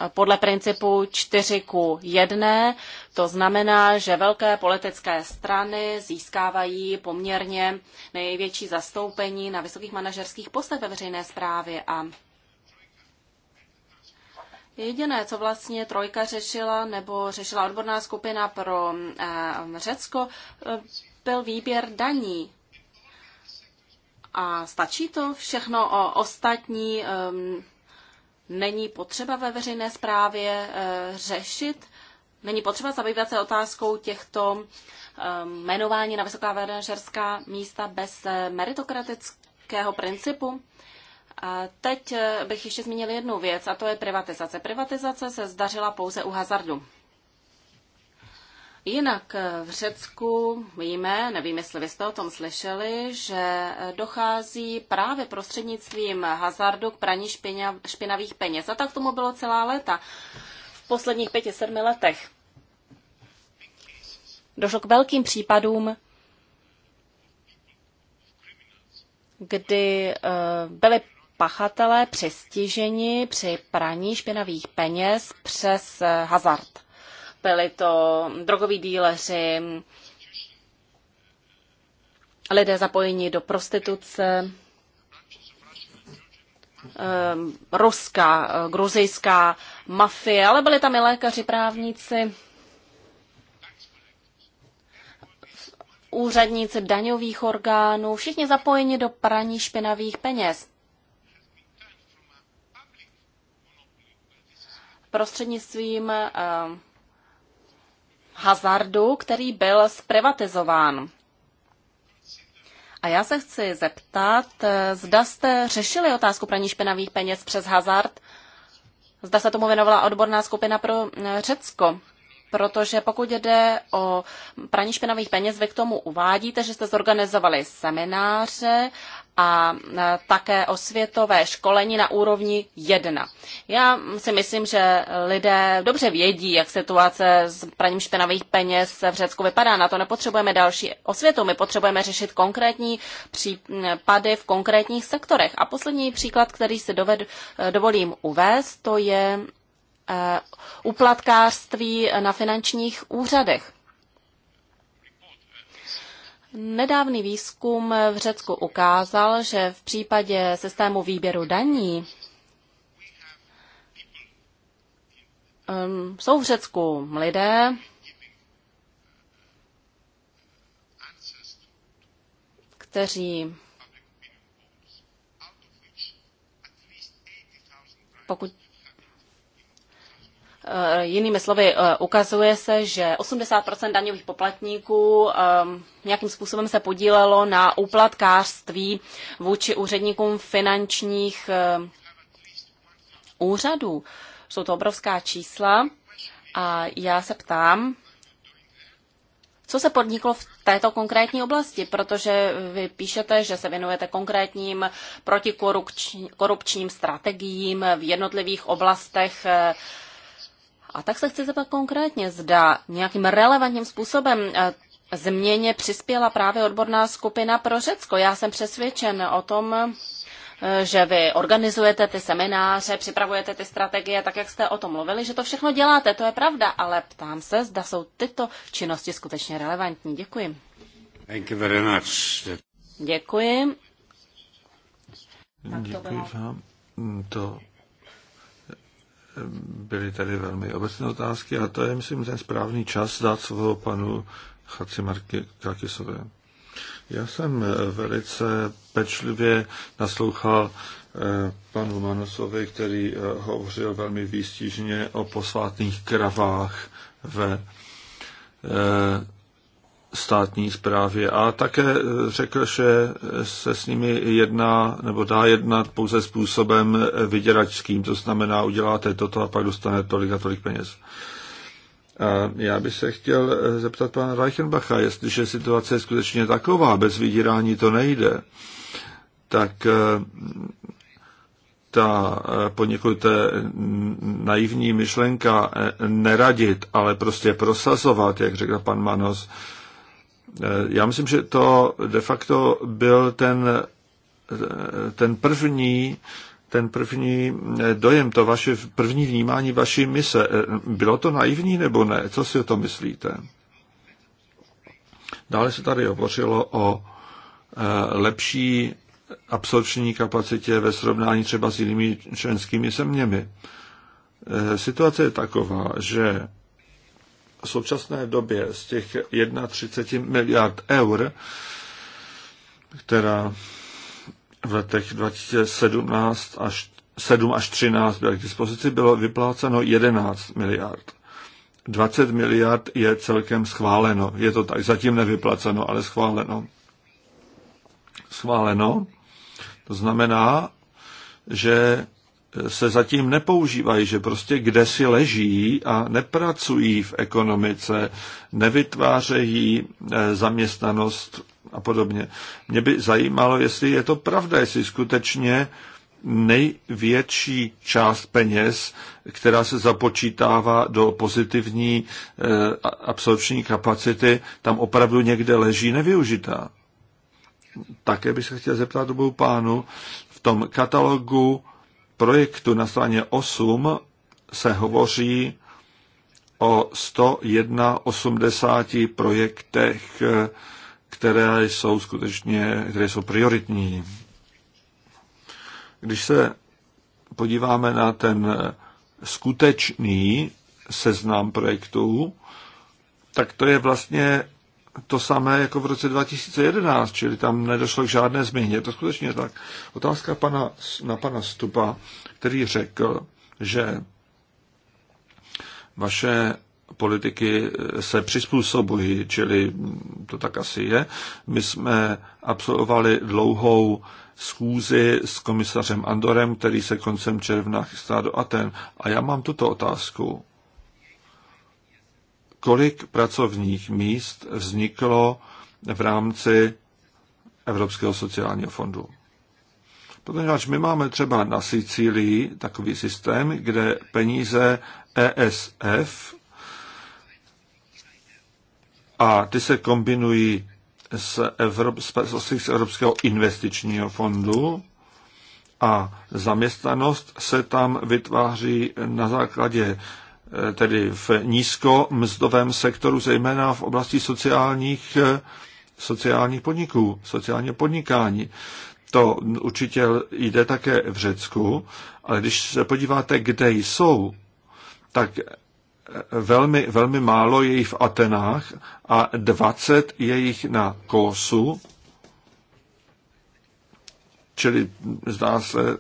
podle principu 4 ku 1. To znamená, že velké politické strany získávají poměrně největší zastoupení na vysokých manažerských postech ve veřejné správě a Jediné, co vlastně Trojka řešila, nebo řešila odborná skupina pro eh, Řecko, eh, byl výběr daní. A stačí to? Všechno o ostatní ehm, není potřeba ve veřejné správě eh, řešit? Není potřeba zabývat se otázkou těchto ehm, jmenování na vysoká vedenářská místa bez meritokratického principu? A teď eh, bych ještě zmínil jednu věc, a to je privatizace. Privatizace se zdařila pouze u hazardu. Jinak eh, v Řecku víme, nevím, jestli vy jste o tom slyšeli, že eh, dochází právě prostřednictvím hazardu k praní špinavých peněz. A tak tomu bylo celá léta v posledních pěti, sedmi letech. Došlo k velkým případům, kdy byly pachatelé přestiženi při praní špinavých peněz přes hazard. Byli to drogoví díleři, lidé zapojení do prostituce, ehm, ruská, gruzijská mafie, ale byli tam i lékaři, právníci, úředníci daňových orgánů, všichni zapojeni do praní špinavých peněz. prostřednictvím eh, hazardu, který byl zprivatizován. A já se chci zeptat, eh, zda jste řešili otázku praní špinavých peněz přes hazard? Zda se tomu věnovala odborná skupina pro eh, Řecko? Protože pokud jde o praní špinavých peněz, vy k tomu uvádíte, že jste zorganizovali semináře a e, také osvětové školení na úrovni 1. Já si myslím, že lidé dobře vědí, jak situace s praním špinavých peněz v Řecku vypadá. Na to nepotřebujeme další osvětu, my potřebujeme řešit konkrétní případy v konkrétních sektorech. A poslední příklad, který si doved, e, dovolím uvést, to je e, uplatkářství na finančních úřadech. Nedávný výzkum v Řecku ukázal, že v případě systému výběru daní um, jsou v Řecku lidé, kteří pokud Eh, jinými slovy, eh, ukazuje se, že 80 daňových poplatníků ehm, nějakým způsobem se podílelo na úplatkářství vůči úředníkům finančních eh, úřadů. Jsou to obrovská čísla a já se ptám, co se podniklo v této konkrétní oblasti, protože vy píšete, že se věnujete konkrétním protikorupčním strategiím v jednotlivých oblastech a tak se chci zeptat konkrétně, zda nějakým relevantním způsobem eh, změně přispěla právě odborná skupina pro Řecko. Já jsem přesvědčen o tom, eh, že vy organizujete ty semináře, připravujete ty strategie, tak jak jste o tom mluvili, že to všechno děláte, to je pravda, ale ptám se, zda jsou tyto činnosti skutečně relevantní. Děkuji. Thank you very much. Děkuji. Děkuji vám. To byly tady velmi obecné otázky a to je, myslím, ten správný čas dát svého panu Chacimarky Kakisové. Já jsem eh, velice pečlivě naslouchal eh, panu Manosovi, který eh, hovořil velmi výstižně o posvátných kravách ve státní správě a také eh, řekl, že se s nimi jedná nebo dá jednat pouze způsobem eh, vyděračským, to znamená uděláte toto a pak dostane tolik a tolik peněz. A já bych se chtěl eh, zeptat pana Reichenbacha, jestliže situace je skutečně taková, bez vydírání to nejde, tak ta poněkud naivní myšlenka neradit, ale prostě prosazovat, jak řekl pan Manos, Eh, já myslím, že to de facto byl ten, eh, ten první ten první eh, dojem, to vaše první vnímání vaší mise. Bylo to naivní nebo ne? Co si o to myslíte? Dále se tady hovořilo o lepší absorpční kapacitě ve srovnání třeba s jinými členskými zeměmi. Situace je taková, že v současné době z těch 31 miliard eur, která v letech 2017 až 7 až 13 byla k dispozici, bylo vypláceno 11 miliard. 20 miliard je celkem schváleno. Je to tak, zatím nevyplaceno, ale schváleno. Schváleno. To znamená, že se zatím nepoužívají, že prostě kde si leží a nepracují v ekonomice, nevytvářejí eh, zaměstnanost a podobně. Mě by zajímalo, jestli je to pravda, jestli skutečně největší část peněz, která se započítává do pozitivní eh, absorpční kapacity, tam opravdu někde leží nevyužitá. Také bych se chtěl zeptat obou pánu, v tom katalogu projektu na straně 8 se hovoří o 181 projektech, které jsou skutečně, které jsou prioritní. Když se podíváme na ten skutečný seznam projektů, tak to je vlastně to samé jako v roce 2011, čili tam nedošlo k žádné změně. To skutečně tak. Otázka pana, na pana Stupa, který řekl, že vaše politiky se přizpůsobují, čili to tak asi je. My jsme absolvovali dlouhou schůzi s komisařem Andorem, který se koncem června chystá do Aten. A já mám tuto otázku kolik pracovních míst vzniklo v rámci Evropského sociálního fondu. Protože my máme třeba na Sicílii takový systém, kde peníze ESF a ty se kombinují z, Evrop, z Evropského investičního fondu a zaměstnanost se tam vytváří na základě tedy v nízkomzdovém sektoru, zejména v oblasti sociálních, eh, sociálních podniků, sociálně podnikání. To určitě jde také v Řecku, ale když se podíváte, kde jsou, tak eh, velmi, velmi málo je jich v Atenách a 20 je jich na Kosu, čili zdá se,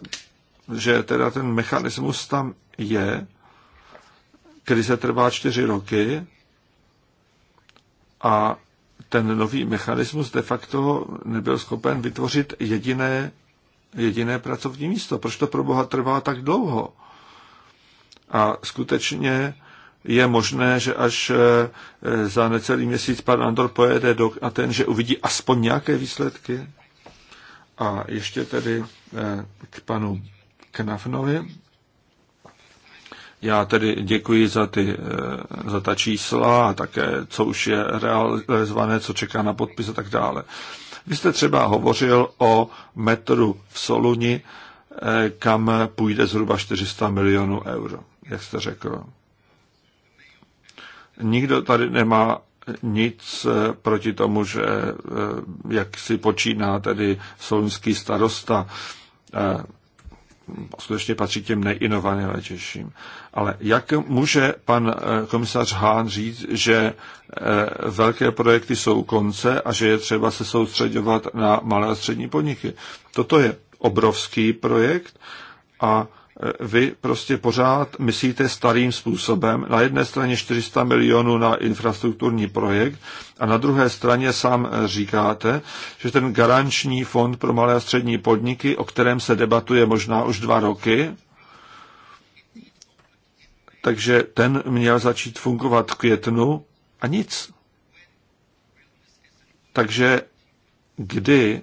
že teda ten mechanismus tam je, Krize trvá čtyři roky a ten nový mechanismus de facto nebyl schopen vytvořit jediné, jediné pracovní místo. Proč to pro Boha trvá tak dlouho? A skutečně je možné, že až eh, za necelý měsíc pan Andor pojede do Aten, že uvidí aspoň nějaké výsledky. A ještě tedy eh, k panu Knafnovi. Já tedy děkuji za, ty, eh, za ta čísla a také, co už je realizované, co čeká na podpis a tak dále. Vy jste třeba hovořil o metru v Soluni, eh, kam půjde zhruba 400 milionů euro, jak jste řekl. Nikdo tady nemá nic eh, proti tomu, že jak si počíná tedy solunský starosta skutečně patří těm nejinovanějším. Ale jak může pan eh, komisař Hán říct, že eh, velké projekty jsou konce a že je třeba se soustředovat na malé a střední podniky? Toto je obrovský projekt a Eh, vy prostě pořád myslíte starým způsobem. Na jedné straně 400 milionů na infrastrukturní projekt a na druhé straně sám eh, říkáte, že ten garanční fond pro malé a střední podniky, o kterém se debatuje možná už dva roky, takže ten měl začít fungovat v květnu a nic. Takže kdy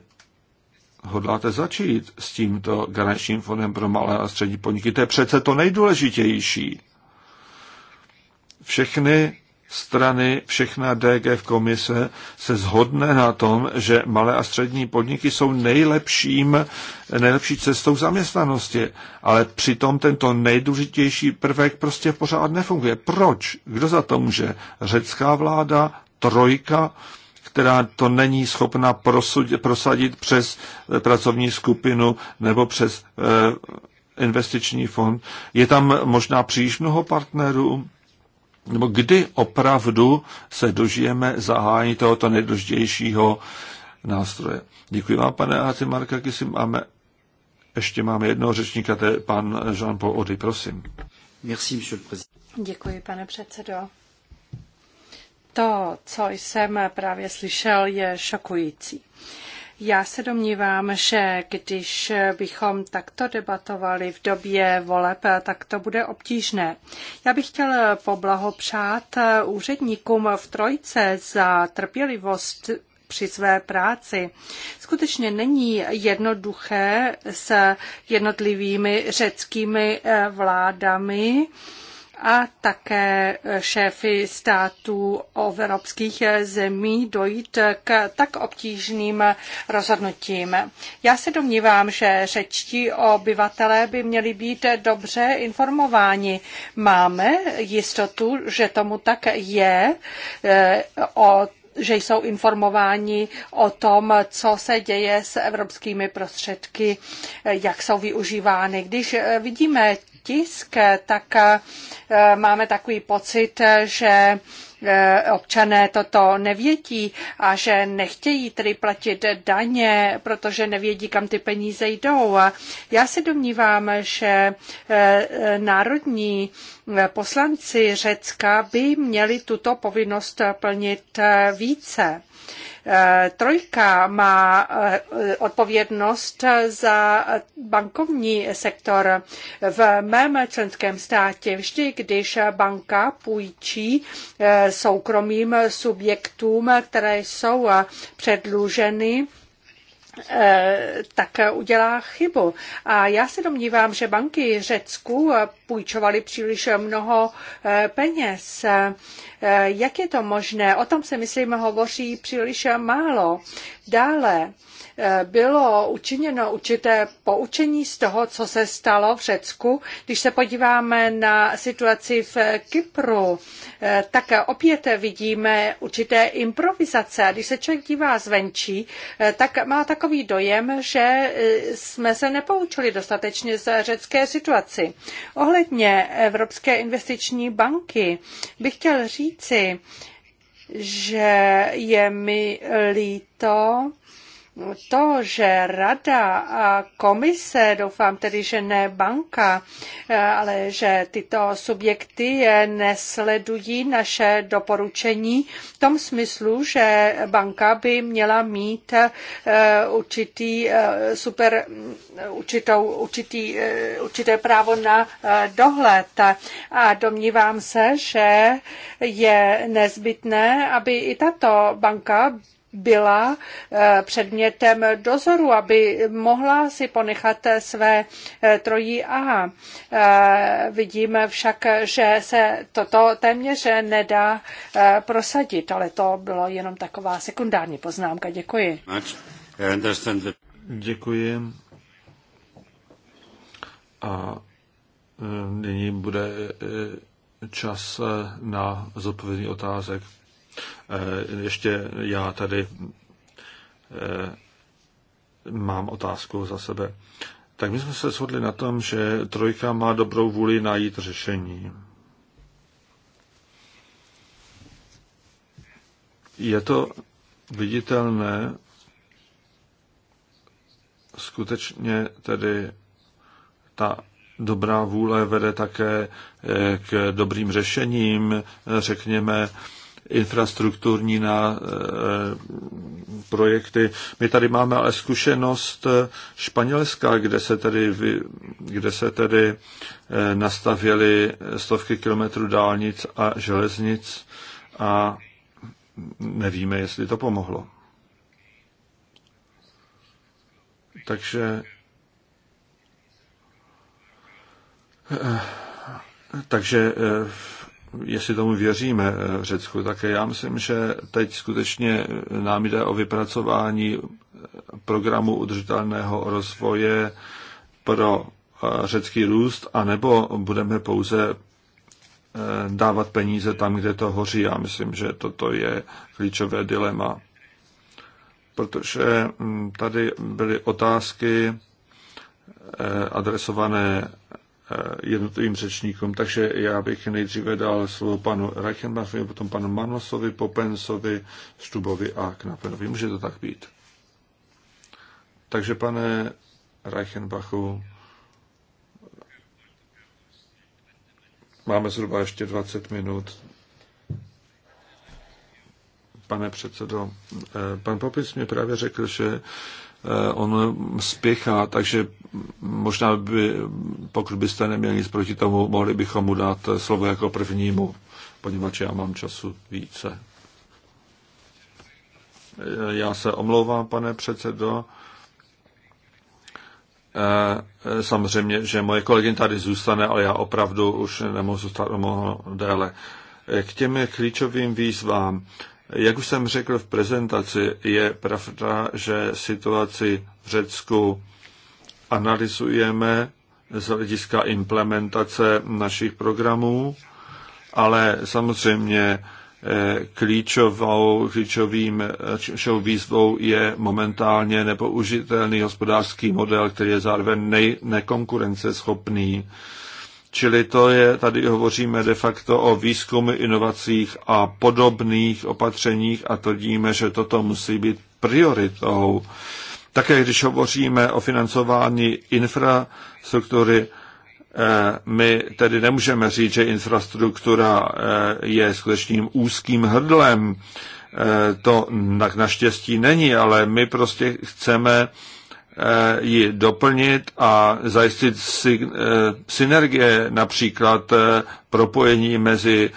hodláte začít s tímto garančním fondem pro malé a střední podniky? To je přece to nejdůležitější. Všechny strany, všechna DG v komise se zhodne na tom, že malé a střední podniky jsou nejlepším, nejlepší cestou zaměstnanosti, ale přitom tento nejdůležitější prvek prostě pořád nefunguje. Proč? Kdo za to může? Řecká vláda, trojka, která to není schopna prosadit přes eh, pracovní skupinu nebo přes eh, investiční fond. Je tam možná příliš mnoho partnerů? Nebo kdy opravdu se dožijeme zahájení tohoto nejdůležitějšího nástroje? Děkuji vám, pane Marka, když máme ještě máme jednoho řečníka, to je pan Jean-Paul Ody, prosím. Merci, Děkuji, pane předsedo. To, co jsem právě slyšel, je šokující. Já se domnívám, že když bychom takto debatovali v době voleb, tak to bude obtížné. Já bych chtěl poblahopřát úředníkům v Trojce za trpělivost při své práci. Skutečně není jednoduché s jednotlivými řeckými eh, vládami a také šéfy států evropských zemí dojít k tak obtížným rozhodnutím. Já se domnívám, že řečtí obyvatelé by měli být dobře informováni. Máme jistotu, že tomu tak je eh, o že jsou informováni o tom, co se děje s evropskými prostředky, eh, jak jsou využívány. Když eh, vidíme tisk, tak eh, máme takový pocit, že eh, občané toto nevědí a že nechtějí tedy platit daně, protože nevědí, kam ty peníze jdou. Já se domnívám, že eh, národní poslanci Řecka by měli tuto povinnost plnit více. Eh, trojka má eh, odpovědnost za bankovní sektor. V mém členském státě vždy, když banka půjčí eh, soukromým subjektům, které jsou předluženy, tak udělá chybu. A já se domnívám, že banky Řecku půjčovali příliš mnoho eh, peněz. Eh, jak je to možné? O tom se, myslím, hovoří příliš málo. Dále eh, bylo učiněno určité poučení z toho, co se stalo v Řecku. Když se podíváme na situaci v Kypru, tak opět vidíme určité improvizace. když se člověk dívá zvenčí, tak má takový dojem, že jsme se nepoučili dostatečně z řecké situaci. Ohledně Ohledně Evropské investiční banky bych chtěl říci, že je mi líto, to, že rada a komise, doufám tedy, že ne banka, eh, ale že tyto subjekty nesledují naše doporučení v tom smyslu, že banka by měla mít eh, určitý eh, super, určitou, určitý, určité právo na dohled. A domnívám se, že je nezbytné, aby i tato banka byla eh, předmětem dozoru, aby mohla si ponechat své eh, trojí A. Eh, Vidíme však, že se toto téměř nedá prosadit, ale to bylo jenom taková sekundární poznámka. Děkuji. Děkuji. A nyní bude čas na zodpovězení otázek. Eh, ještě já tady eh, mám otázku za sebe. Tak my jsme se shodli na tom, že trojka má dobrou vůli najít řešení. Je to viditelné skutečně tedy ta dobrá vůle vede také eh, k dobrým řešením, řekněme, infrastrukturní na eh, projekty. My tady máme ale zkušenost eh, Španělska, kde se tedy, kde se tedy eh, nastavili stovky kilometrů dálnic a železnic a nevíme, jestli to pomohlo. Takže takže jestli tomu věříme v eh, Řecku, tak já myslím, že teď skutečně eh, nám jde o vypracování eh, programu udržitelného rozvoje pro řecký růst, anebo budeme pouze dávat peníze tam, kde to hoří. Já myslím, že toto je klíčové dilema. Protože mm, tady byly otázky adresované Eh, jednotlivým řečníkům. Takže já bych nejdříve dal slovo panu Reichenbachovi, potom panu Manosovi, Popensovi, Stubovi a Knapenovi. Může to tak být. Takže pane Reichenbachu, máme zhruba ještě 20 minut. Pane předsedo, eh, pan Popis mě právě řekl, že Eh, on spěchá, takže možná by, pokud byste neměli nic proti tomu, mohli bychom mu dát slovo jako prvnímu, poněvadž já mám času více. Eh, já se omlouvám, pane předsedo. Eh, samozřejmě, že moje kolegyně tady zůstane, ale já opravdu už nemohu zůstat o déle. K těm klíčovým výzvám jak už jsem řekl v prezentaci, je pravda, že situaci v Řecku analyzujeme z hlediska implementace našich programů, ale samozřejmě eh, klíčovou, klíčovým, eh, výzvou je momentálně nepoužitelný hospodářský model, který je zároveň nekonkurenceschopný. Ne Čili to je, tady hovoříme de facto o výzkumu, inovacích a podobných opatřeních a to díme, že toto musí být prioritou. Také když hovoříme o financování infrastruktury, eh, my tedy nemůžeme říct, že infrastruktura eh, je skutečným úzkým hrdlem. Eh, to tak naštěstí není, ale my prostě chceme Eh, ji doplnit a zajistit eh, synergie, například eh, propojení mezi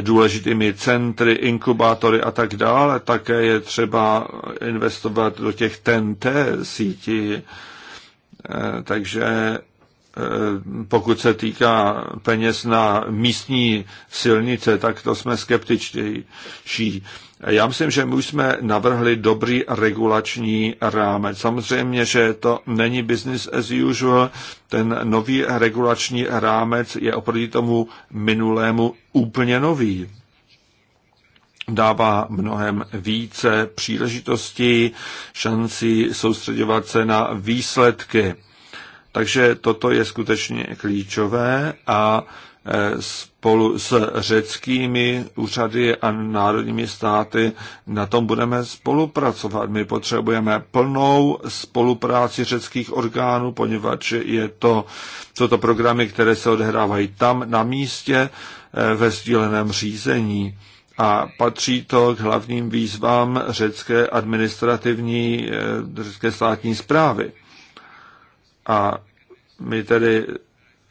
důležitými centry, inkubátory a tak dále. Také je třeba investovat do těch TNT sítí. Takže pokud se týká peněz na místní silnice, tak to jsme skeptičtější. Já myslím, že my už jsme navrhli dobrý regulační rámec. Samozřejmě, že to není business as usual. Ten nový regulační rámec je oproti tomu minulému úplně nový. Dává mnohem více příležitostí, šancí soustředovat se na výsledky. Takže toto je skutečně klíčové a spolu s řeckými úřady a národními státy na tom budeme spolupracovat. My potřebujeme plnou spolupráci řeckých orgánů, poněvadž je to, jsou to programy, které se odehrávají tam na místě eh, ve sdíleném řízení a patří to k hlavním výzvám řecké administrativní, eh, řecké státní zprávy. A my tedy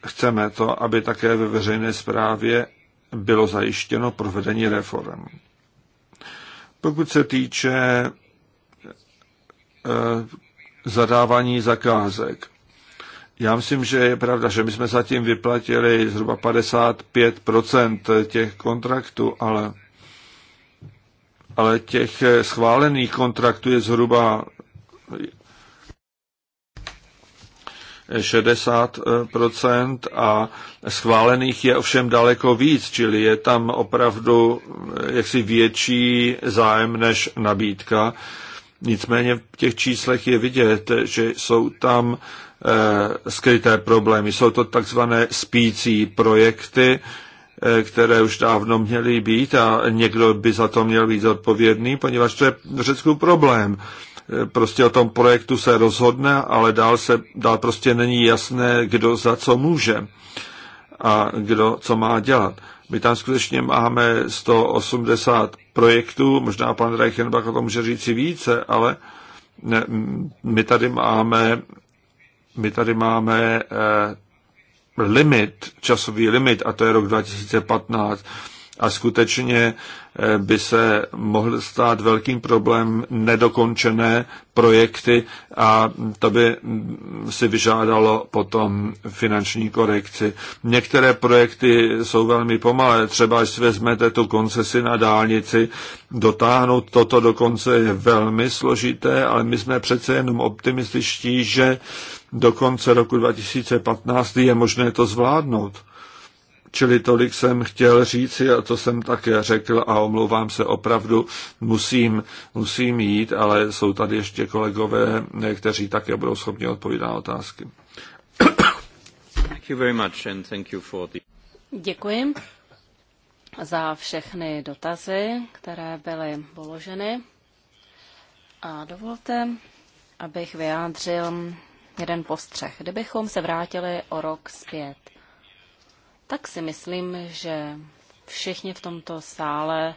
Chceme to, aby také ve veřejné správě bylo zajištěno provedení reform. Pokud se týče eh, zadávání zakázek, já myslím, že je pravda, že my jsme zatím vyplatili zhruba 55% těch kontraktů, ale, ale těch schválených kontraktů je zhruba 60 a schválených je ovšem daleko víc, čili je tam opravdu eh, jaksi větší zájem než nabídka. Nicméně v těch číslech je vidět, že jsou tam eh, skryté problémy. Jsou to takzvané spící projekty, eh, které už dávno měly být a někdo by za to měl být odpovědný, poněvadž to je v Řecku problém prostě o tom projektu se rozhodne, ale dál, se, dál prostě není jasné, kdo za co může a kdo co má dělat. My tam skutečně máme 180 projektů, možná pan Reichenbach o tom může říci více, ale ne, my tady máme, my tady máme eh, limit, časový limit, a to je rok 2015 a skutečně eh, by se mohl stát velkým problém nedokončené projekty a to by si vyžádalo potom finanční korekci. Některé projekty jsou velmi pomalé, třeba až si vezmete tu koncesi na dálnici, dotáhnout toto dokonce je velmi složité, ale my jsme přece jenom optimističtí, že do konce roku 2015 je možné to zvládnout. Čili tolik jsem chtěl říci a to jsem také řekl a omlouvám se opravdu, musím, musím jít, ale jsou tady ještě kolegové, kteří také budou schopni odpovídat na otázky. Děkuji za všechny dotazy, které byly položeny. A dovolte, abych vyjádřil jeden postřeh. Kdybychom se vrátili o rok zpět, tak si myslím, že všichni v tomto sále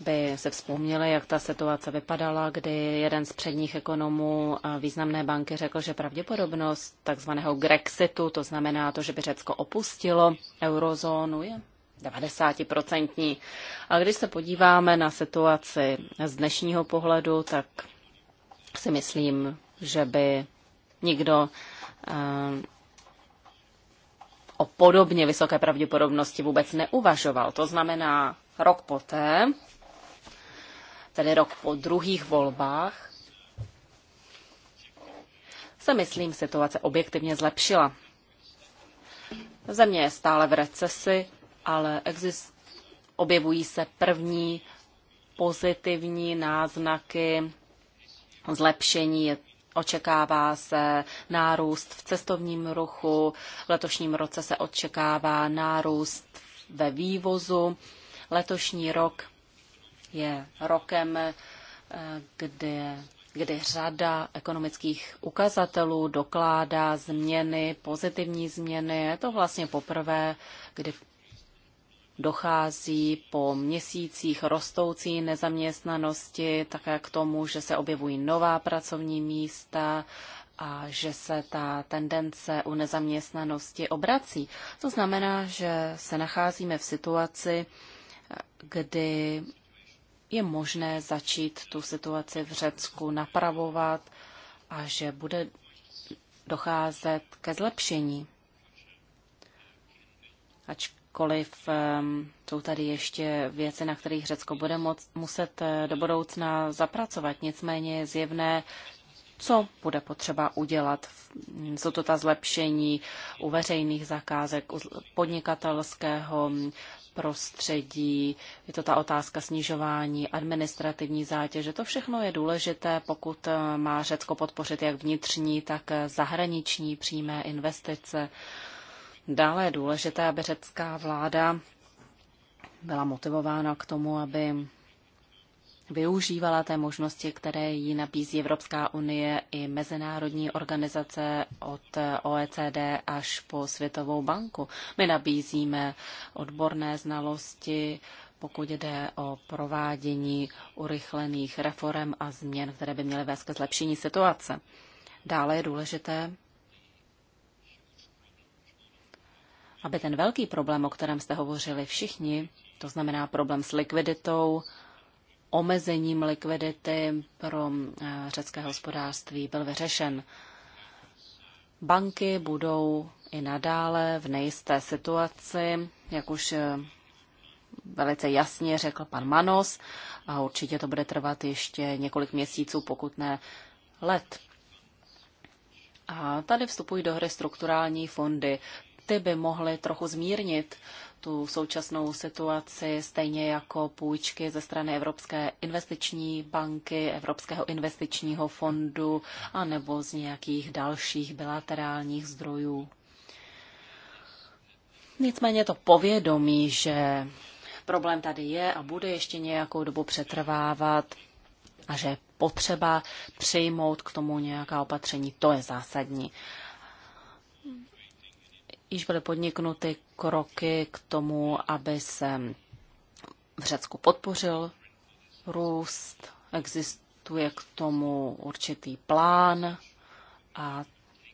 by se vzpomněli, jak ta situace vypadala, kdy jeden z předních ekonomů významné banky řekl, že pravděpodobnost takzvaného Grexitu, to znamená to, že by Řecko opustilo eurozónu, je 90%. A když se podíváme na situaci z dnešního pohledu, tak si myslím, že by nikdo Eh, o podobně vysoké pravděpodobnosti vůbec neuvažoval. To znamená, rok poté, tedy rok po druhých volbách, se, myslím, situace objektivně zlepšila. Země je stále v recesi, ale exist- objevují se první pozitivní náznaky zlepšení. Je Očekává se nárůst v cestovním ruchu, v letošním roce se očekává nárůst ve vývozu. Letošní rok je rokem, eh, kdy, kdy řada ekonomických ukazatelů dokládá změny, pozitivní změny. Je to vlastně poprvé, kdy dochází po měsících rostoucí nezaměstnanosti také k tomu, že se objevují nová pracovní místa a že se ta tendence u nezaměstnanosti obrací. To znamená, že se nacházíme v situaci, kdy je možné začít tu situaci v Řecku napravovat a že bude docházet ke zlepšení. Ačkoliv koliv ehm, jsou tady ještě věci, na kterých Řecko bude moc, muset eh, do budoucna zapracovat. Nicméně je zjevné, co bude potřeba udělat. Mm, jsou to ta zlepšení u veřejných zakázek, u podnikatelského mm, prostředí, je to ta otázka snižování administrativní zátěže. To všechno je důležité, pokud eh, má Řecko podpořit jak vnitřní, tak eh, zahraniční přímé investice. Dále je důležité, aby řecká vláda byla motivována k tomu, aby využívala té možnosti, které jí nabízí Evropská unie i mezinárodní organizace od OECD až po Světovou banku. My nabízíme odborné znalosti, pokud jde o provádění urychlených reform a změn, které by měly vést ke zlepšení situace. Dále je důležité, aby ten velký problém, o kterém jste hovořili všichni, to znamená problém s likviditou, omezením likvidity pro eh, řecké hospodářství, byl vyřešen. Banky budou i nadále v nejisté situaci, jak už eh, velice jasně řekl pan Manos, a určitě to bude trvat ještě několik měsíců, pokud ne let. A tady vstupují do hry strukturální fondy ty by mohly trochu zmírnit tu současnou situaci, stejně jako půjčky ze strany Evropské investiční banky, Evropského investičního fondu a nebo z nějakých dalších bilaterálních zdrojů. Nicméně to povědomí, že problém tady je a bude ještě nějakou dobu přetrvávat a že potřeba přijmout k tomu nějaká opatření, to je zásadní již byly podniknuty kroky k tomu, aby se v Řecku podpořil růst, existuje k tomu určitý plán a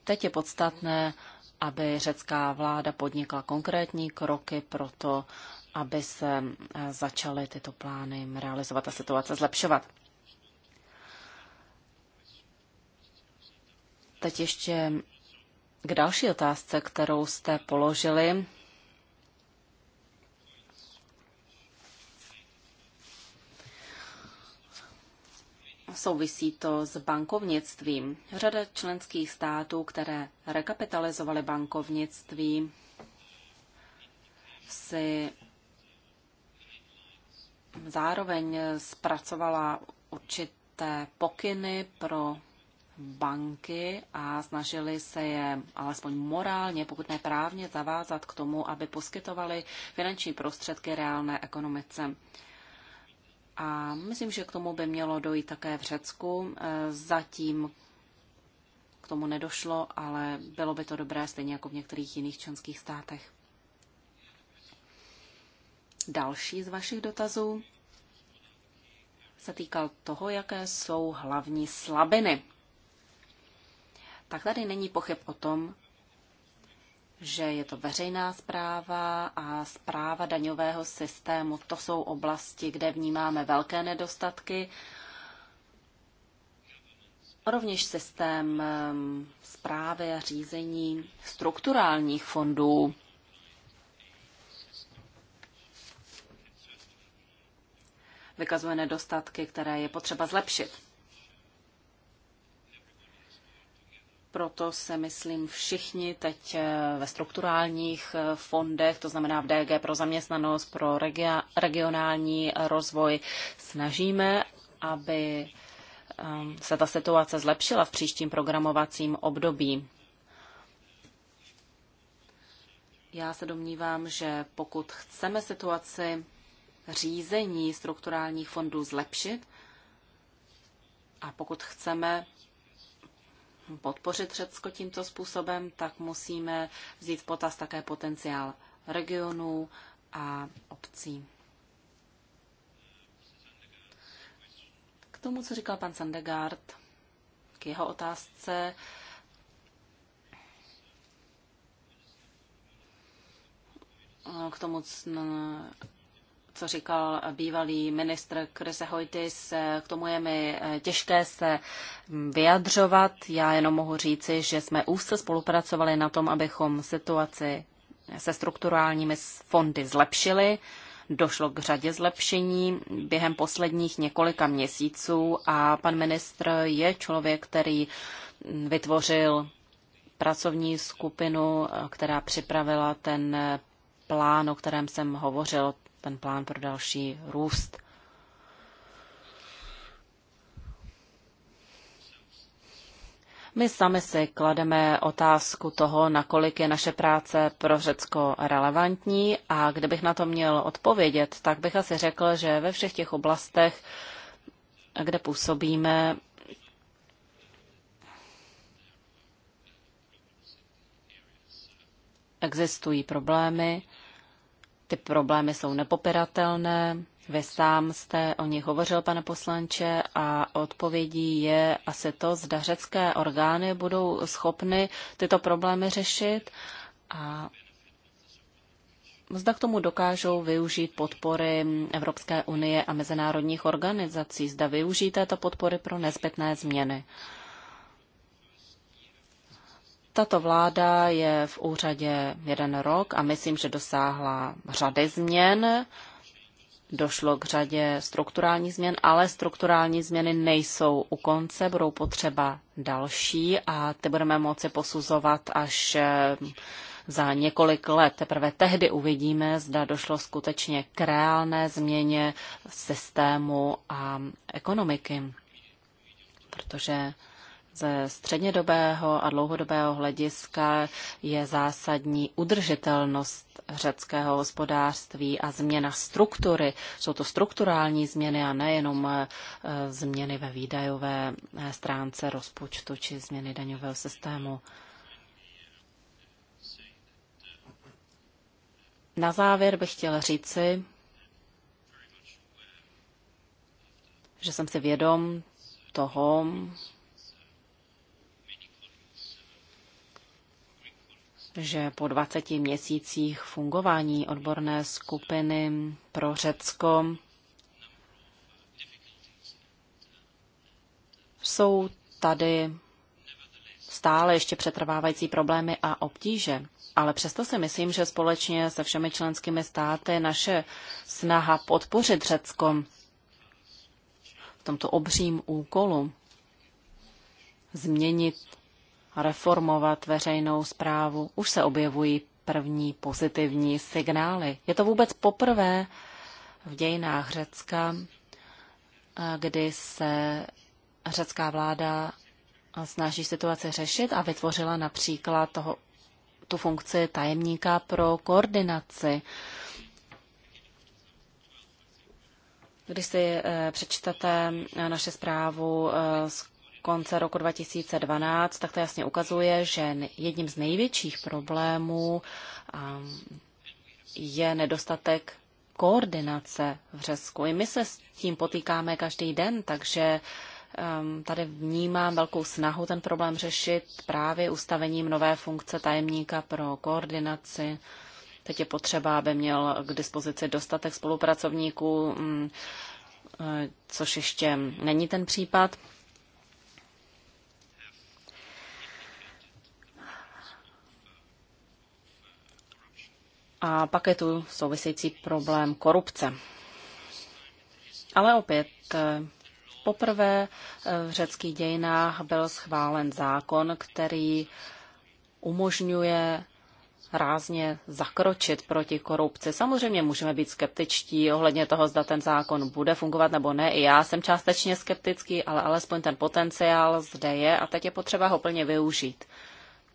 teď je podstatné, aby řecká vláda podnikla konkrétní kroky pro to, aby se eh, začaly tyto plány realizovat a situace zlepšovat. Teď ještě k další otázce, kterou jste položili. Souvisí to s bankovnictvím. Řada členských států, které rekapitalizovaly bankovnictví, si zároveň zpracovala určité pokyny pro banky a snažili se je alespoň morálně, pokud ne právně, zavázat k tomu, aby poskytovali finanční prostředky reálné ekonomice. A myslím, že k tomu by mělo dojít také v Řecku. E, zatím k tomu nedošlo, ale bylo by to dobré stejně jako v některých jiných členských státech. Další z vašich dotazů se týkal toho, jaké jsou hlavní slabiny tak tady není pochyb o tom, že je to veřejná zpráva a zpráva daňového systému. To jsou oblasti, kde vnímáme velké nedostatky. Rovněž systém zprávy a řízení strukturálních fondů. Vykazuje nedostatky, které je potřeba zlepšit. Proto se, myslím, všichni teď eh, ve strukturálních eh, fondech, to znamená v DG pro zaměstnanost, pro regionální rozvoj, snažíme, aby ehm, se ta situace zlepšila v příštím programovacím období. Já se domnívám, že pokud chceme situaci řízení strukturálních fondů zlepšit a pokud chceme podpořit Řecko tímto způsobem, tak musíme vzít v potaz také potenciál regionů a obcí. K tomu, co říkal pan Sandegard, k jeho otázce, k tomu, co říkal bývalý ministr Chris Hojtis, k tomu je mi eh, těžké se mm, vyjadřovat. Já jenom mohu říci, že jsme úzce spolupracovali na tom, abychom situaci se strukturálními fondy zlepšili. Došlo k řadě zlepšení během posledních několika měsíců a pan ministr je člověk, který mm, vytvořil pracovní skupinu, eh, která připravila ten eh, plán, o kterém jsem hovořil ten plán pro další růst. My sami si klademe otázku toho, nakolik je naše práce pro Řecko relevantní a kdybych na to měl odpovědět, tak bych asi řekl, že ve všech těch oblastech, kde působíme, existují problémy, ty problémy jsou nepopiratelné. Vy sám jste o nich hovořil, pane poslanče, a odpovědí je asi to, zda řecké orgány budou schopny tyto problémy řešit a zda k tomu dokážou využít podpory Evropské unie a mezinárodních organizací, zda využít této podpory pro nezbytné změny. Tato vláda je v úřadě jeden rok a myslím, že dosáhla řady změn. Došlo k řadě strukturálních změn, ale strukturální změny nejsou u konce, budou potřeba další a ty budeme moci posuzovat až eh, za několik let. Teprve tehdy uvidíme, zda došlo skutečně k reálné změně systému a ekonomiky. Protože ze střednědobého a dlouhodobého hlediska je zásadní udržitelnost řeckého hospodářství a změna struktury. Jsou to strukturální změny a nejenom eh, změny ve výdajové eh, stránce rozpočtu či změny daňového systému. Na závěr bych chtěl říci, že jsem si vědom toho, že po 20 měsících fungování odborné skupiny pro Řecko jsou tady stále ještě přetrvávající problémy a obtíže. Ale přesto si myslím, že společně se všemi členskými státy naše snaha podpořit Řecko v tomto obřím úkolu změnit reformovat veřejnou zprávu. Už se objevují první pozitivní signály. Je to vůbec poprvé v dějinách Řecka, eh, kdy se řecká vláda snaží situaci řešit a vytvořila například toho, tu funkci tajemníka pro koordinaci. Když si eh, přečtete eh, naše zprávu z konce roku 2012, tak to jasně ukazuje, že jedním z největších problémů um, je nedostatek koordinace v Řesku. I my se s tím potýkáme každý den, takže um, tady vnímám velkou snahu ten problém řešit právě ustavením nové funkce tajemníka pro koordinaci. Teď je potřeba, aby měl k dispozici dostatek spolupracovníků, mm, e, což ještě není ten případ. a pak je tu související problém korupce. Ale opět, eh, poprvé eh, v řeckých dějinách byl schválen zákon, který umožňuje rázně zakročit proti korupci. Samozřejmě můžeme být skeptičtí ohledně toho, zda ten zákon bude fungovat nebo ne. I já jsem částečně skeptický, ale alespoň ten potenciál zde je a teď je potřeba ho plně využít.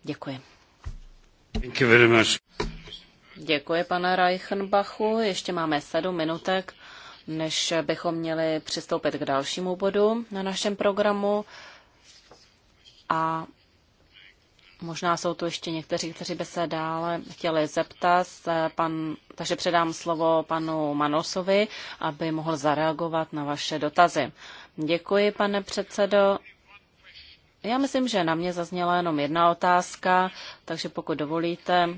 Děkuji. Thank you very much. Děkuji, pane Reichenbachu. Ještě máme sedm minutek, než bychom měli přistoupit k dalšímu bodu na našem programu. A možná jsou tu ještě někteří, kteří by se dále chtěli zeptat. Pan, takže předám slovo panu Manosovi, aby mohl zareagovat na vaše dotazy. Děkuji, pane předsedo. Já myslím, že na mě zazněla jenom jedna otázka, takže pokud dovolíte,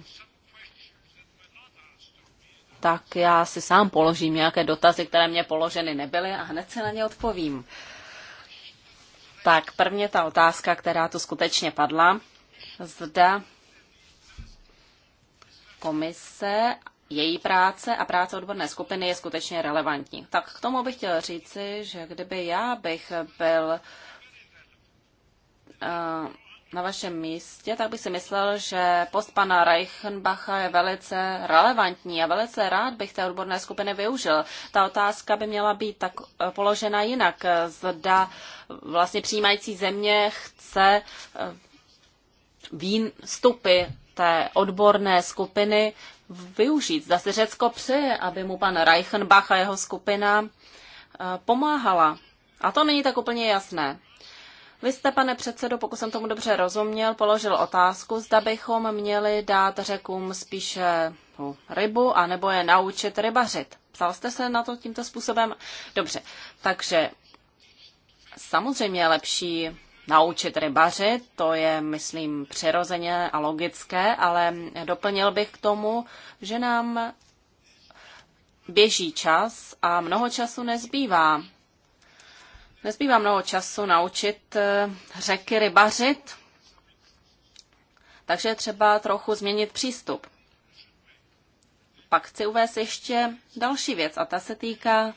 tak já si sám položím nějaké dotazy, které mě položeny nebyly a hned se na ně odpovím. Tak prvně ta otázka, která tu skutečně padla. Zda komise, její práce a práce odborné skupiny je skutečně relevantní. Tak k tomu bych chtěl říci, že kdyby já bych byl uh, na vašem místě, tak bych si myslel, že post pana Reichenbacha je velice relevantní a velice rád bych té odborné skupiny využil. Ta otázka by měla být tak eh, položena jinak. Zda vlastně přijímající země chce eh, výstupy té odborné skupiny využít. Zda si Řecko přeje, aby mu pan Reichenbach a jeho skupina eh, pomáhala. A to není tak úplně jasné. Vy jste, pane předsedo, pokud jsem tomu dobře rozuměl, položil otázku, zda bychom měli dát řekům spíše no, rybu, anebo je naučit rybařit. Ptal jste se na to tímto způsobem? Dobře, takže samozřejmě je lepší naučit rybařit, to je, myslím, přirozeně a logické, ale doplnil bych k tomu, že nám běží čas a mnoho času nezbývá. Nezbývá mnoho času naučit eh, řeky rybařit, takže třeba trochu změnit přístup. Pak chci uvést ještě další věc a ta se týká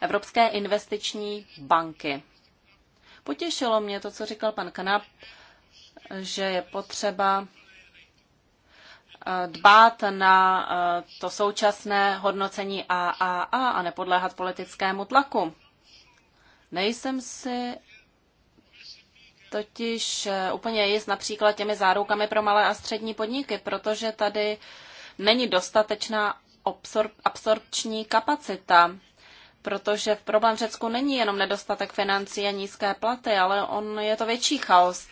Evropské investiční banky. Potěšilo mě to, co říkal pan Kanap, že je potřeba eh, dbát na eh, to současné hodnocení AAA a nepodléhat politickému tlaku. Nejsem si totiž eh, úplně jist například těmi zárukami pro malé a střední podniky, protože tady není dostatečná absorpční kapacita, protože v problém v Řecku není jenom nedostatek financí a nízké platy, ale on je to větší chaos.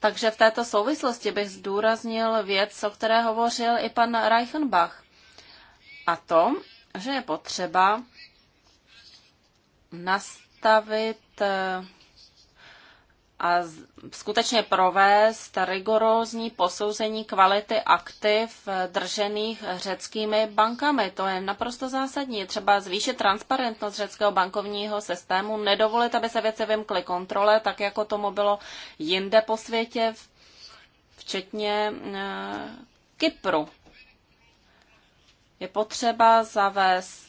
Takže v této souvislosti bych zdůraznil věc, o které hovořil i pan Reichenbach. A to, že je potřeba nastavit eh, a skutečně provést rigorózní posouzení kvality aktiv eh, držených řeckými bankami. To je naprosto zásadní. Třeba zvýšit transparentnost řeckého bankovního systému, nedovolit, aby se věci vymkly kontrole, tak jako tomu bylo jinde po světě, včetně eh, Kypru. Je potřeba zavést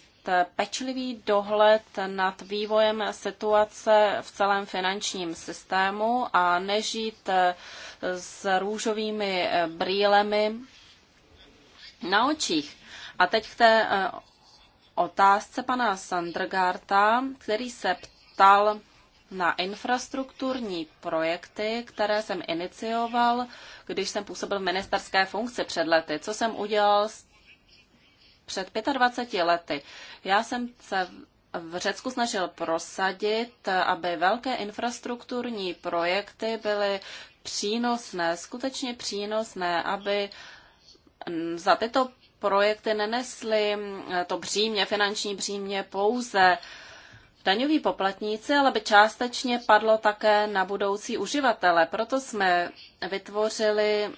pečlivý dohled nad vývojem situace v celém finančním systému a nežít eh, s růžovými eh, brýlemi na očích. A teď k té eh, otázce pana Sandrgarta, který se ptal na infrastrukturní projekty, které jsem inicioval, když jsem působil v ministerské funkci před lety. Co jsem udělal s před 25 lety. Já jsem se v Řecku snažil prosadit, aby velké infrastrukturní projekty byly přínosné, skutečně přínosné, aby za tyto projekty nenesly to břímě, finanční břímě pouze daňoví poplatníci, ale by částečně padlo také na budoucí uživatele. Proto jsme vytvořili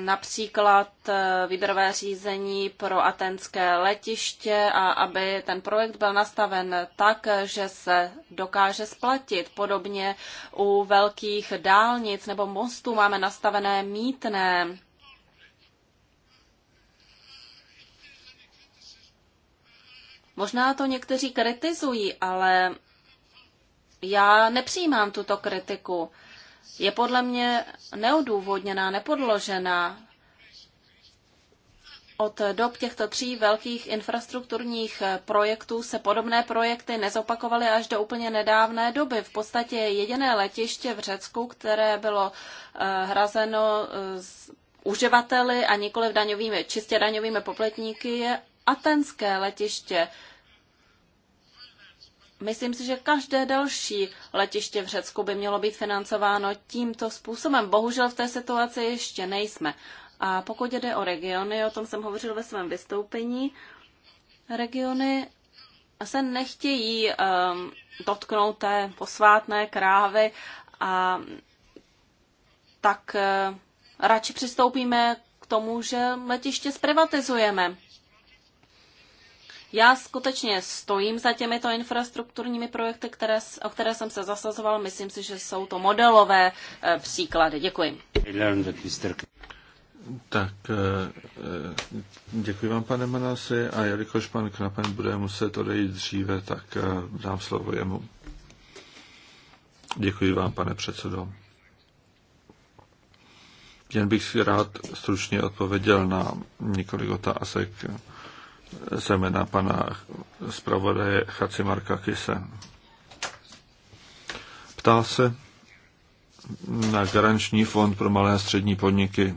například eh, výběrové řízení pro atenské letiště a aby ten projekt byl nastaven tak, že se dokáže splatit. Podobně u velkých dálnic nebo mostů máme nastavené mítné. Možná to někteří kritizují, ale já nepřijímám tuto kritiku je podle mě neodůvodněná, nepodložená. Od dob těchto tří velkých infrastrukturních projektů se podobné projekty nezopakovaly až do úplně nedávné doby. V podstatě jediné letiště v Řecku, které bylo eh, hrazeno z eh, uživateli a nikoli daňovými, čistě daňovými poplatníky, je atenské letiště. Myslím si, že každé další letiště v Řecku by mělo být financováno tímto způsobem. Bohužel v té situaci ještě nejsme. A pokud jde o regiony, o tom jsem hovořil ve svém vystoupení, regiony se nechtějí um, dotknout té posvátné krávy a tak uh, radši přistoupíme k tomu, že letiště zprivatizujeme. Já skutečně stojím za těmito infrastrukturními projekty, které, o které jsem se zasazoval. Myslím si, že jsou to modelové eh, příklady. Děkuji. Tak eh, eh, děkuji vám, pane Manasi, a jelikož pan Knapen bude muset odejít dříve, tak dám slovo jemu. Děkuji vám, pane předsedo. Jen bych si rád stručně odpověděl na několik otázek zemena pana zpravodaje Chacimarka Kise. Ptá se na garanční fond pro malé a střední podniky.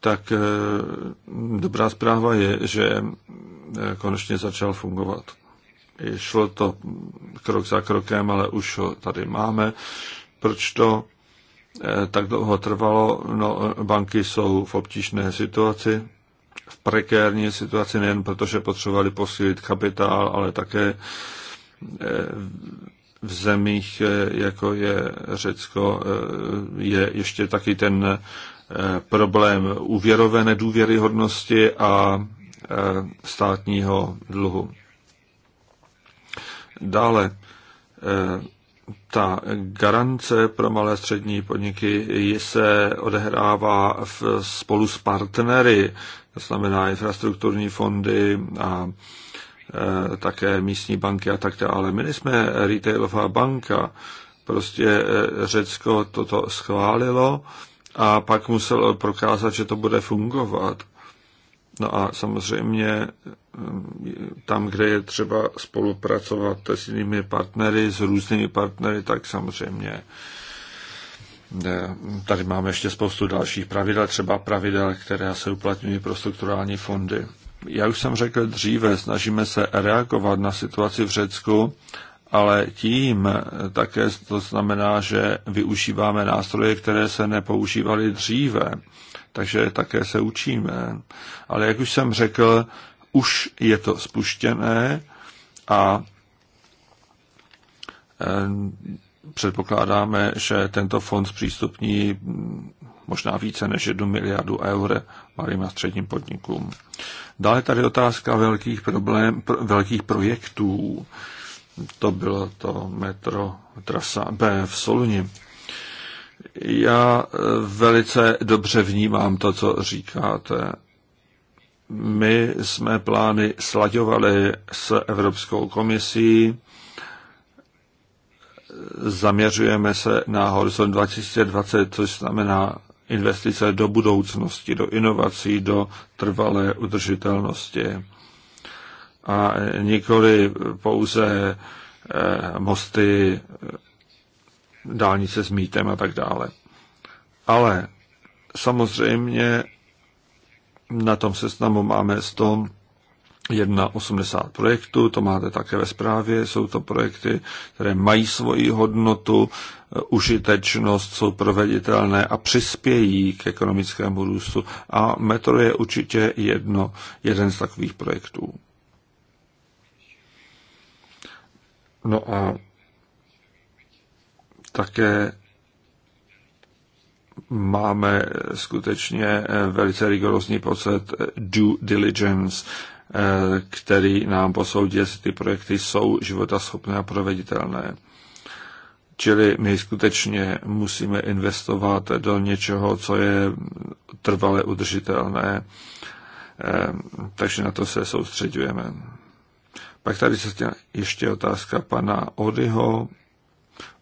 Tak eh, dobrá zpráva je, že eh, konečně začal fungovat. Šlo to krok za krokem, ale už ho tady máme. Proč to eh, tak dlouho trvalo? No, banky jsou v obtížné situaci v prekérní situaci nejen protože potřebovali posílit kapitál, ale také eh, v zemích, eh, jako je Řecko, eh, je ještě taky ten problém úvěrové nedůvěryhodnosti a státního dluhu. Dále, ta garance pro malé střední podniky se odehrává v, spolu s partnery, to znamená infrastrukturní fondy a e, také místní banky a tak dále. My jsme retailová banka, prostě e, Řecko toto schválilo a pak muselo prokázat, že to bude fungovat. No a samozřejmě e, tam, kde je třeba spolupracovat s jinými partnery, s různými partnery, tak samozřejmě Tady máme ještě spoustu dalších pravidel, třeba pravidel, které se uplatňují pro strukturální fondy. Já už jsem řekl dříve, snažíme se reagovat na situaci v Řecku, ale tím také to znamená, že využíváme nástroje, které se nepoužívaly dříve, takže také se učíme. Ale jak už jsem řekl, už je to spuštěné a eh, předpokládáme, že tento fond zpřístupní možná více než 1 miliardu eur malým a středním podnikům. Dále tady otázka velkých, problém, pro, velkých projektů. To bylo to metro trasa B v Soluni. Já eh, velice dobře vnímám to, co říkáte. My jsme plány slaďovali s Evropskou komisí, zaměřujeme se na horizont 2020, což znamená investice do budoucnosti, do inovací, do trvalé udržitelnosti. A nikoli pouze eh, mosty, dálnice s mítem a tak dále. Ale samozřejmě na tom seznamu máme 100 1,80 projektů, to máte také ve zprávě, jsou to projekty, které mají svoji hodnotu, eh, užitečnost, jsou proveditelné a přispějí k ekonomickému růstu. A metro je určitě jedno, jeden z takových projektů. No a také máme skutečně eh, velice rigorózní pocit eh, due diligence. Eh, který nám posoudí, jestli ty projekty jsou životaschopné a proveditelné. Čili my skutečně musíme investovat do něčeho, co je trvale udržitelné, eh, takže na to se soustředujeme. Pak tady se ještě otázka pana Odyho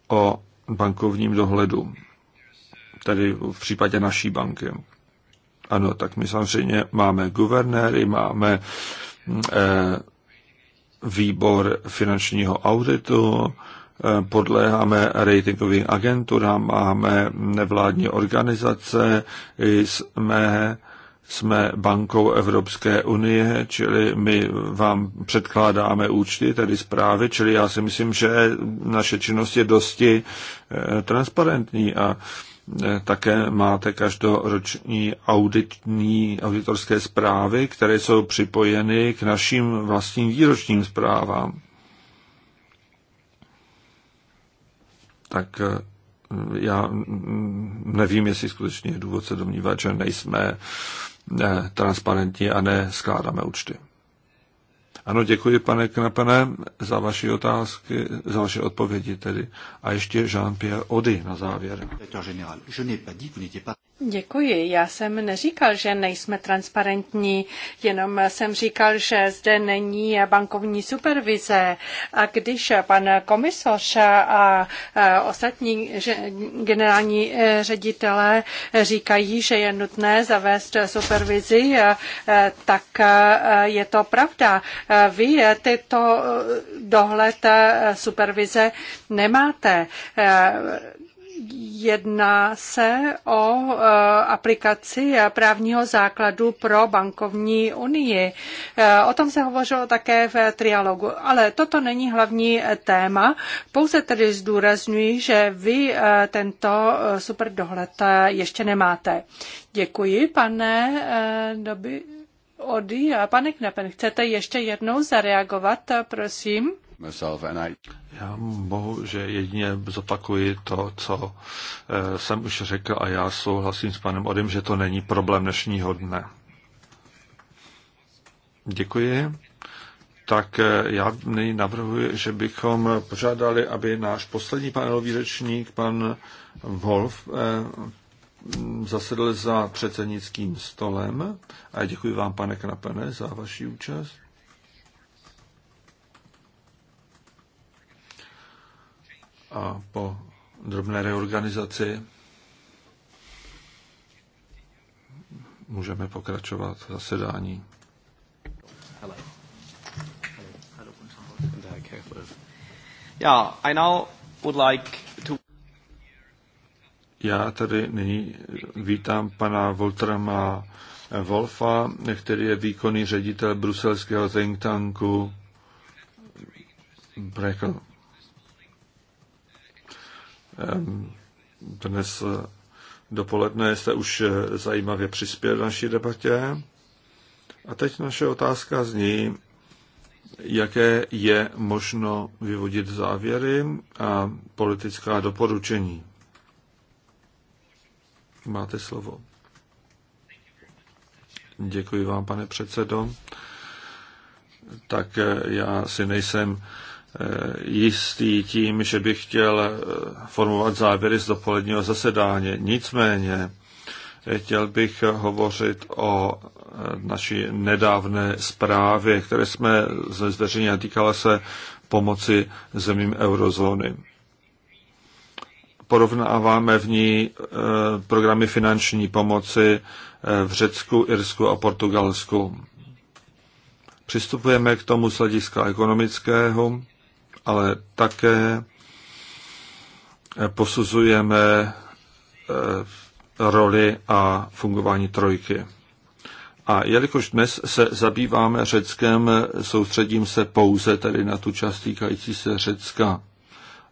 o bankovním dohledu, tedy v případě naší banky. Ano, tak my samozřejmě máme guvernéry, máme mm, eh, výbor finančního auditu, eh, podléháme ratingovým agenturám, máme nevládní organizace, jsme, jsme bankou Evropské unie, čili my vám předkládáme účty, tedy zprávy, čili já si myslím, že naše činnost je dosti eh, transparentní a E, také máte každoroční auditní, auditorské zprávy, které jsou připojeny k našim vlastním výročním zprávám. Tak e, já nevím, jestli skutečně je důvod se domnívat, že nejsme e, transparentní a neskládáme účty. Ano, děkuji, pane Knapene, za vaše otázky, za vaše odpovědi tedy. A ještě Jean-Pierre Ody na závěr. Děkuji. Já jsem neříkal, že nejsme transparentní, jenom jsem říkal, že zde není bankovní supervize. A když pan komisař a ostatní generální eh, ředitelé říkají, že je nutné zavést supervizi, eh, tak eh, je to pravda. Vy tyto dohled supervize nemáte Jedná se o e, aplikaci právního základu pro bankovní unii. E, o tom se hovořilo také v trialogu, ale toto není hlavní téma. Pouze tedy zdůrazňuji, že vy e, tento super dohled ještě nemáte. Děkuji, pane Doby. Odi a pane Knepen, chcete ještě jednou zareagovat, prosím? Já mohu, že jedině zopakuji to, co eh, jsem už řekl a já souhlasím s panem Odem, že to není problém dnešního dne. Děkuji. Tak eh, já nyní navrhuji, že bychom požádali, aby náš poslední panelový řečník, pan Wolf, eh, zasedl za předsednickým stolem. A děkuji vám, pane Knapene, za vaši účast. a po drobné reorganizaci můžeme pokračovat v zasedání. Já tady nyní vítám pana Voltrama Wolfa, který je výkonný ředitel bruselského think tanku Brekel. Ehm, dnes eh, dopoledne jste už eh, zajímavě přispěl naší debatě. A teď naše otázka zní, jaké je možno vyvodit závěry a politická doporučení. Máte slovo. Děkuji vám, pane předsedo. Tak eh, já si nejsem Eh, jistý tím, že bych chtěl eh, formovat závěry z dopoledního zasedání. Nicméně eh, chtěl bych hovořit o naší nedávné zprávě, které jsme zveřejnili, týkala se pomoci zemím eurozóny. Porovnáváme v ní programy finanční pomoci v Řecku, Irsku a Portugalsku. Přistupujeme k tomu z hlediska ekonomického, ale také posuzujeme eh, roli a fungování trojky. A jelikož dnes se zabýváme Řeckem, soustředím se pouze tedy na tu část týkající se Řecka.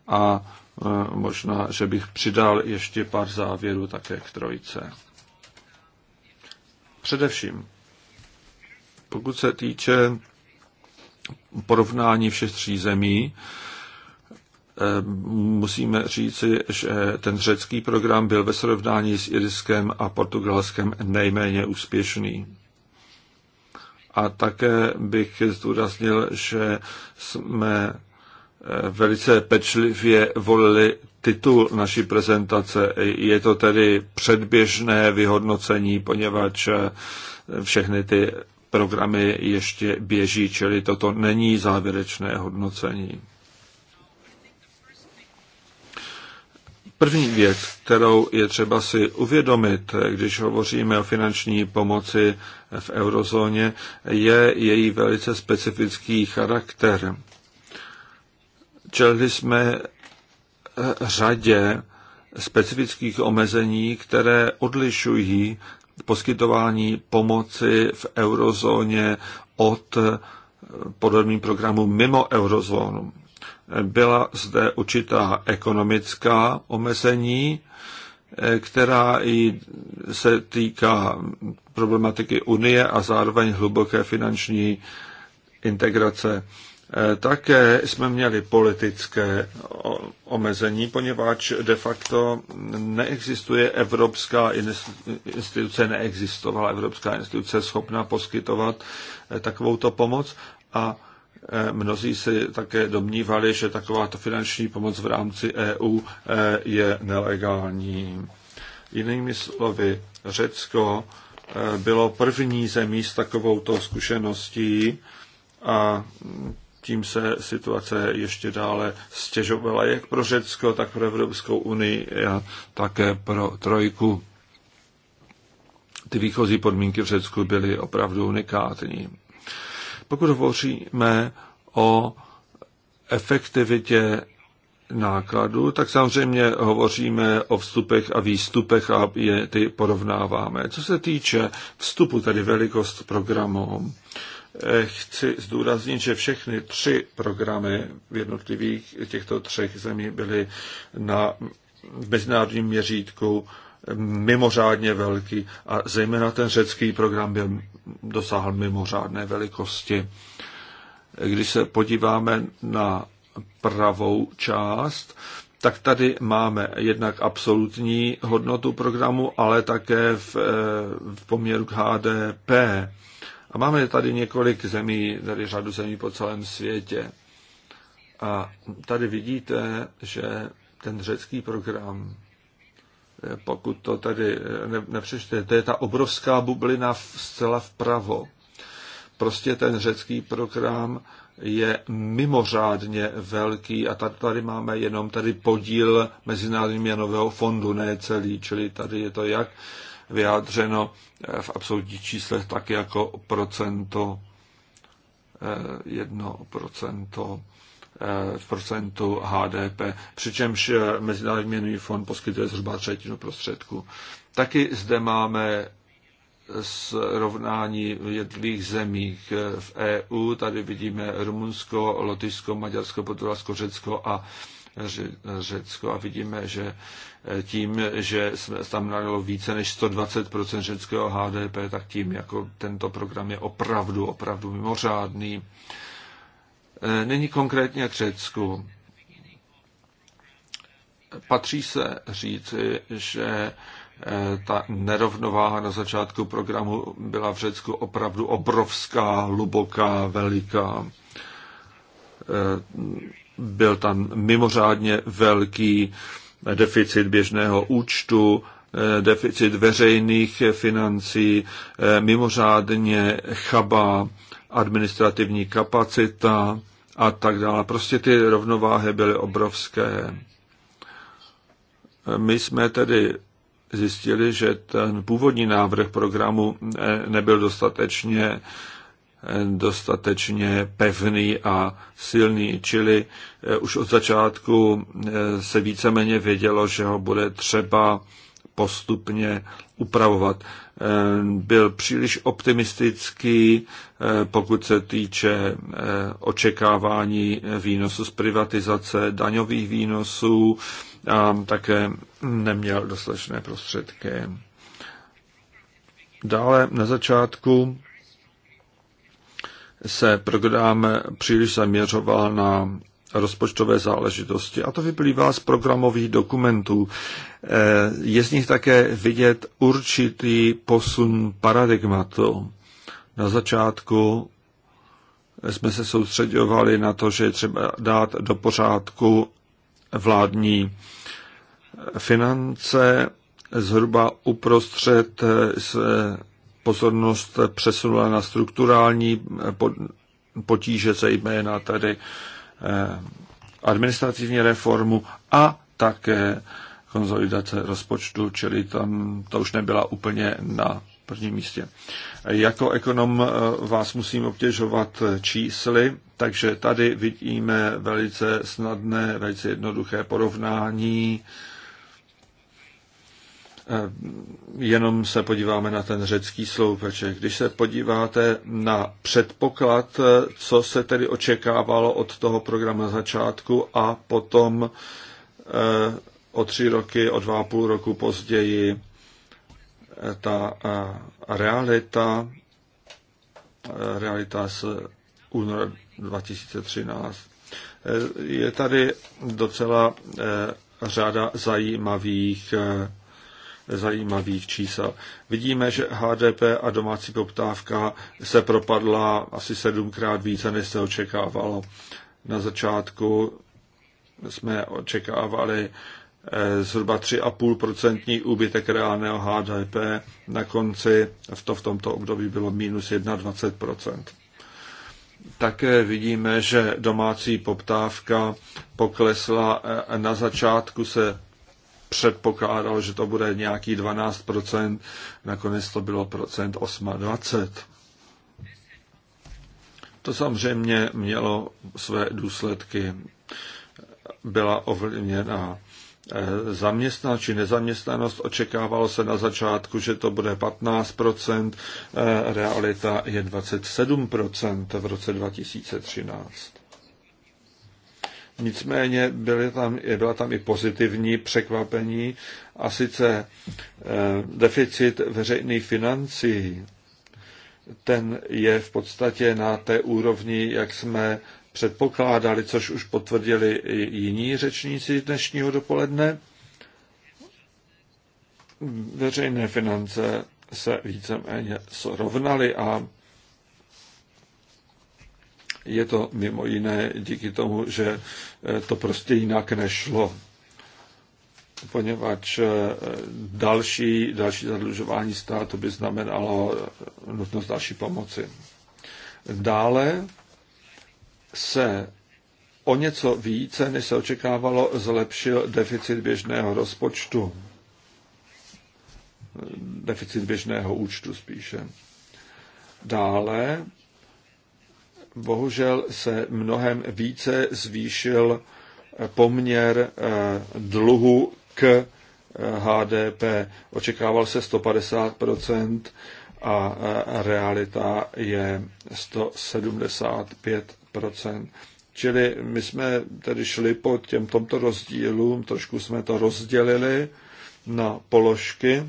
A eh, možná, že bych přidal ještě pár závěrů také k trojce. Především, pokud se týče porovnání všech tří zemí eh, musíme říci, že ten řecký program byl ve srovnání s Irskem a Portugalskem nejméně úspěšný. A také bych zdůraznil, že jsme eh, velice pečlivě volili titul naší prezentace. Je to tedy předběžné vyhodnocení, poněvadž eh, všechny ty programy ještě běží, čili toto není závěrečné hodnocení. První věc, kterou je třeba si uvědomit, když hovoříme o finanční pomoci v eurozóně, je její velice specifický charakter. Čelili jsme řadě specifických omezení, které odlišují poskytování pomoci v eurozóně od eh, podobným programu mimo eurozónu. Byla zde určitá ekonomická omezení, eh, která i se týká problematiky Unie a zároveň hluboké finanční integrace. Eh, také jsme měli politické omezení, poněvadž de facto neexistuje evropská instituce, neexistovala evropská instituce schopná poskytovat eh, takovouto pomoc a eh, mnozí si také domnívali, že takováto finanční pomoc v rámci EU je nelegální. Jinými slovy, Řecko bylo první zemí s takovouto zkušeností, a tím se situace ještě dále stěžovala jak pro Řecko, tak pro Evropskou unii a také pro Trojku. Ty výchozí podmínky v Řecku byly opravdu unikátní. Pokud hovoříme o efektivitě nákladu, tak samozřejmě hovoříme o vstupech a výstupech a je ty porovnáváme. Co se týče vstupu, tedy velikost programu, chci zdůraznit, že všechny tři programy v jednotlivých těchto třech zemí byly na mezinárodním měřítku mimořádně velký a zejména ten řecký program byl, dosáhl mimořádné velikosti. Když se podíváme na pravou část, tak tady máme jednak absolutní hodnotu programu, ale také v, v poměru k HDP. A máme tady několik zemí, tady řadu zemí po celém světě. A tady vidíte, že ten řecký program, eh, pokud to tady eh, nepřečte, to je ta obrovská bublina zcela vpravo. Prostě ten řecký program je mimořádně velký a tady, tady máme jenom tady podíl Mezinárodního měnového fondu, ne celý, čili tady je to jak vyjádřeno eh, v absolutních číslech tak jako procento, eh, jedno procento eh, v procentu HDP, přičemž Mezinárodní měnový fond poskytuje zhruba třetinu prostředků. Taky zde máme srovnání v jednotlivých zemích v EU. Tady vidíme Rumunsko, Lotyšsko, Maďarsko, Portugalsko, Řecko a Řecko a vidíme, že eh, tím, že jsme tam nalilo více než 120% řeckého HDP, tak tím jako tento program je opravdu, opravdu mimořádný. Eh, Není konkrétně k Řecku. Patří se říci, že eh, ta nerovnováha na začátku programu byla v Řecku opravdu obrovská, hluboká, veliká byl tam mimořádně velký deficit běžného účtu, eh, deficit veřejných financí, eh, mimořádně chabá administrativní kapacita a tak dále. Prostě ty rovnováhy byly obrovské. My jsme tedy zjistili, že ten původní návrh programu eh, nebyl dostatečně dostatečně pevný a silný, čili eh, už od začátku eh, se víceméně vědělo, že ho bude třeba postupně upravovat. Eh, byl příliš optimistický, pokud se týče očekávání výnosu z privatizace, daňových výnosů a také neměl dostatečné prostředky. Dále na začátku se program příliš zaměřoval na rozpočtové záležitosti. A to vyplývá z programových dokumentů. Eh, je z nich také vidět určitý posun paradigmatu. Na začátku jsme se soustředovali na to, že je třeba dát do pořádku vládní finance. Zhruba uprostřed eh, se pozornost přesunula na strukturální potíže, zejména tady eh, administrativní reformu a také konzolidace rozpočtu, čili tam to už nebyla úplně na prvním místě. Jako ekonom eh, vás musím obtěžovat čísly, takže tady vidíme velice snadné, velice jednoduché porovnání jenom se podíváme na ten řecký sloupeček. Když se podíváte na předpoklad, co se tedy očekávalo od toho programu na začátku a potom eh, o tři roky, o dva a půl roku později eh, ta eh, realita, realita z února 2013. Je tady docela řada zajímavých zajímavých čísel. Vidíme, že HDP a domácí poptávka se propadla asi sedmkrát více, než se očekávalo. Na začátku jsme očekávali eh, zhruba 3,5% úbytek reálného HDP, na konci v, to, v tomto období bylo minus 21%. Také vidíme, že domácí poptávka poklesla eh, na začátku se předpokládal, že to bude nějaký 12%, nakonec to bylo procent 8,20. To samozřejmě mělo své důsledky. Byla ovlivněna eh, zaměstnanost či nezaměstnanost. Očekávalo se na začátku, že to bude 15%, eh, realita je 27% v roce 2013. Nicméně byly tam, byla tam i pozitivní překvapení a sice eh, deficit veřejných financí, ten je v podstatě na té úrovni, jak jsme předpokládali, což už potvrdili i jiní řečníci dnešního dopoledne. Veřejné finance se víceméně srovnaly a je to mimo jiné díky tomu, že eh, to prostě jinak nešlo poněvadž eh, další, další zadlužování státu by znamenalo eh, nutnost další pomoci. Dále se o něco více, než se očekávalo, zlepšil deficit běžného rozpočtu. Deficit běžného účtu spíše. Dále bohužel se mnohem více zvýšil poměr eh, dluhu k HDP. Eh, Očekával se 150 a eh, realita je 175 Čili my jsme tedy šli po těmto tomto rozdílům, trošku jsme to rozdělili na položky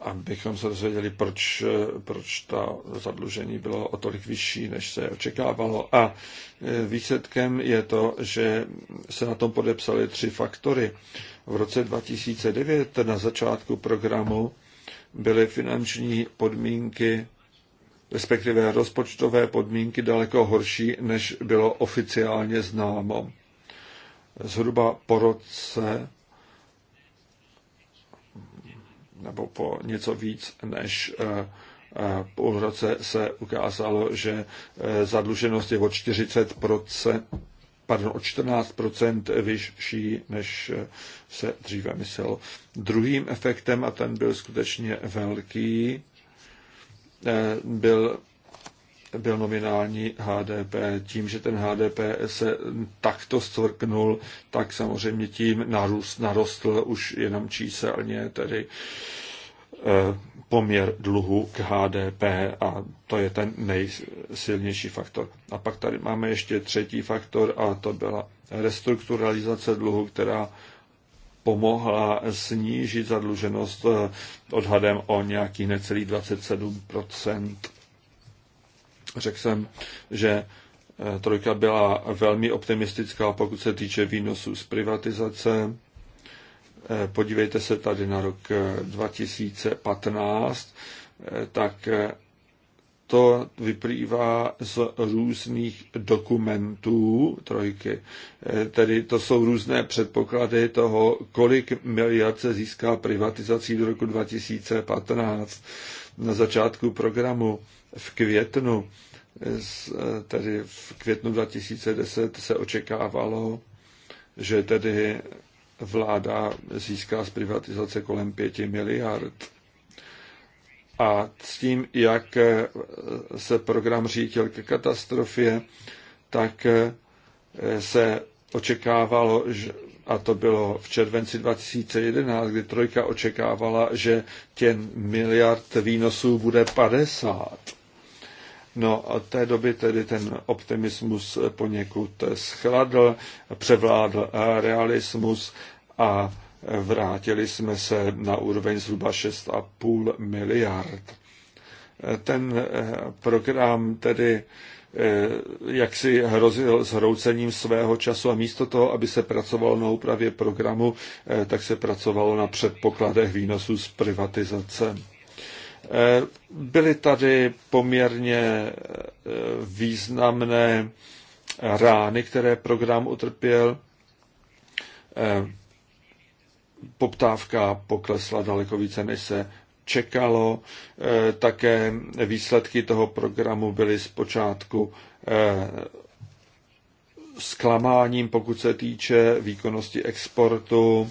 abychom se dozvěděli, proč, proč ta zadlužení bylo o tolik vyšší, než se očekávalo. A e, výsledkem je to, že se na tom podepsaly tři faktory. V roce 2009 na začátku programu byly finanční podmínky, respektive rozpočtové podmínky daleko horší, než bylo oficiálně známo. Zhruba po roce nebo po něco víc než eh, eh, půl roce se ukázalo, že eh, zadluženost je o 40%, pardon, o 14% vyšší, než se dříve myslelo. Druhým efektem, a ten byl skutečně velký, byl byl nominální HDP. Tím, že ten HDP se takto stvrknul, tak samozřejmě tím narůst, narostl už jenom číselně tedy eh, poměr dluhu k HDP a to je ten nejsilnější faktor. A pak tady máme ještě třetí faktor a to byla restrukturalizace dluhu, která pomohla snížit zadluženost eh, odhadem o nějakých necelých 27 Řekl jsem, že eh, trojka byla velmi optimistická, pokud se týče výnosů z privatizace. Eh, podívejte se tady na rok 2015, eh, tak to vyplývá z různých dokumentů trojky. Eh, tedy to jsou různé předpoklady toho, kolik miliard se získá privatizací do roku 2015 na začátku programu v květnu. Eh, eh, tedy v květnu 2010 se očekávalo, že tedy vláda získá z privatizace kolem 5 miliard a s tím, jak eh, se program řídil ke katastrofě, tak eh, se očekávalo, a to bylo v červenci 2011, kdy Trojka očekávala, že těm miliard výnosů bude 50. No od té doby tedy ten optimismus poněkud schladl, převládl realismus a vrátili jsme se na úroveň zhruba 6,5 miliard. Ten eh, program tedy eh, jak si hrozil zhroucením svého času a místo toho, aby se pracovalo na úpravě programu, eh, tak se pracovalo na předpokladech výnosů z privatizace. Byly tady poměrně významné rány, které program utrpěl poptávka poklesla daleko více, než se čekalo. E, také výsledky toho programu byly zpočátku e, zklamáním, pokud se týče výkonnosti exportu. E,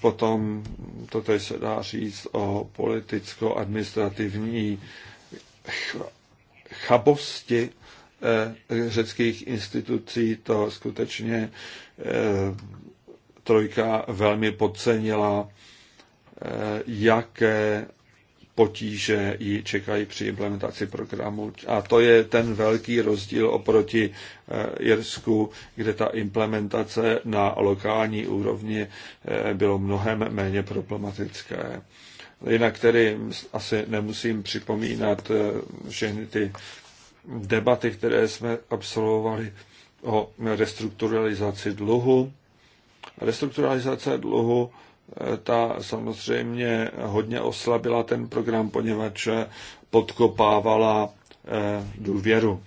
potom to tady se dá říct o politicko-administrativní chabosti řeckých institucí. To skutečně trojka velmi podcenila, eh, jaké potíže ji čekají při implementaci programu. A to je ten velký rozdíl oproti jirsku, eh, kde ta implementace na lokální úrovni eh, bylo mnohem méně problematické. Jinak tedy asi nemusím připomínat všechny ty debaty, které jsme absolvovali o restrukturalizaci dluhu Restrukturalizace dluhu eh, ta samozřejmě hodně oslabila ten program, poněvadž podkopávala eh, důvěru.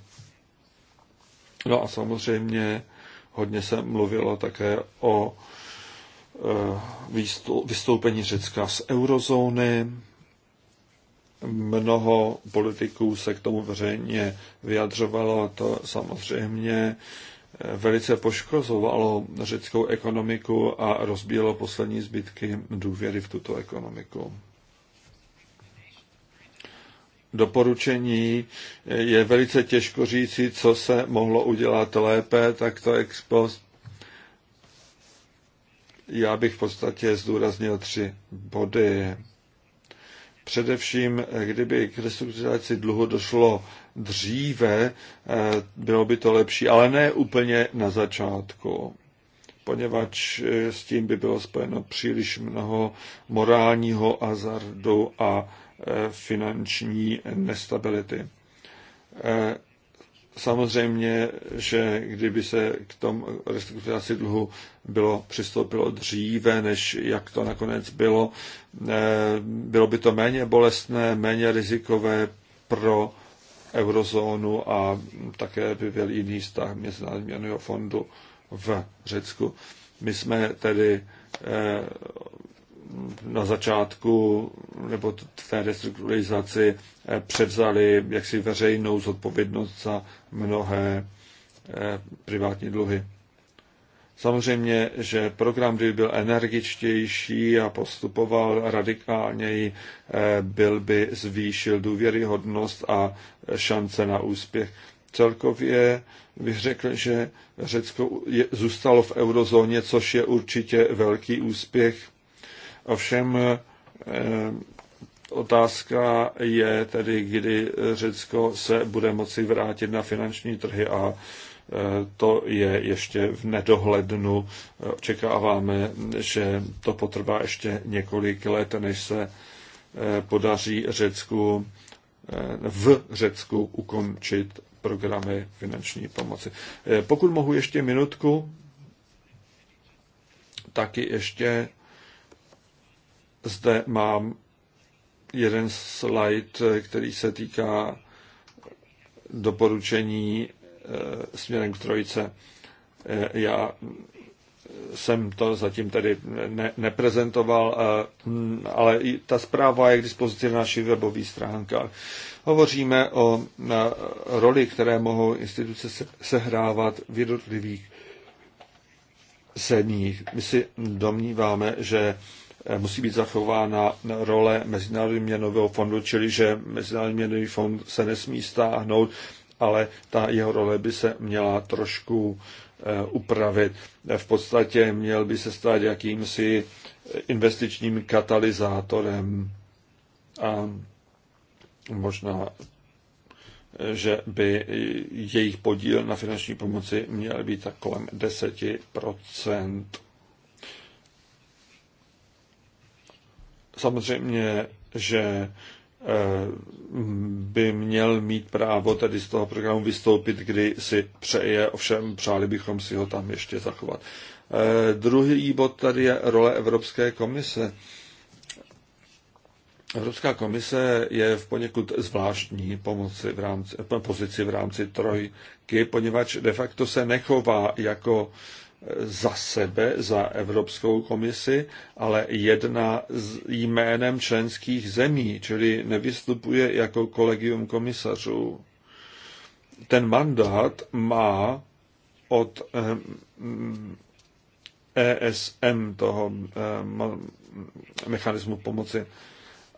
No a samozřejmě hodně se mluvilo také o eh, vystoupení Řecka z eurozóny. Mnoho politiků se k tomu veřejně vyjadřovalo a to samozřejmě velice poškozovalo řeckou ekonomiku a rozbíjelo poslední zbytky důvěry v tuto ekonomiku. Doporučení je velice těžko říci, co se mohlo udělat lépe, tak to expo. Já bych v podstatě zdůraznil tři body. Především, kdyby k restrukturalizaci dluhu došlo dříve, eh, bylo by to lepší, ale ne úplně na začátku, poněvadž eh, s tím by bylo spojeno příliš mnoho morálního azardu a eh, finanční nestability. Samozřejmě, že kdyby se k tomu restrukturaci dluhu bylo, přistoupilo dříve, než jak to nakonec bylo, bylo by to méně bolestné, méně rizikové pro eurozónu a také by byl jiný vztah Mezinárodního fondu v Řecku. My jsme tedy eh, na začátku nebo v té restrukturalizaci eh, převzali jaksi veřejnou zodpovědnost za mnohé eh, privátní dluhy. Samozřejmě, že program, kdyby byl energičtější a postupoval radikálněji, eh, byl by zvýšil důvěryhodnost a šance na úspěch. Celkově bych řekl, že Řecko je, zůstalo v eurozóně, což je určitě velký úspěch. Ovšem eh, otázka je tedy, kdy Řecko se bude moci vrátit na finanční trhy a to je ještě v nedohlednu. Očekáváme, že to potrvá ještě několik let, než se eh, podaří Řecku eh, v Řecku ukončit programy finanční pomoci. Eh, pokud mohu ještě minutku, taky ještě zde mám jeden slide, který se týká doporučení Eh, směrem k trojice. Eh, já jsem to zatím tedy ne, neprezentoval, eh, hm, ale ta zpráva je k dispozici na našich webových stránkách. Hovoříme o roli, které mohou instituce sehrávat v jednotlivých zemích. My si domníváme, že musí být zachována role Mezinárodního měnového fondu, čili že Mezinárodní měnový fond se nesmí stáhnout ale ta jeho role by se měla trošku eh, upravit. V podstatě měl by se stát jakýmsi eh, investičním katalyzátorem a možná, eh, že by jejich podíl na finanční pomoci měl být tak kolem 10%. Samozřejmě, že by měl mít právo tedy z toho programu vystoupit, kdy si přeje, ovšem přáli bychom si ho tam ještě zachovat. Eh, druhý bod tady je role Evropské komise. Evropská komise je v poněkud zvláštní pomoci v rámci, eh, pozici v rámci trojky, poněvadž de facto se nechová jako za sebe, za Evropskou komisi, ale jedna s jménem členských zemí, čili nevystupuje jako kolegium komisařů. Ten mandát má od ESM, eh, e toho eh, mechanismu pomoci,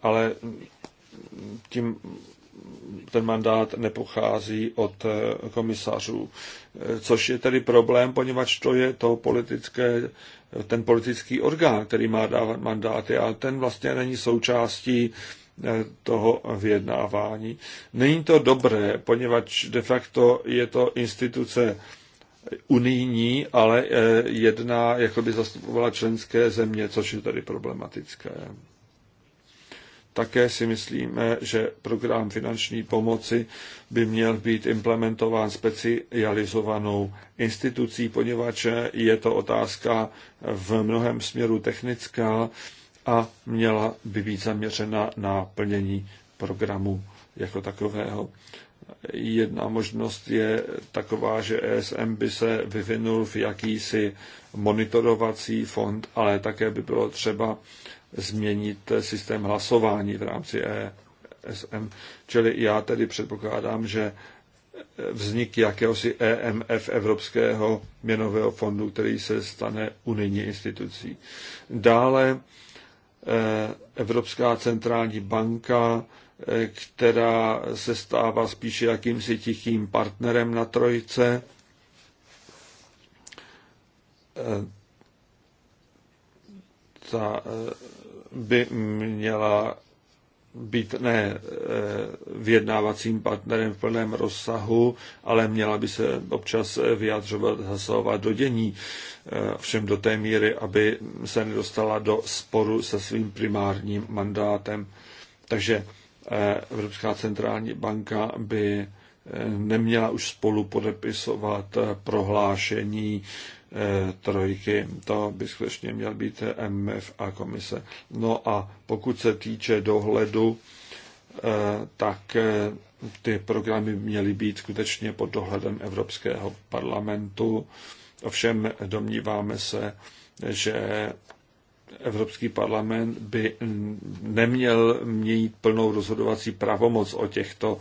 ale tím ten mandát nepochází od eh, komisařů, eh, což je tedy problém, poněvadž to je to politické, eh, ten politický orgán, který má dávat mandáty a ten vlastně není součástí toho vyjednávání. Není to dobré, poněvadž de facto je to instituce unijní, ale jedná, jako by zastupovala členské země, což je tady problematické. Také si myslíme, že program finanční pomoci by měl být implementován specializovanou institucí, poněvadž je to otázka v mnohem směru technická a měla by být zaměřena na plnění programu jako takového. Jedna možnost je taková, že ESM by se vyvinul v jakýsi monitorovací fond, ale také by bylo třeba změnit systém hlasování v rámci ESM. Čili já tedy předpokládám, že vznik jakéhosi EMF Evropského měnového fondu, který se stane unijní institucí. Dále eh, Evropská centrální banka, eh, která se stává spíše jakýmsi tichým partnerem na trojce. Eh, ta by měla být ne e, vyjednávacím partnerem v plném rozsahu, ale měla by se občas vyjadřovat, zasahovat do dění, e, všem do té míry, aby se nedostala do sporu se svým primárním mandátem. Takže e, Evropská centrální banka by neměla už spolu podepisovat prohlášení Eh, trojky. To by skutečně měl být MF a komise. No a pokud se týče dohledu, eh, tak eh, ty programy měly být skutečně pod dohledem Evropského parlamentu. Ovšem domníváme se, že Evropský parlament by neměl měnit plnou rozhodovací pravomoc o těchto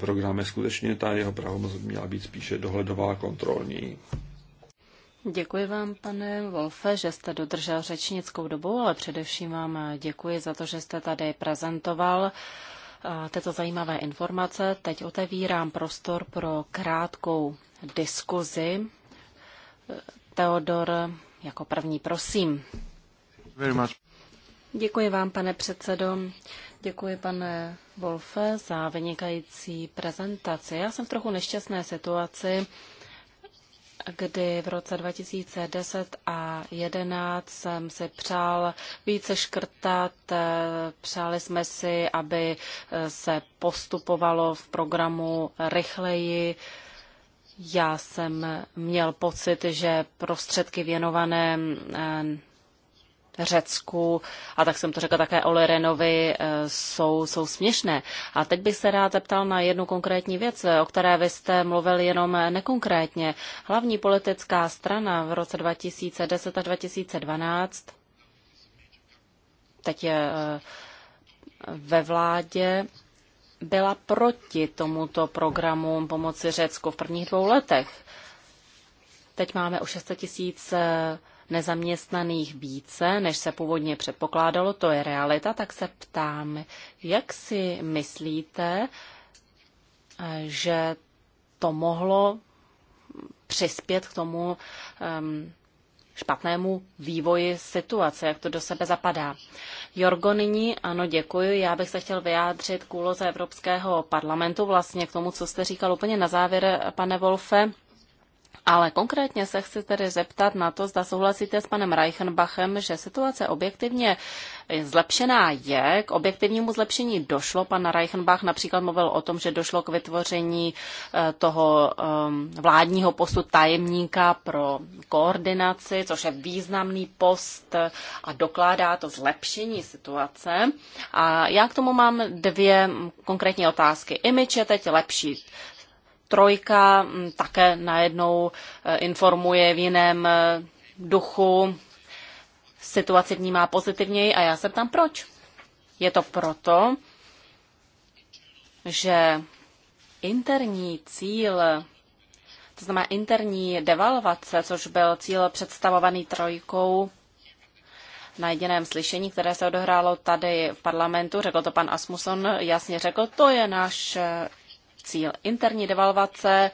programech. Skutečně ta jeho pravomoc měla být spíše dohledová kontrolní. Děkuji vám, pane Wolfe, že jste dodržel řečnickou dobu, ale především vám děkuji za to, že jste tady prezentoval eh, tyto zajímavé informace. Teď otevírám prostor pro krátkou diskuzi. Teodor, jako první, prosím. Děkuji vám, pane předsedo. Děkuji, pane Wolfe, za vynikající prezentaci. Já jsem v trochu nešťastné situaci kdy v roce 2010 a 2011 jsem si přál více škrtat. Přáli jsme si, aby se postupovalo v programu rychleji. Já jsem měl pocit, že prostředky věnované Řecku, a tak jsem to řekla také o eh, jsou, jsou směšné. A teď bych se rád zeptal na jednu konkrétní věc, o které vy jste mluvil jenom nekonkrétně. Hlavní politická strana v roce 2010 a 2012, teď je eh, ve vládě, byla proti tomuto programu pomoci Řecku v prvních dvou letech. Teď máme o 600 tisíc 000 eh, nezaměstnaných více, než se původně předpokládalo, to je realita, tak se ptám, jak si myslíte, že to mohlo přispět k tomu um, špatnému vývoji situace, jak to do sebe zapadá. Jorgo, nyní ano, děkuji. Já bych se chtěl vyjádřit k úloze Evropského parlamentu, vlastně k tomu, co jste říkal úplně na závěr, pane Wolfe. Ale konkrétně se chci tedy zeptat na to, zda souhlasíte s panem Reichenbachem, že situace objektivně zlepšená je, k objektivnímu zlepšení došlo. Pan Reichenbach například mluvil o tom, že došlo k vytvoření eh, toho ehm, vládního postu tajemníka pro koordinaci, což je významný post eh, a dokládá to zlepšení situace. A já k tomu mám dvě mm, konkrétní otázky. Imič je teď lepší trojka mm, také najednou eh, informuje v jiném eh, duchu, situaci vnímá pozitivněji a já se ptám proč. Je to proto, že interní cíl, to znamená interní devalvace, což byl cíl představovaný trojkou na jediném slyšení, které se odehrálo tady v parlamentu, řekl to pan Asmuson, jasně řekl, to je náš eh, cíl. Interní devalvace,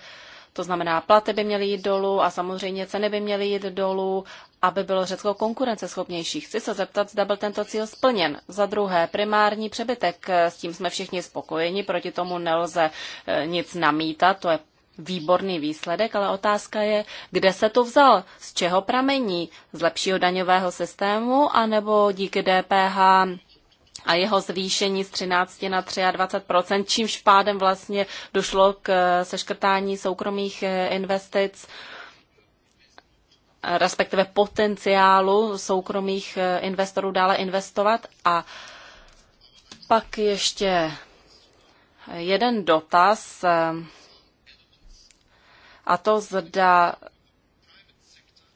to znamená, platy by měly jít dolů a samozřejmě ceny by měly jít dolů, aby bylo Řecko konkurenceschopnější. Chci se zeptat, zda byl tento cíl splněn. Za druhé, primární přebytek, s tím jsme všichni spokojeni, proti tomu nelze eh, nic namítat, to je výborný výsledek, ale otázka je, kde se to vzal, z čeho pramení, z lepšího daňového systému, anebo díky DPH a jeho zvýšení z 13 na 23 čímž pádem vlastně došlo k eh, seškrtání soukromých eh, investic eh, respektive potenciálu soukromých investorů dále investovat. A pak ještě jeden dotaz, a to zda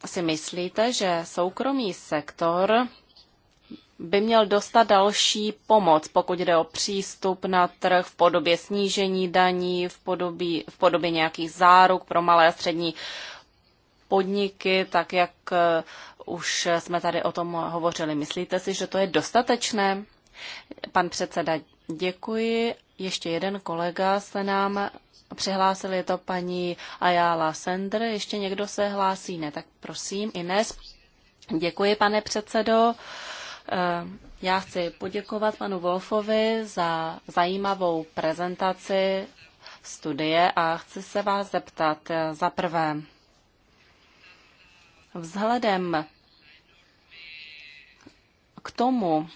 si myslíte, že soukromý sektor by měl dostat další pomoc, pokud jde o přístup na trh v podobě snížení daní, v podobě, v podobě nějakých záruk pro malé a střední podniky, tak jak eh, už jsme tady o tom hovořili. Myslíte si, že to je dostatečné? Pan předseda, děkuji. Ještě jeden kolega se nám přihlásil, je to paní Ayala Sender. Ještě někdo se hlásí? Ne, tak prosím, Ines. Děkuji, pane předsedo. Uh, Eh, já chci poděkovat panu Wolfovi za zajímavou prezentaci studie a chci se vás zeptat eh, za prvé. Vzhledem k tomu,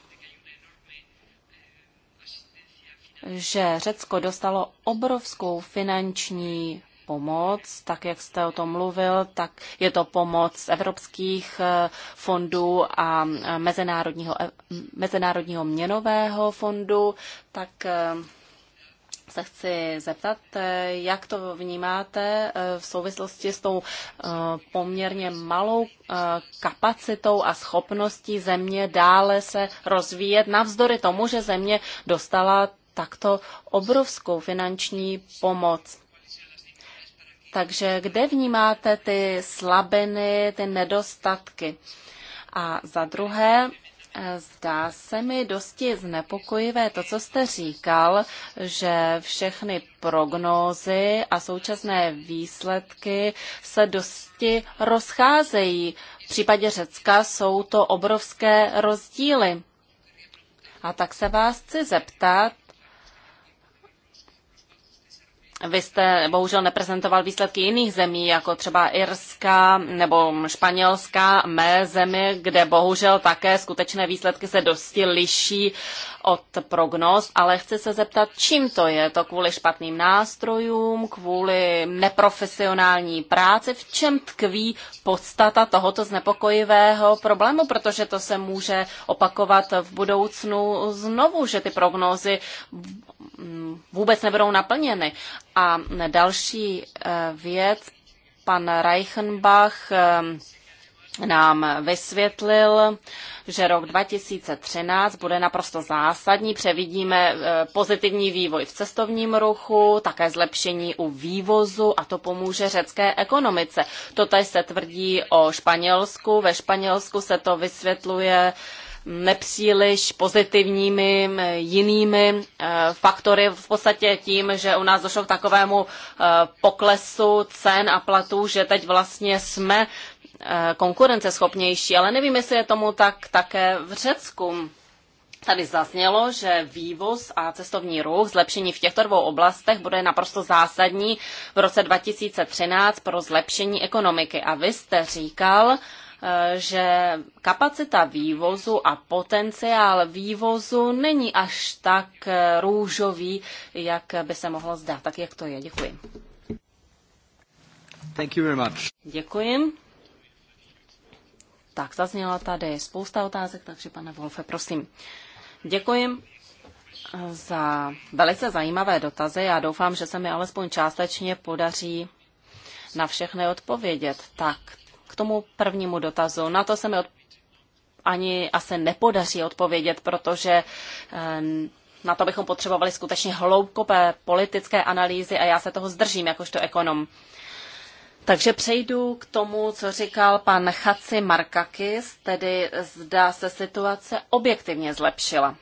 že Řecko dostalo obrovskou finanční pomoc, tak jak jste o tom mluvil, tak je to pomoc evropských eh, fondů a eh, Mezinárodního, eh, Mezinárodního měnového fondu, tak se chci zeptat, jak to vnímáte v souvislosti s tou poměrně malou kapacitou a schopností země dále se rozvíjet, navzdory tomu, že země dostala takto obrovskou finanční pomoc. Takže kde vnímáte ty slabiny, ty nedostatky? A za druhé, eh, Zdá se mi dosti znepokojivé to, co jste říkal, že všechny prognózy a současné výsledky se dosti rozcházejí. V případě Řecka jsou to obrovské rozdíly. A tak se vás chci zeptat, vy jste bohužel neprezentoval výsledky jiných zemí, jako třeba Irska nebo španělská, mé zemi, kde bohužel také skutečné výsledky se dosti liší od prognóz, ale chci se zeptat, čím to je? To kvůli špatným nástrojům, kvůli neprofesionální práci? V čem tkví podstata tohoto znepokojivého problému? Protože to se může opakovat v budoucnu znovu, že ty prognózy vůbec nebudou naplněny. A další eh, věc, pan Reichenbach eh, nám vysvětlil, že rok 2013 bude naprosto zásadní. Převidíme eh, pozitivní vývoj v cestovním ruchu, také zlepšení u vývozu a to pomůže řecké ekonomice. To tady se tvrdí o Španělsku. Ve Španělsku se to vysvětluje nepříliš pozitivními jinými eh, faktory, v podstatě tím, že u nás došlo k takovému eh, poklesu cen a platů, že teď vlastně jsme eh, konkurenceschopnější, ale nevím, jestli je tomu tak také v Řecku. Tady zaznělo, že vývoz a cestovní ruch, zlepšení v těchto dvou oblastech bude naprosto zásadní v roce 2013 pro zlepšení ekonomiky. A vy jste říkal, Eh, že kapacita vývozu a potenciál vývozu není až tak eh, růžový, jak by se mohlo zdát. Tak jak to je? Děkuji. Thank you very much. Děkuji. Tak, zazněla tady spousta otázek, takže pane Wolfe, prosím. Děkuji za velice zajímavé dotazy. Já doufám, že se mi alespoň částečně podaří na všechny odpovědět. Tak, k tomu prvnímu dotazu. Na to se mi od... ani asi nepodaří odpovědět, protože eh, na to bychom potřebovali skutečně hloubkové politické analýzy a já se toho zdržím jakožto ekonom. Takže přejdu k tomu, co říkal pan Chaci Markakis, tedy zdá se situace objektivně zlepšila.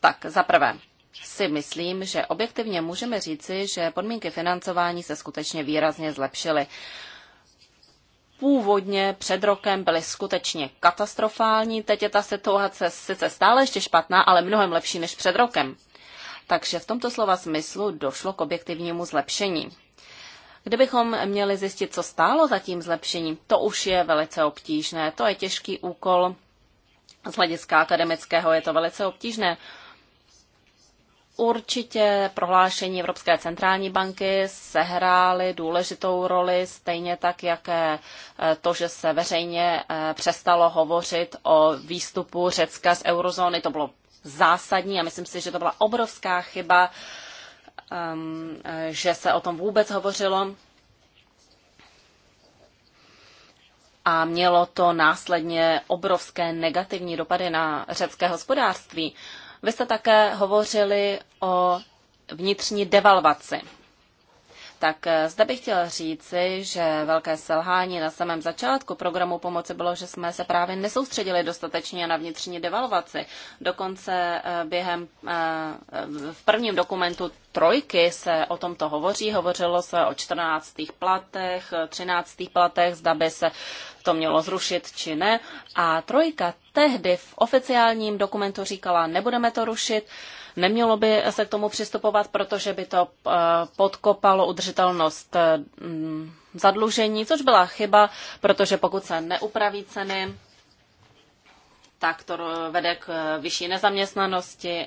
Tak za prvé si myslím, že objektivně můžeme říci, že podmínky financování se skutečně výrazně zlepšily původně před rokem byly skutečně katastrofální. Teď je ta situace sice stále ještě špatná, ale mnohem lepší než před rokem. Takže v tomto slova smyslu došlo k objektivnímu zlepšení. Kdybychom měli zjistit, co stálo za tím zlepšením, to už je velice obtížné. To je těžký úkol. Z hlediska akademického je to velice obtížné. Určitě prohlášení Evropské centrální banky sehrály důležitou roli, stejně tak, jak eh, to, že se veřejně eh, přestalo hovořit o výstupu Řecka z eurozóny. To bylo zásadní a myslím si, že to byla obrovská chyba, ehm, eh, že se o tom vůbec hovořilo. A mělo to následně obrovské negativní dopady na řecké hospodářství. Vy jste také hovořili o vnitřní devalvaci tak eh, zde bych chtěl říci, že velké selhání na samém začátku programu pomoci bylo, že jsme se právě nesoustředili dostatečně na vnitřní devalvaci. Dokonce eh, během eh, v prvním dokumentu trojky se o tomto hovoří. Hovořilo se o 14. platech, 13. platech, zda by se to mělo zrušit či ne. A trojka tehdy v oficiálním dokumentu říkala, nebudeme to rušit. Nemělo by se k tomu přistupovat, protože by to eh, podkopalo udržitelnost eh, mm, zadlužení, což byla chyba, protože pokud se neupraví ceny, tak to vede k eh, vyšší nezaměstnanosti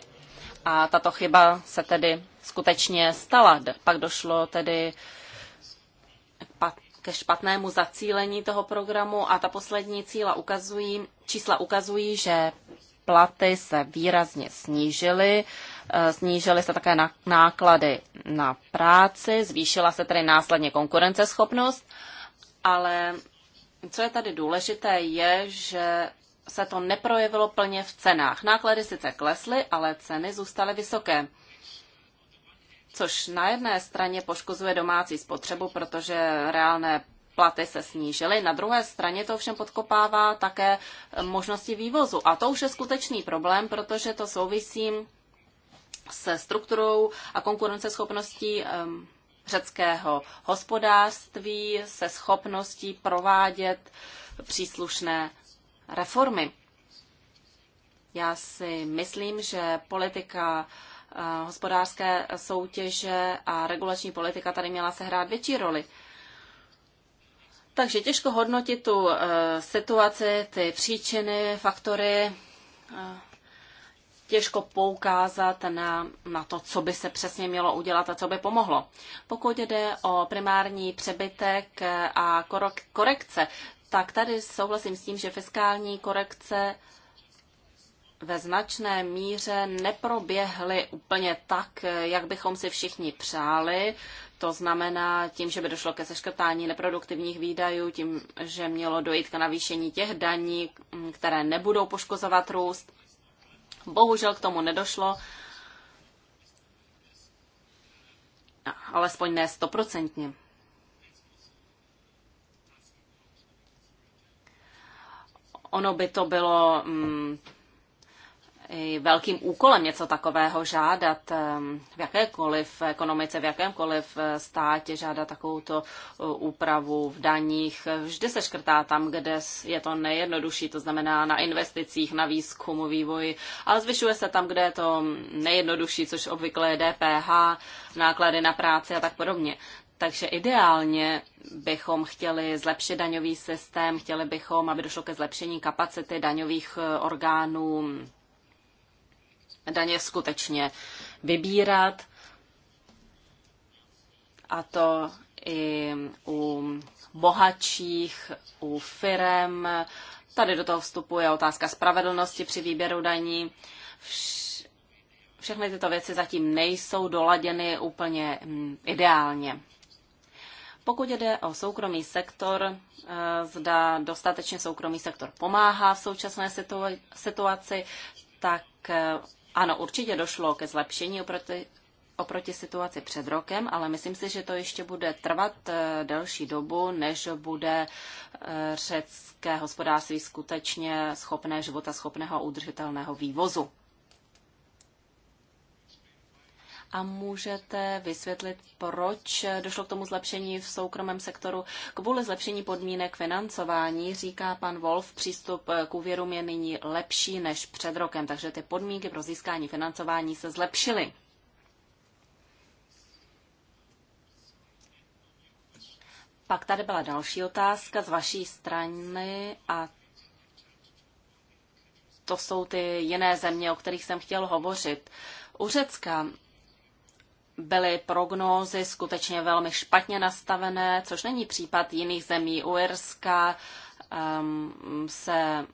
a tato chyba se tedy skutečně stala. Pak došlo tedy ke špatnému zacílení toho programu a ta poslední cíla ukazují, čísla ukazují, že platy se výrazně snížily. Eh, snížily se také náklady na práci, zvýšila se tedy následně konkurenceschopnost, ale co je tady důležité, je, že se to neprojevilo plně v cenách. Náklady sice klesly, ale ceny zůstaly vysoké. Což na jedné straně poškozuje domácí spotřebu, protože reálné platy se snížily. Na druhé straně to všem podkopává také možnosti vývozu. A to už je skutečný problém, protože to souvisí se strukturou a konkurenceschopností řeckého hospodářství, se schopností provádět příslušné reformy. Já si myslím, že politika eh, hospodářské soutěže a regulační politika tady měla sehrát větší roli. Takže těžko hodnotit tu eh, situaci, ty příčiny, faktory, eh, těžko poukázat na, na to, co by se přesně mělo udělat a co by pomohlo. Pokud jde o primární přebytek eh, a korekce, tak tady souhlasím s tím, že fiskální korekce ve značné míře neproběhly úplně tak, jak bychom si všichni přáli. To znamená tím, že by došlo ke seškrtání neproduktivních výdajů, tím, že mělo dojít k navýšení těch daní, které nebudou poškozovat růst. Bohužel k tomu nedošlo, alespoň ne stoprocentně. Ono by to bylo mm, velkým úkolem něco takového žádat ehm, v jakékoliv ekonomice, v jakémkoliv eh, státě, žádat takovouto eh, úpravu v daních. Vždy se škrtá tam, kde je to nejjednodušší, to znamená na investicích, na výzkumu, vývoji, ale zvyšuje se tam, kde je to nejjednodušší, což obvykle je DPH, náklady na práci a tak podobně. Takže ideálně bychom chtěli zlepšit daňový systém, chtěli bychom, aby došlo ke zlepšení kapacity daňových eh, orgánů daně skutečně vybírat. A to i u bohatších, u firem. Tady do toho vstupuje otázka spravedlnosti při výběru daní. Všechny tyto věci zatím nejsou doladěny úplně mm, ideálně. Pokud jde o soukromý sektor, eh, zda dostatečně soukromý sektor pomáhá v současné situaci, tak eh, ano, určitě došlo ke zlepšení oproti, oproti situaci před rokem, ale myslím si, že to ještě bude trvat eh, delší dobu, než bude eh, řecké hospodářství skutečně schopné života schopného a udržitelného vývozu. a můžete vysvětlit, proč došlo k tomu zlepšení v soukromém sektoru kvůli zlepšení podmínek financování. Říká pan Wolf, přístup k úvěrům je nyní lepší než před rokem, takže ty podmínky pro získání financování se zlepšily. Pak tady byla další otázka z vaší strany a to jsou ty jiné země, o kterých jsem chtěl hovořit. U Řecka byly prognózy skutečně velmi špatně nastavené, což není případ jiných zemí. U Irska um, se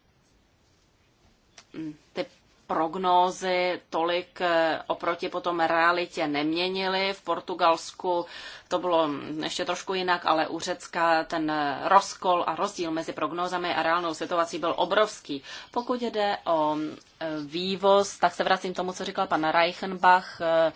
ty prognózy tolik eh, oproti potom realitě neměnily. V Portugalsku to bylo ještě trošku jinak, ale u Řecka ten rozkol a rozdíl mezi prognózami a reálnou situací byl obrovský. Pokud jde o vývoz, tak se vracím k tomu, co říkal pan Reichenbach, eh,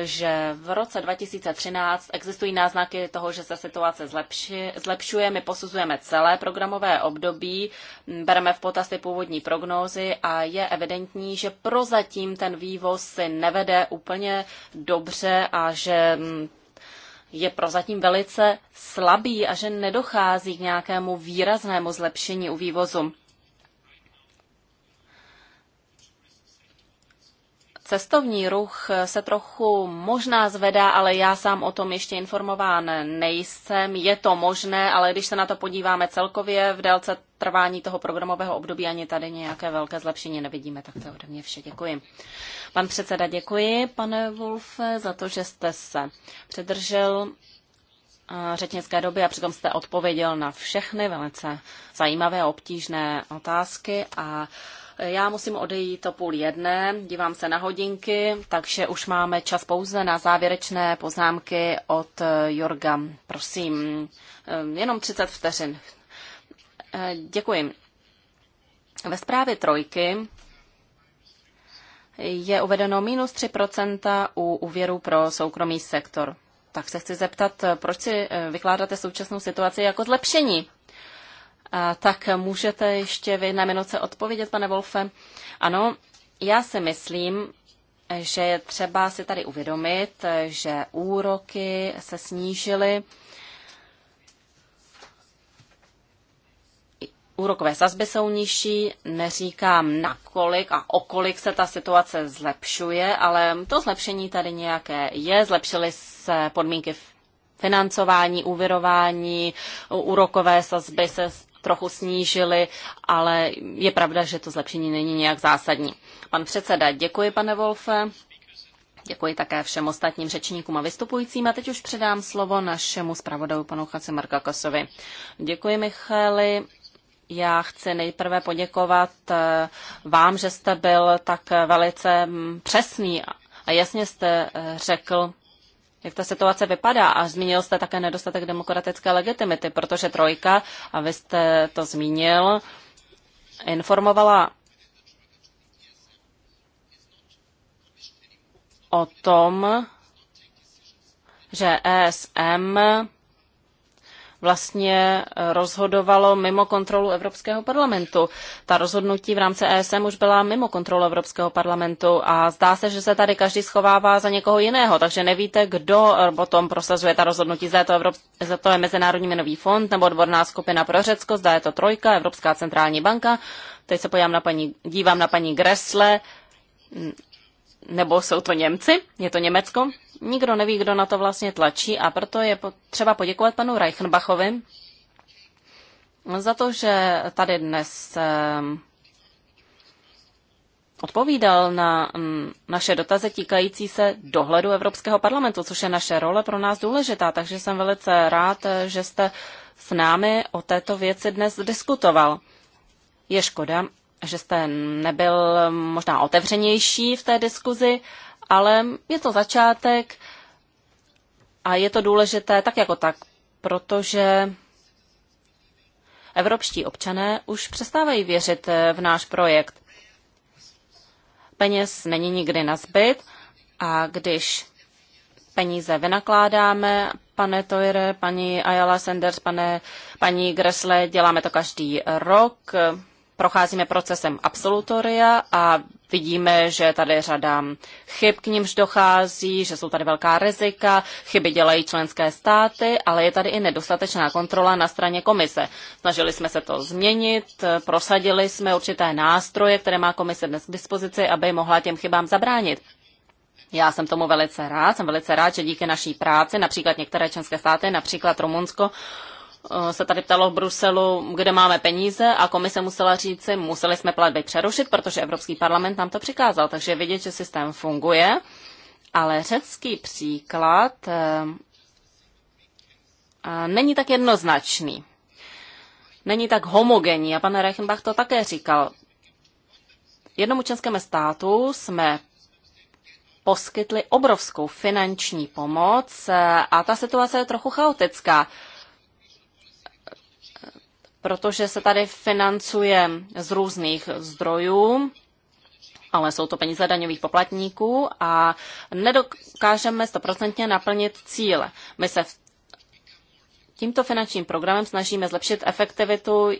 eh, že v roce 2013 existují náznaky toho, že se situace zlepši, zlepšuje. My posuzujeme celé programové období, hm, bereme v potaz ty původní prognózy a je evidentní, že prozatím ten vývoz si nevede úplně dobře a že hm, je prozatím velice slabý a že nedochází k nějakému výraznému zlepšení u vývozu. cestovní ruch se trochu možná zvedá, ale já sám o tom ještě informován nejsem. Je to možné, ale když se na to podíváme celkově v délce trvání toho programového období, ani tady nějaké velké zlepšení nevidíme. Tak to ode mě vše. Děkuji. Pan předseda, děkuji, pane Wolfe, za to, že jste se předržel Eh, řečnické doby a přitom jste odpověděl na všechny velice zajímavé a obtížné otázky a já musím odejít o půl jedné, dívám se na hodinky, takže už máme čas pouze na závěrečné poznámky od eh, Jorga. Prosím, eh, jenom 30 vteřin. Děkuji. Ve zprávě trojky je uvedeno minus 3 u úvěru pro soukromý sektor tak se chci zeptat, eh, proč si eh, vykládáte současnou situaci jako zlepšení? A tak můžete ještě vy na minuce odpovědět, pane Wolfe? Ano, já si myslím, že je třeba si tady uvědomit, eh, že úroky se snížily úrokové sazby jsou nižší, neříkám nakolik a okolik se ta situace zlepšuje, ale to zlepšení tady nějaké je. Zlepšily se podmínky financování, úvěrování, úrokové sazby se trochu snížily, ale je pravda, že to zlepšení není nějak zásadní. Pan předseda, děkuji, pane Wolfe. Děkuji také všem ostatním řečníkům a vystupujícím a teď už předám slovo našemu zpravodaji panu Chaci Markakosovi. Děkuji, Michali. Já chci nejprve poděkovat eh, vám, že jste byl tak velice mm, přesný a jasně jste eh, řekl, jak ta situace vypadá a zmínil jste také nedostatek demokratické legitimity, protože Trojka, a vy jste to zmínil, informovala o tom, že ESM vlastně rozhodovalo mimo kontrolu Evropského parlamentu. Ta rozhodnutí v rámci ESM už byla mimo kontrolu Evropského parlamentu a zdá se, že se tady každý schovává za někoho jiného, takže nevíte, kdo potom eh, prosazuje ta rozhodnutí, zda je to, Evrop... zda to je Mezinárodní měnový fond nebo odborná skupina pro Řecko, zda je to Trojka, Evropská centrální banka. Teď se na paní, dívám na paní Gressle, nebo jsou to Němci, je to Německo. Nikdo neví, kdo na to vlastně tlačí a proto je třeba poděkovat panu Reichenbachovi za to, že tady dnes ehm, odpovídal na mm, naše dotazy týkající se dohledu Evropského parlamentu, což je naše role pro nás důležitá, takže jsem velice rád, že jste s námi o této věci dnes diskutoval. Je škoda, že jste nebyl možná otevřenější v té diskuzi, ale je to začátek a je to důležité tak jako tak, protože evropští občané už přestávají věřit v náš projekt. Peněz není nikdy na zbyt a když peníze vynakládáme, pane Toire, paní Ayala Sanders, pane, paní Gressle, děláme to každý rok, procházíme procesem absolutoria a vidíme, že tady řada chyb, k nímž dochází, že jsou tady velká rizika, chyby dělají členské státy, ale je tady i nedostatečná kontrola na straně komise. Snažili jsme se to změnit, prosadili jsme určité nástroje, které má komise dnes k dispozici, aby mohla těm chybám zabránit. Já jsem tomu velice rád, jsem velice rád, že díky naší práci, například některé členské státy, například Rumunsko, Eh, se tady ptalo v Bruselu, kde máme peníze a komise musela říct, museli jsme platby přerušit, protože Evropský parlament nám to přikázal. Takže vidět, že systém funguje. Ale řecký příklad eh, eh, není tak jednoznačný. Není tak homogenní a pan Reichenbach to také říkal. Jednomu českému státu jsme poskytli obrovskou finanční pomoc a ta situace je trochu chaotická protože se tady financuje z různých zdrojů, ale jsou to peníze daňových poplatníků a nedokážeme stoprocentně naplnit cíle. My se tímto finančním programem snažíme zlepšit efektivitu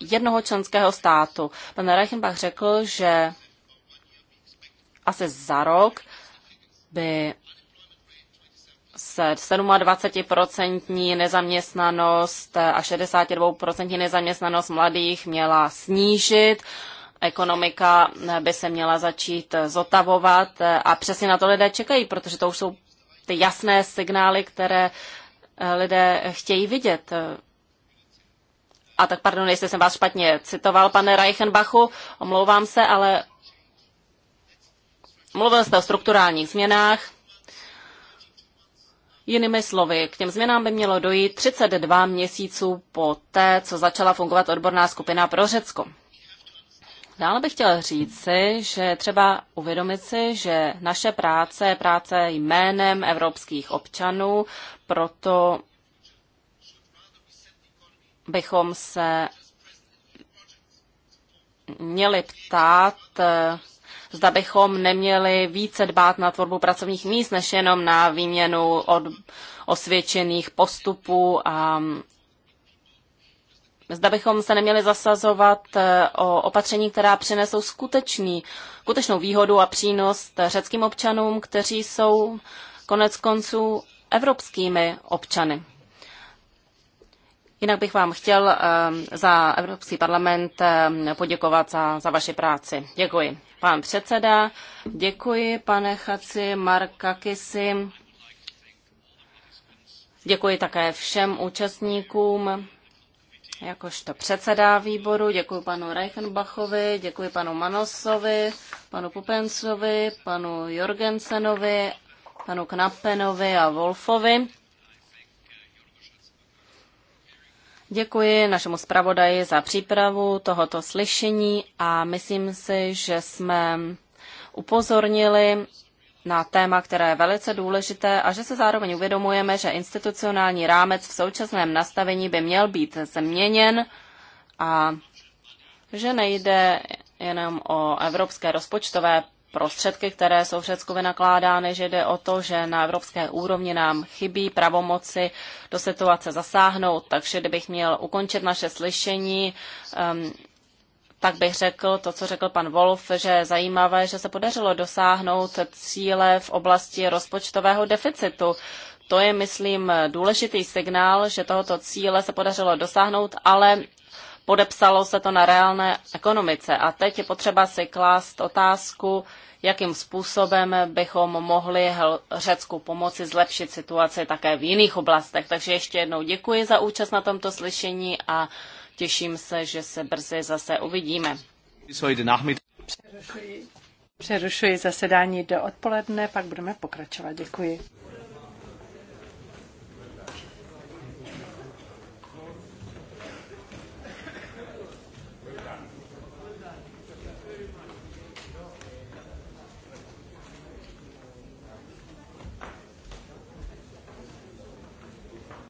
jednoho členského státu. Pan Reichenbach řekl, že asi za rok by se 27% nezaměstnanost a 62% nezaměstnanost mladých měla snížit. Ekonomika by se měla začít zotavovat a přesně na to lidé čekají, protože to už jsou ty jasné signály, které eh, lidé chtějí vidět. A tak pardon, jestli jsem vás špatně citoval, pane Reichenbachu, omlouvám se, ale mluvil jste o strukturálních změnách Jinými slovy, k těm změnám by mělo dojít 32 měsíců po té, co začala fungovat odborná skupina pro Řecko. Dále bych chtěla si, že třeba uvědomit si, že naše práce je práce jménem evropských občanů, proto bychom se měli ptát zda bychom neměli více dbát na tvorbu pracovních míst, než jenom na výměnu od osvědčených postupů a Zda bychom se neměli zasazovat e, o opatření, která přinesou skutečný, skutečnou výhodu a přínos řeckým občanům, kteří jsou konec konců evropskými občany. Jinak bych vám chtěl e, za Evropský parlament e, poděkovat za, za vaši práci. Děkuji. Pan předseda, děkuji pane Chaci, Marka Kisi. Děkuji také všem účastníkům, jakožto předseda výboru, děkuji panu Reichenbachovi, děkuji panu Manosovi, panu Pupencovi, panu Jorgensenovi, panu Knapenovi a Wolfovi. Děkuji našemu zpravodaji za přípravu tohoto slyšení a myslím si, že jsme upozornili na téma, které je velice důležité a že se zároveň uvědomujeme, že institucionální rámec v současném nastavení by měl být změněn a že nejde jenom o evropské rozpočtové prostředky, které jsou v Řecku vynakládány, že jde o to, že na evropské úrovni nám chybí pravomoci do situace zasáhnout, takže kdybych měl ukončit naše slyšení, um, tak bych řekl to, co řekl pan Wolf, že je zajímavé, že se podařilo dosáhnout cíle v oblasti rozpočtového deficitu. To je, myslím, důležitý signál, že tohoto cíle se podařilo dosáhnout, ale podepsalo se to na reálné ekonomice. A teď je potřeba si klást otázku, jakým způsobem bychom mohli Řecku pomoci zlepšit situaci také v jiných oblastech. Takže ještě jednou děkuji za účast na tomto slyšení a těším se, že se brzy zase uvidíme. Přerušuji zasedání do odpoledne, pak budeme pokračovat. Děkuji.